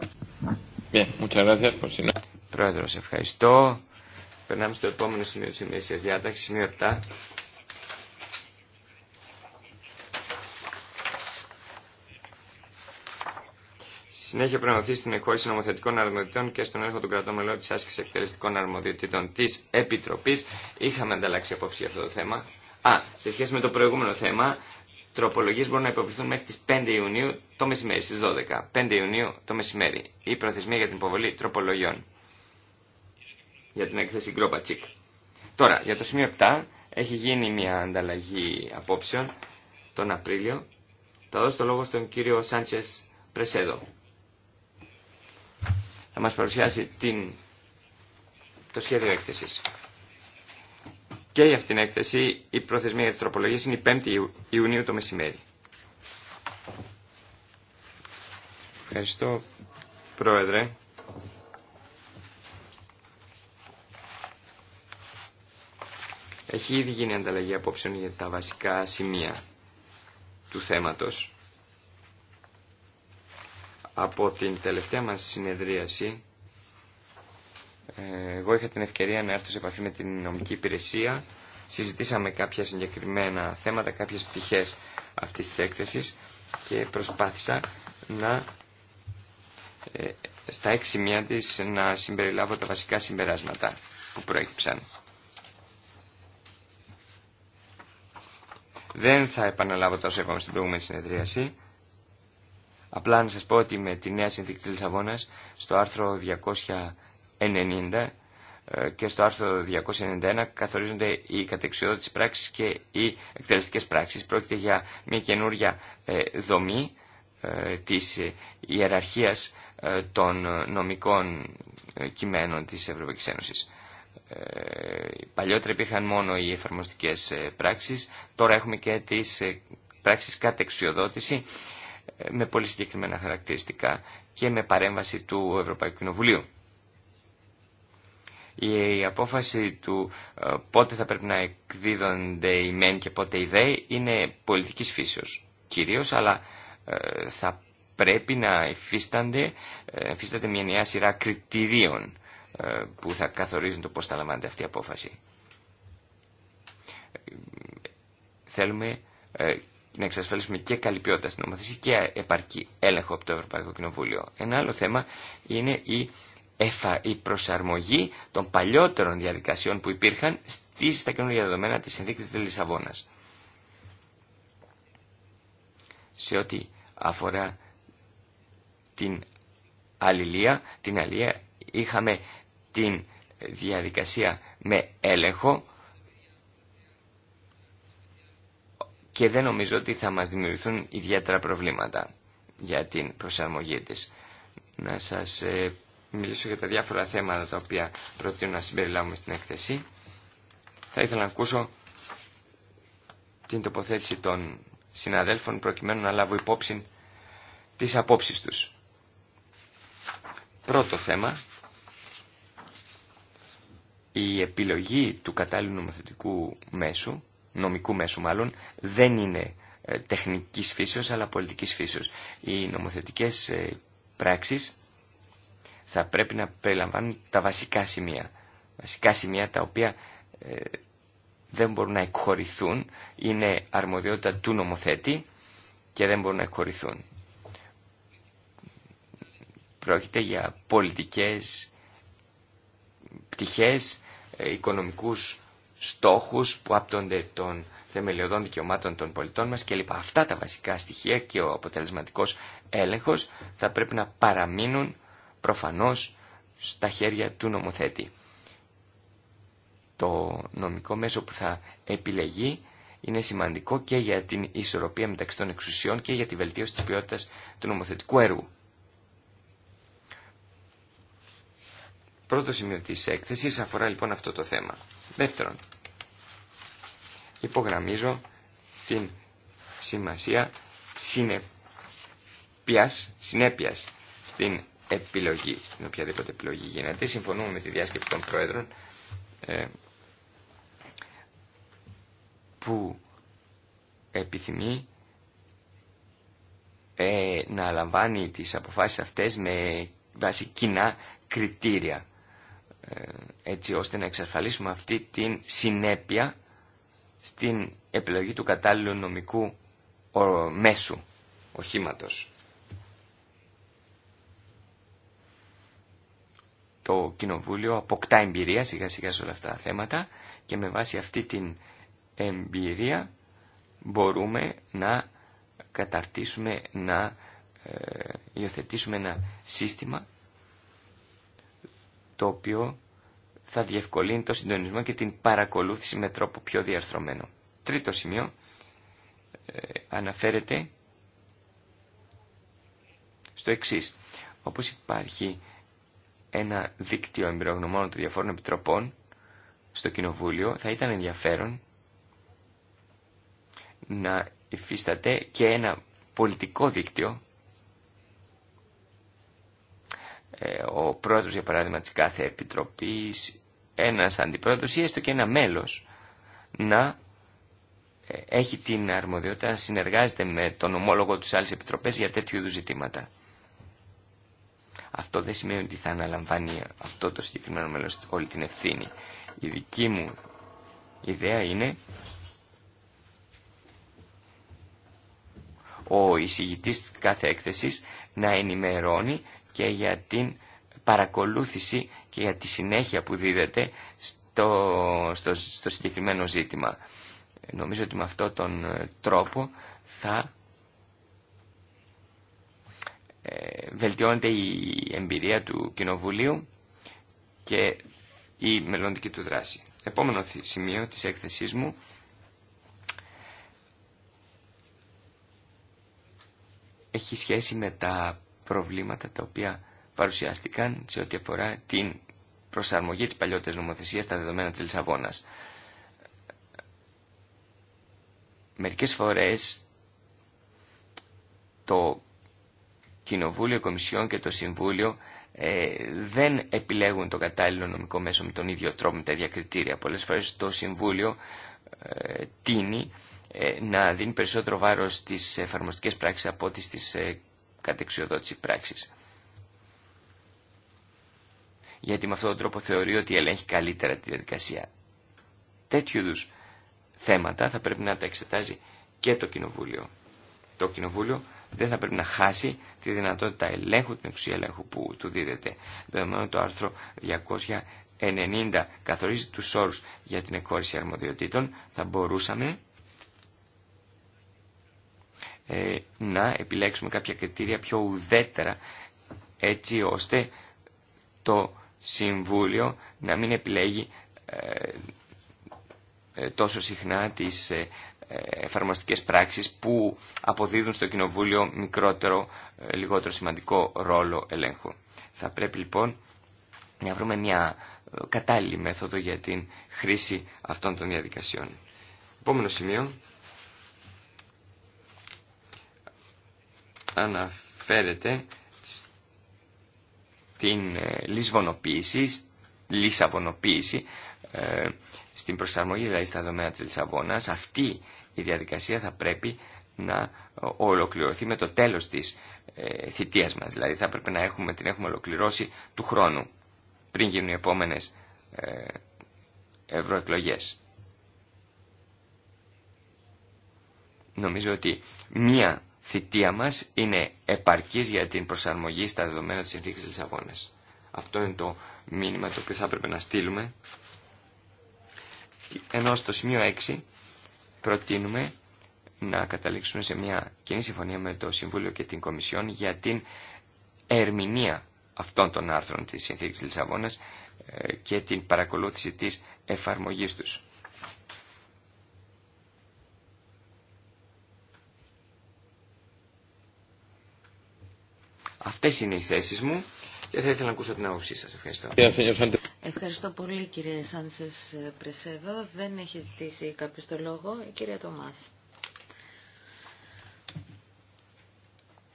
Πρόεδρο, Πρόεδρος, ευχαριστώ. Περνάμε στο επόμενο σημείο της ημερήσιας διάταξης, σημείο 7. Συνέχεια πρέπει να στην εκχώρηση νομοθετικών αρμοδιοτήτων και στον έλεγχο των κρατών μελών τη άσκηση εκτελεστικών αρμοδιοτήτων τη Επιτροπή. Είχαμε ανταλλάξει απόψη για αυτό το θέμα. Α, σε σχέση με το προηγούμενο θέμα, τροπολογίε μπορούν να υποβληθούν μέχρι τι 5 Ιουνίου το μεσημέρι, στι 12. 5 Ιουνίου το μεσημέρι. Η προθεσμία για την υποβολή τροπολογιών. Για την έκθεση Τσίκ. Τώρα, για το σημείο 7 έχει γίνει μια ανταλλαγή απόψεων τον Απρίλιο. Θα δώσω το λόγο στον κύριο Σάντσε Πρεσέδο θα μας παρουσιάσει την, το σχέδιο έκθεσης. Και για αυτήν την έκθεση η προθεσμία για τις τροπολογίες είναι η 5η Ιουνίου το μεσημέρι. Ευχαριστώ, Πρόεδρε. Έχει ήδη γίνει ανταλλαγή απόψεων για τα βασικά σημεία του θέματος από την τελευταία μας συνεδρίαση ε, εγώ είχα την ευκαιρία να έρθω σε επαφή με την νομική υπηρεσία συζητήσαμε κάποια συγκεκριμένα θέματα, κάποιες πτυχές αυτής της έκθεσης και προσπάθησα να ε, στα έξι μία της να συμπεριλάβω τα βασικά συμπεράσματα που προέκυψαν. Δεν θα επαναλάβω τόσο είπαμε στην προηγούμενη συνεδρίαση. Απλά να σας πω ότι με τη νέα συνθήκη της Λισαβόνας στο άρθρο 290 ε, και στο άρθρο 291 καθορίζονται οι κατεξιότητες πράξεις και οι εκτελεστικές πράξεις. Πρόκειται για μια καινούρια ε, δομή ε, της ιεραρχίας των νομικών κειμένων της Ευρωπαϊκής Ένωσης. Παλιότερα υπήρχαν μόνο οι εφαρμοστικές πράξεις, τώρα έχουμε και τις πράξεις κατεξιοδότηση με πολύ συγκεκριμένα χαρακτηριστικά και με παρέμβαση του Ευρωπαϊκού Κοινοβουλίου. Η απόφαση του ε, πότε θα πρέπει να εκδίδονται οι μεν και πότε οι δε είναι πολιτικής φύσεως κυρίως, αλλά ε, θα πρέπει να ε, υφίστανται, μια νέα σειρά κριτηρίων που θα καθορίζουν το πώς θα λαμβάνεται αυτή η απόφαση. Θέλουμε να εξασφαλίσουμε και καλή ποιότητα στην νομοθεσία και επαρκή έλεγχο από το Ευρωπαϊκό Κοινοβούλιο. Ένα άλλο θέμα είναι η, εφα, η e προσαρμογή των παλιότερων διαδικασιών που υπήρχαν στις, στα καινούργια δεδομένα της συνθήκης της Λισαβόνας. Σε ό,τι αφορά την αλληλεία, την αλληλεία είχαμε την διαδικασία με έλεγχο και δεν νομίζω ότι θα μας δημιουργηθούν ιδιαίτερα προβλήματα για την προσαρμογή της. Να σας ε, μιλήσω για τα διάφορα θέματα τα οποία προτείνω να συμπεριλάβουμε στην έκθεση. Θα ήθελα να ακούσω την τοποθέτηση των συναδέλφων προκειμένου να λάβω υπόψη τις απόψεις τους. Πρώτο θέμα, η επιλογή του κατάλληλου νομοθετικού μέσου νομικού μέσου μάλλον, δεν είναι ε, τεχνικής φύσεως αλλά πολιτικής φύσεως. Οι νομοθετικές ε, πράξεις θα πρέπει να περιλαμβάνουν τα βασικά σημεία. Βασικά σημεία τα οποία ε, δεν μπορούν να εκχωρηθούν, είναι αρμοδιότητα του νομοθέτη και δεν μπορούν να εκχωρηθούν. Πρόκειται για πολιτικές πτυχές, οικονομικούς στόχους που άπτονται των θεμελιωδών δικαιωμάτων των πολιτών μας λοιπά Αυτά τα βασικά στοιχεία και ο αποτελεσματικός έλεγχος θα πρέπει να παραμείνουν προφανώς στα χέρια του νομοθέτη. Το νομικό μέσο που θα επιλεγεί είναι σημαντικό και για την ισορροπία μεταξύ των εξουσιών και για τη βελτίωση της ποιότητας του νομοθετικού έργου. Πρώτο σημείο της έκθεσης αφορά λοιπόν αυτό το θέμα. Δεύτερον, υπογραμμίζω την σημασία συνέπειας, συνέπειας στην επιλογή, στην οποιαδήποτε επιλογή γίνεται. Συμφωνούμε με τη διάσκεψη των Πρόεδρων ε, που επιθυμεί ε, να λαμβάνει τις αποφάσεις αυτές με βάση κοινά κριτήρια ε, έτσι ώστε να εξασφαλίσουμε αυτή την συνέπεια στην επιλογή του κατάλληλου νομικού μέσου οχήματος. Το Κοινοβούλιο αποκτά εμπειρία σιγά σιγά σε όλα αυτά τα θέματα και με βάση αυτή την εμπειρία μπορούμε να καταρτήσουμε, να ε, υιοθετήσουμε ένα σύστημα το οποίο θα διευκολύνει το συντονισμό και την παρακολούθηση με τρόπο πιο διαρθρωμένο. Τρίτο σημείο ε, αναφέρεται στο εξής. Όπως υπάρχει ένα δίκτυο εμπειρογνωμόνων των διαφόρων επιτροπών στο Κοινοβούλιο, θα ήταν ενδιαφέρον να υφίσταται και ένα πολιτικό δίκτυο ο πρόεδρος για παράδειγμα της κάθε επιτροπής, ένας αντιπρόεδρος ή έστω και ένα μέλος να ε, έχει την αρμοδιότητα να συνεργάζεται με τον ομόλογο τους άλλες επιτροπές για τέτοιου είδους ζητήματα. Αυτό δεν σημαίνει ότι θα αναλαμβάνει αυτό το συγκεκριμένο μέλος όλη την ευθύνη. Η δική μου ιδέα είναι ο εισηγητής κάθε έκθεσης να ενημερώνει και για την παρακολούθηση και για τη συνέχεια που δίδεται στο, στο, στο συγκεκριμένο ζήτημα. Νομίζω ότι με αυτόν τον ε, τρόπο θα ε, βελτιώνεται η εμπειρία του Κοινοβουλίου και η μελλοντική του δράση. Επόμενο σημείο της έκθεσής μου έχει σχέση με τα προβλήματα τα οποία παρουσιάστηκαν σε ό,τι αφορά την προσαρμογή της παλιότερης νομοθεσίας στα δεδομένα της Λισαβόνας. Μερικές φορές το Κοινοβούλιο, Κομισιόν και το Συμβούλιο ε, δεν επιλέγουν το κατάλληλο νομικό μέσο με τον ίδιο τρόπο με τα διακριτήρια. Πολλές φορές το Συμβούλιο ε, τίνει ε, να δίνει περισσότερο βάρος στις εφαρμοστικές πράξεις από ό,τι στις ε, κατεξιοδότηση πράξης. Γιατί με αυτόν τον τρόπο θεωρεί ότι ελέγχει καλύτερα τη διαδικασία. Τέτοιου είδου θέματα θα πρέπει να τα εξετάζει και το Κοινοβούλιο. Το Κοινοβούλιο δεν θα πρέπει να χάσει τη δυνατότητα ελέγχου, την εξουσία ελέγχου που του δίδεται. Δεδομένου το άρθρο 290 καθορίζει τους όρους για την εκχώρηση αρμοδιοτήτων, θα μπορούσαμε ε, να επιλέξουμε κάποια κριτήρια πιο ουδέτερα έτσι ώστε το Συμβούλιο να μην επιλέγει ε, ε, τόσο συχνά τις εφαρμοστικές πράξεις που αποδίδουν στο Κοινοβούλιο μικρότερο, λιγότερο σημαντικό ρόλο ελέγχου. Θα πρέπει λοιπόν να βρούμε μια κατάλληλη μέθοδο για την χρήση αυτών των διαδικασιών. Επόμενο σημείο αναφέρεται στην ε, λισβονοποίηση, λισαβονοποίηση, ε, στην προσαρμογή δηλαδή στα δομένα της Λισαβόνας. Αυτή η διαδικασία θα πρέπει να ε, ολοκληρωθεί με το τέλος της ε, θητείας μας. Δηλαδή θα πρέπει να έχουμε, την έχουμε ολοκληρώσει του χρόνου πριν γίνουν οι επόμενες ε, Νομίζω ότι μία θητεία μας είναι επαρκής για την προσαρμογή στα δεδομένα της συνθήκης Λισαβόνας. Αυτό είναι το μήνυμα το οποίο θα έπρεπε να στείλουμε. Ενώ στο σημείο 6 προτείνουμε να καταλήξουμε σε μια κοινή συμφωνία με το Συμβούλιο και την Κομισιόν για την ερμηνεία αυτών των άρθρων της Συνθήκης Λισαβόνας ε, και την παρακολούθηση της εφαρμογής τους. Αυτές είναι οι θέσεις μου και θα ήθελα να ακούσω την άποψή σας. Ευχαριστώ. Ευχαριστώ πολύ κύριε Σάντσες Πρεσέδο. Δεν έχει ζητήσει κάποιος το λόγο. Η κυρία Τομάς.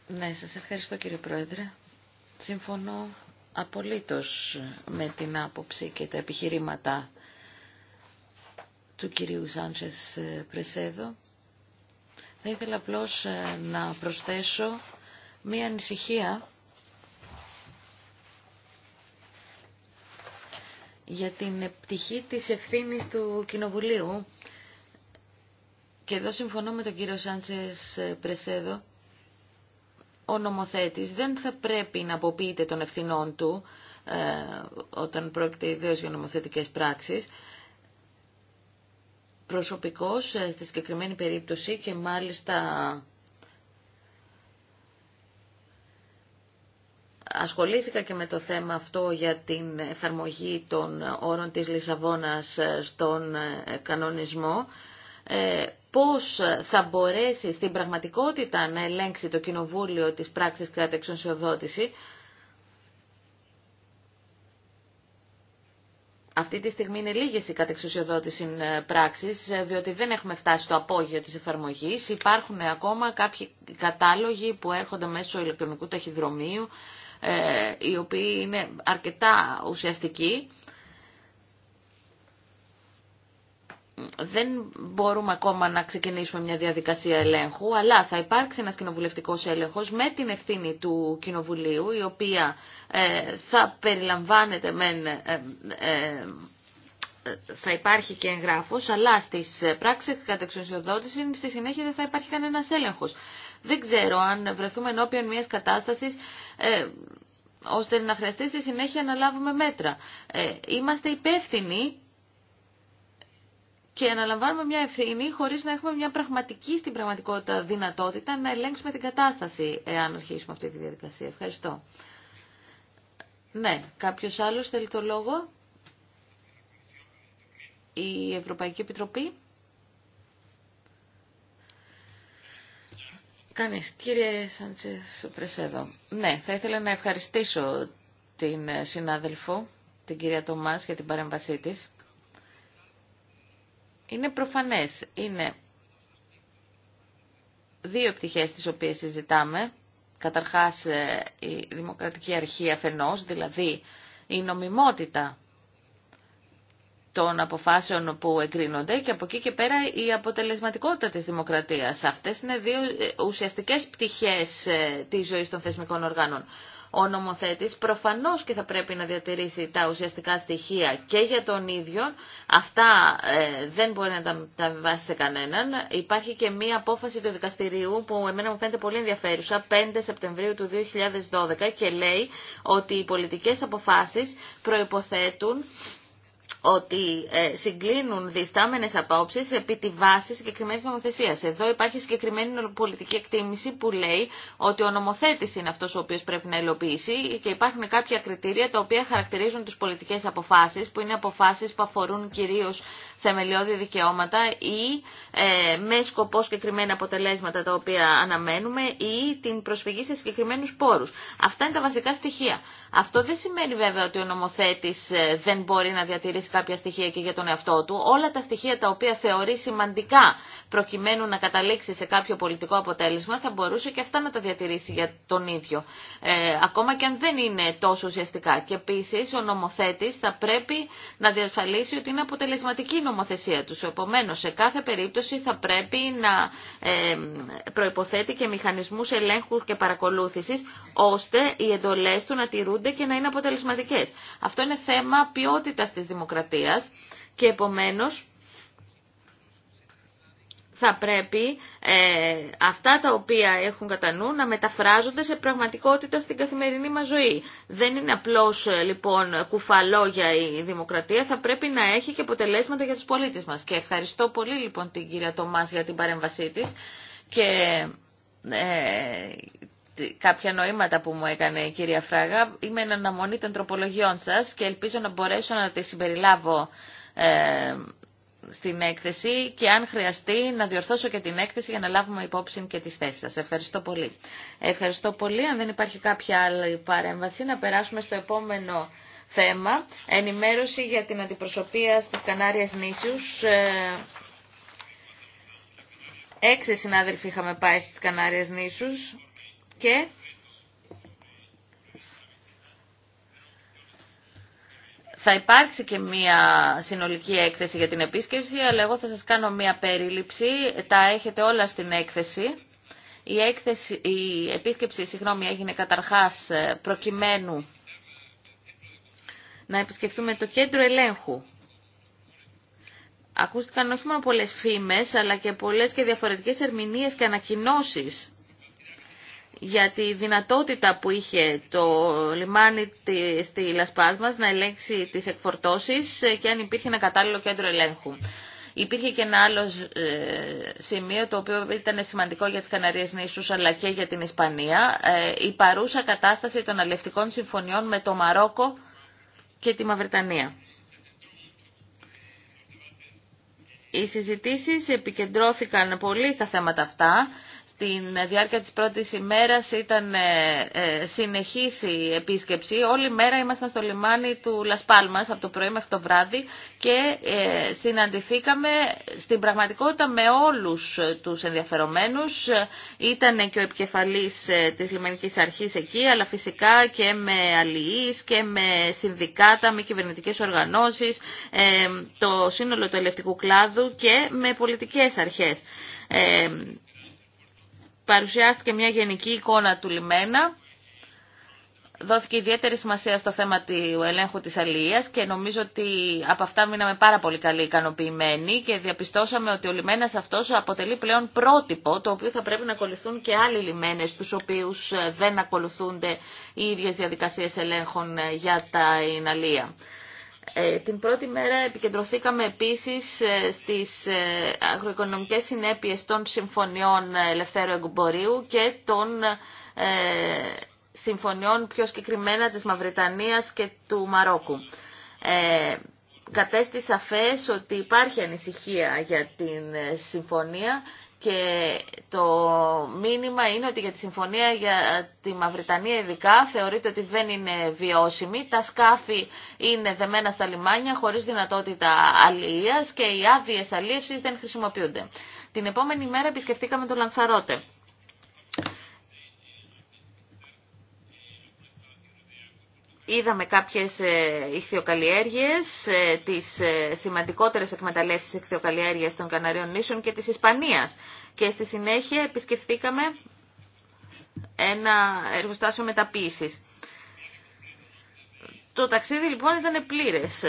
Ναι, σας ευχαριστώ κύριε Πρόεδρε. Συμφωνώ απολύτως με την άποψη και τα επιχειρήματα του κυρίου Σάντσες Πρεσέδο. Θα ήθελα απλώς να προσθέσω μία ανησυχία για την πτυχή της ευθύνης του Κοινοβουλίου. Και εδώ συμφωνώ με τον κύριο Σάντσες ε, Πρεσέδο. Ο νομοθέτης δεν θα πρέπει να αποποιείται των ευθυνών του ε, όταν πρόκειται ιδέως για νομοθετικές πράξεις. Προσωπικός, ε, στη συγκεκριμένη περίπτωση και μάλιστα ασχολήθηκα και με το θέμα αυτό για την εφαρμογή των όρων της Λισαβόνας στον ε, κανονισμό ε, πώς θα μπορέσει στην πραγματικότητα να ελέγξει το Κοινοβούλιο της πράξης κατά εξονσιοδότηση. Αυτή τη στιγμή είναι λίγες οι κατεξουσιοδότηση ε, πράξεις, διότι δεν έχουμε φτάσει στο απόγειο της εφαρμογής. Υπάρχουν ακόμα κάποιοι κατάλογοι που έρχονται μέσω ηλεκτρονικού ταχυδρομείου ε, οι οποίοι είναι αρκετά ουσιαστικοί. δεν μπορούμε ακόμα να ξεκινήσουμε μια διαδικασία ελέγχου, αλλά θα υπάρξει ένας κοινοβουλευτικός έλεγχος με την ευθύνη του Κοινοβουλίου, η οποία ε, θα περιλαμβάνεται μεν ε, θα υπάρχει και εγγράφος, αλλά στις πράξεις κατεξουσιοδότηση στη συνέχεια δεν θα υπάρχει κανένας έλεγχος δεν ξέρω αν βρεθούμε ενώπιον μιας κατάστασης ε, ώστε να χρειαστεί στη συνέχεια να λάβουμε μέτρα. Ε, είμαστε υπεύθυνοι και αναλαμβάνουμε μια ευθύνη χωρίς να έχουμε μια πραγματική στην πραγματικότητα δυνατότητα να ελέγξουμε την κατάσταση εάν αρχίσουμε αυτή τη διαδικασία. Ευχαριστώ. Ναι, κάποιος άλλος θέλει το λόγο. Η Ευρωπαϊκή Επιτροπή. κανείς. Κύριε Σάντσες Πρεσέδο, ναι, θα ήθελα να ευχαριστήσω την συνάδελφο, την κυρία Τομάς, για την παρέμβασή της. Είναι προφανές, είναι δύο πτυχές τις οποίες συζητάμε. Καταρχάς ε, η δημοκρατική αρχή αφενός, δηλαδή η νομιμότητα των αποφάσεων που εγκρίνονται και από εκεί και πέρα η αποτελεσματικότητα της δημοκρατίας. Αυτές είναι δύο ε, ουσιαστικές πτυχές ε, της ζωής των θεσμικών οργάνων. Ο νομοθέτης προφανώς και θα πρέπει να διατηρήσει τα ουσιαστικά στοιχεία και για τον ίδιο. Αυτά ε, δεν μπορεί να τα, τα βάσει σε κανέναν. Υπάρχει και μία απόφαση του δικαστηρίου που εμένα μου φαίνεται πολύ ενδιαφέρουσα, 5 Σεπτεμβρίου του 2012 και λέει ότι οι πολιτικές αποφάσεις προποθέτουν ότι ε, συγκλίνουν διστάμενες απόψεις επί τη βάση συγκεκριμένη νομοθεσία. Εδώ υπάρχει συγκεκριμένη πολιτική εκτίμηση που λέει ότι ο νομοθέτης είναι αυτός ο οποίος πρέπει να υλοποιήσει και υπάρχουν κάποια κριτήρια τα οποία χαρακτηρίζουν τις πολιτικές αποφάσεις που είναι αποφάσεις που αφορούν κυρίως θεμελιώδη δικαιώματα ή ε, με σκοπό συγκεκριμένα αποτελέσματα τα οποία αναμένουμε ή την προσφυγή σε συγκεκριμένους πόρους. Αυτά είναι τα βασικά στοιχεία. Αυτό δεν σημαίνει βέβαια ότι ο νομοθέτης ε, δεν μπορεί να διατηρήσει κάποια στοιχεία και για τον εαυτό του, όλα τα στοιχεία τα οποία θεωρεί σημαντικά προκειμένου να καταλήξει σε κάποιο πολιτικό αποτέλεσμα, θα μπορούσε και αυτά να τα διατηρήσει για τον ίδιο. Ε, ακόμα και αν δεν είναι τόσο ουσιαστικά. Και επίση ο νομοθέτη θα πρέπει να διασφαλίσει ότι είναι αποτελεσματική η νομοθεσία του. Επομένω, σε κάθε περίπτωση θα πρέπει να ε, προποθέτει και μηχανισμού ελέγχου και παρακολούθηση, ώστε οι εντολέ του να τηρούνται και να είναι αποτελεσματικέ. Αυτό είναι θέμα ποιότητα τη δημοκρατία και επομένως θα πρέπει ε, αυτά τα οποία έχουν κατά νου να μεταφράζονται σε πραγματικότητα στην καθημερινή μας ζωή. Δεν είναι απλώς ε, λοιπόν για η δημοκρατία, θα πρέπει να έχει και αποτελέσματα για τους πολίτες μας. Και ευχαριστώ πολύ λοιπόν την κυρία Τομάς για την παρέμβασή της και ε, κάποια νοήματα που μου έκανε η κυρία Φράγα. Είμαι εν αναμονή των τροπολογιών σας και ελπίζω να μπορέσω να τις συμπεριλάβω ε, στην έκθεση και αν χρειαστεί να διορθώσω και την έκθεση για να λάβουμε υπόψη και τις θέσεις σας. Ευχαριστώ πολύ. Ευχαριστώ πολύ. Αν δεν υπάρχει κάποια άλλη παρέμβαση, να περάσουμε στο επόμενο θέμα. Ενημέρωση για την αντιπροσωπεία στις Κανάριες νήσιους. Ε, έξι συνάδελφοι είχαμε πάει στις Κανάριες νήσους και θα υπάρξει και μία συνολική έκθεση για την επίσκεψη, αλλά εγώ θα σας κάνω μία περίληψη. Τα έχετε όλα στην έκθεση. Η, έκθεση, η επίσκεψη συγγνώμη, έγινε καταρχάς ε, προκειμένου να επισκεφθούμε το κέντρο ελέγχου. Ακούστηκαν όχι μόνο πολλές φήμες, αλλά και πολλές και διαφορετικές ερμηνείες και ανακοινώσεις για τη δυνατότητα που είχε το λιμάνι στη Λασπάσμας να ελέγξει τις εκφορτώσεις και αν υπήρχε ένα κατάλληλο κέντρο ελέγχου. Υπήρχε και ένα άλλο ε, σημείο το οποίο ήταν σημαντικό για τις Καναρίες νήσους αλλά και για την Ισπανία. Ε, η παρούσα κατάσταση των αλευτικών συμφωνιών με το Μαρόκο και τη Μαυρτανία. Οι συζητήσεις επικεντρώθηκαν πολύ στα θέματα αυτά την διάρκεια της πρώτης ημέρας ήταν ε, ε, συνεχής η επίσκεψη. Όλη μέρα ήμασταν στο λιμάνι του Λασπάλμας από το πρωί μέχρι το βράδυ και ε, συναντηθήκαμε στην πραγματικότητα με όλους τους ενδιαφερομένους. Ήταν και ο επικεφαλής της λιμενικής αρχής εκεί, αλλά φυσικά και με αλληλείς και με συνδικάτα, με κυβερνητικές οργανώσεις, το σύνολο του ελευτικού κλάδου και με πολιτικές αρχές παρουσιάστηκε μια γενική εικόνα του λιμένα. Δόθηκε ιδιαίτερη σημασία στο θέμα του ελέγχου της αλληλείας και νομίζω ότι από αυτά μείναμε πάρα πολύ καλοί ικανοποιημένοι και διαπιστώσαμε ότι ο λιμένας αυτός αποτελεί πλέον πρότυπο το οποίο θα πρέπει να ακολουθούν και άλλοι λιμένες τους οποίους ε, δεν ακολουθούνται οι ίδιες διαδικασίες ελέγχων ε, για τα ε, αλληλεία. Ε, την πρώτη μέρα επικεντρωθήκαμε επίσης ε, στις ε, αγροοικονομικές συνέπειες των συμφωνιών ελευθέρου εγκουμπορίου και των συμφωνιών πιο συγκεκριμένα της Μαυριτανίας και του Μαρόκου. Ε, κατέστη σαφές ότι υπάρχει ανησυχία για την συμφωνία και το μήνυμα είναι ότι για τη συμφωνία για τη Μαυριτανία ειδικά θεωρείται ότι δεν είναι βιώσιμη. Τα σκάφη είναι δεμένα στα λιμάνια χωρίς δυνατότητα αλληλείας και οι άδειε αλήψεις δεν χρησιμοποιούνται. Την επόμενη μέρα επισκεφτήκαμε το Λανθαρότε. Είδαμε κάποιες ε, ηχθειοκαλλιέργειες, ε, τις ε, σημαντικότερες εκμεταλλεύσεις ηχθειοκαλλιέργειας των Καναρίων νήσων και της Ισπανίας. Και στη συνέχεια επισκεφθήκαμε ένα εργοστάσιο μεταποίησης. Το ταξίδι λοιπόν ήταν πλήρες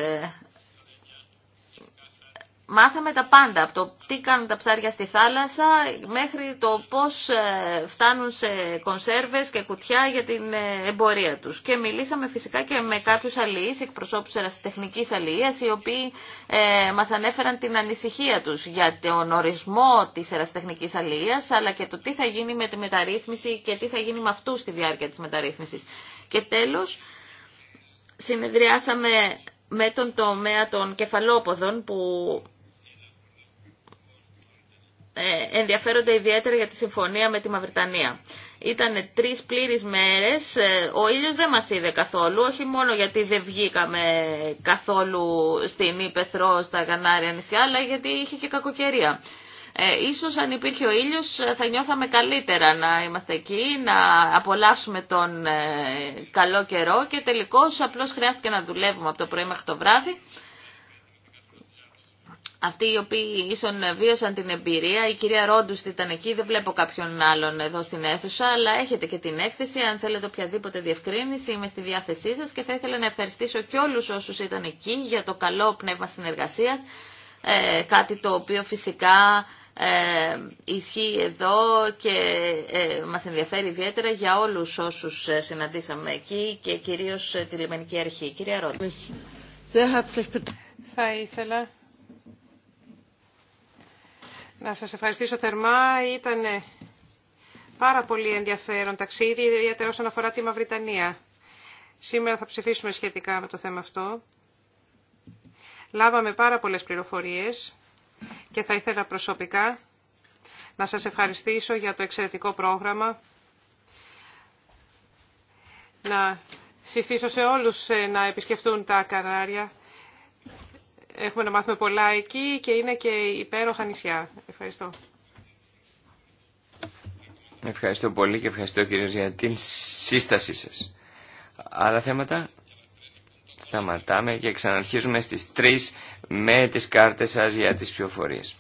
μάθαμε τα πάντα, από το τι κάνουν τα ψάρια στη θάλασσα μέχρι το πώς ε, φτάνουν σε κονσέρβες και κουτιά για την ε, εμπορία τους. Και μιλήσαμε φυσικά και με κάποιους αλληλείς, εκπροσώπους ερασιτεχνικής αλληλείας, οι οποίοι ε, μας ανέφεραν την ανησυχία τους για τον ορισμό της ερασιτεχνικής αλληλείας, αλλά και το τι θα γίνει με τη μεταρρύθμιση και τι θα γίνει με αυτούς στη διάρκεια της μεταρρύθμισης. Και τέλος, συνεδριάσαμε με τον τομέα των κεφαλόποδων που ε, ενδιαφέρονται ιδιαίτερα για τη συμφωνία με τη Μαυρτανία. Ήταν τρει πλήρε μέρες, ε, ο ήλιος δεν μας είδε καθόλου, όχι μόνο γιατί δεν βγήκαμε καθόλου στην Ήπεθρο, στα Γανάρια νησιά, αλλά γιατί είχε και κακοκαιρία. Ε, ίσως αν υπήρχε ο ήλιος ε, θα νιώθαμε καλύτερα να είμαστε εκεί, να απολαύσουμε τον καλό καιρό και τελικώς απλώς χρειάστηκε να δουλεύουμε από το πρωί μέχρι το βράδυ αυτοί οι οποίοι ίσον βίωσαν την εμπειρία. Η κυρία Ρόντουστη ήταν εκεί, δεν βλέπω κάποιον άλλον εδώ στην αίθουσα, αλλά έχετε και την έκθεση. Αν θέλετε οποιαδήποτε διευκρίνηση, είμαι στη διάθεσή σας και θα ήθελα να ευχαριστήσω και όλους όσους ήταν εκεί για το καλό πνεύμα συνεργασίας, ε, κάτι το οποίο φυσικά ε, ισχύει εδώ και ε, μας ενδιαφέρει ιδιαίτερα για όλους όσους ε, συναντήσαμε εκεί και κυρίως ε, τη Λιμενική Αρχή. Κυρία Ρόντουστη. Θα ήθελα να σας ευχαριστήσω θερμά. Ήταν πάρα πολύ ενδιαφέρον ταξίδι, ιδιαίτερα όσον αφορά τη Μαυριτανία. Σήμερα θα ψηφίσουμε σχετικά με το θέμα αυτό. Λάβαμε πάρα πολλές πληροφορίες και θα ήθελα προσωπικά να σας ευχαριστήσω για το εξαιρετικό πρόγραμμα. Να συστήσω σε όλους ε, να επισκεφτούν τα Καράρια. Έχουμε να μάθουμε πολλά εκεί και είναι και υπέροχα νησιά. Ευχαριστώ. Ευχαριστώ πολύ και ευχαριστώ κύριε για την σύστασή σας. Άλλα θέματα σταματάμε και ξαναρχίζουμε στις 3 με τις κάρτες σας για τις πιοφορίες.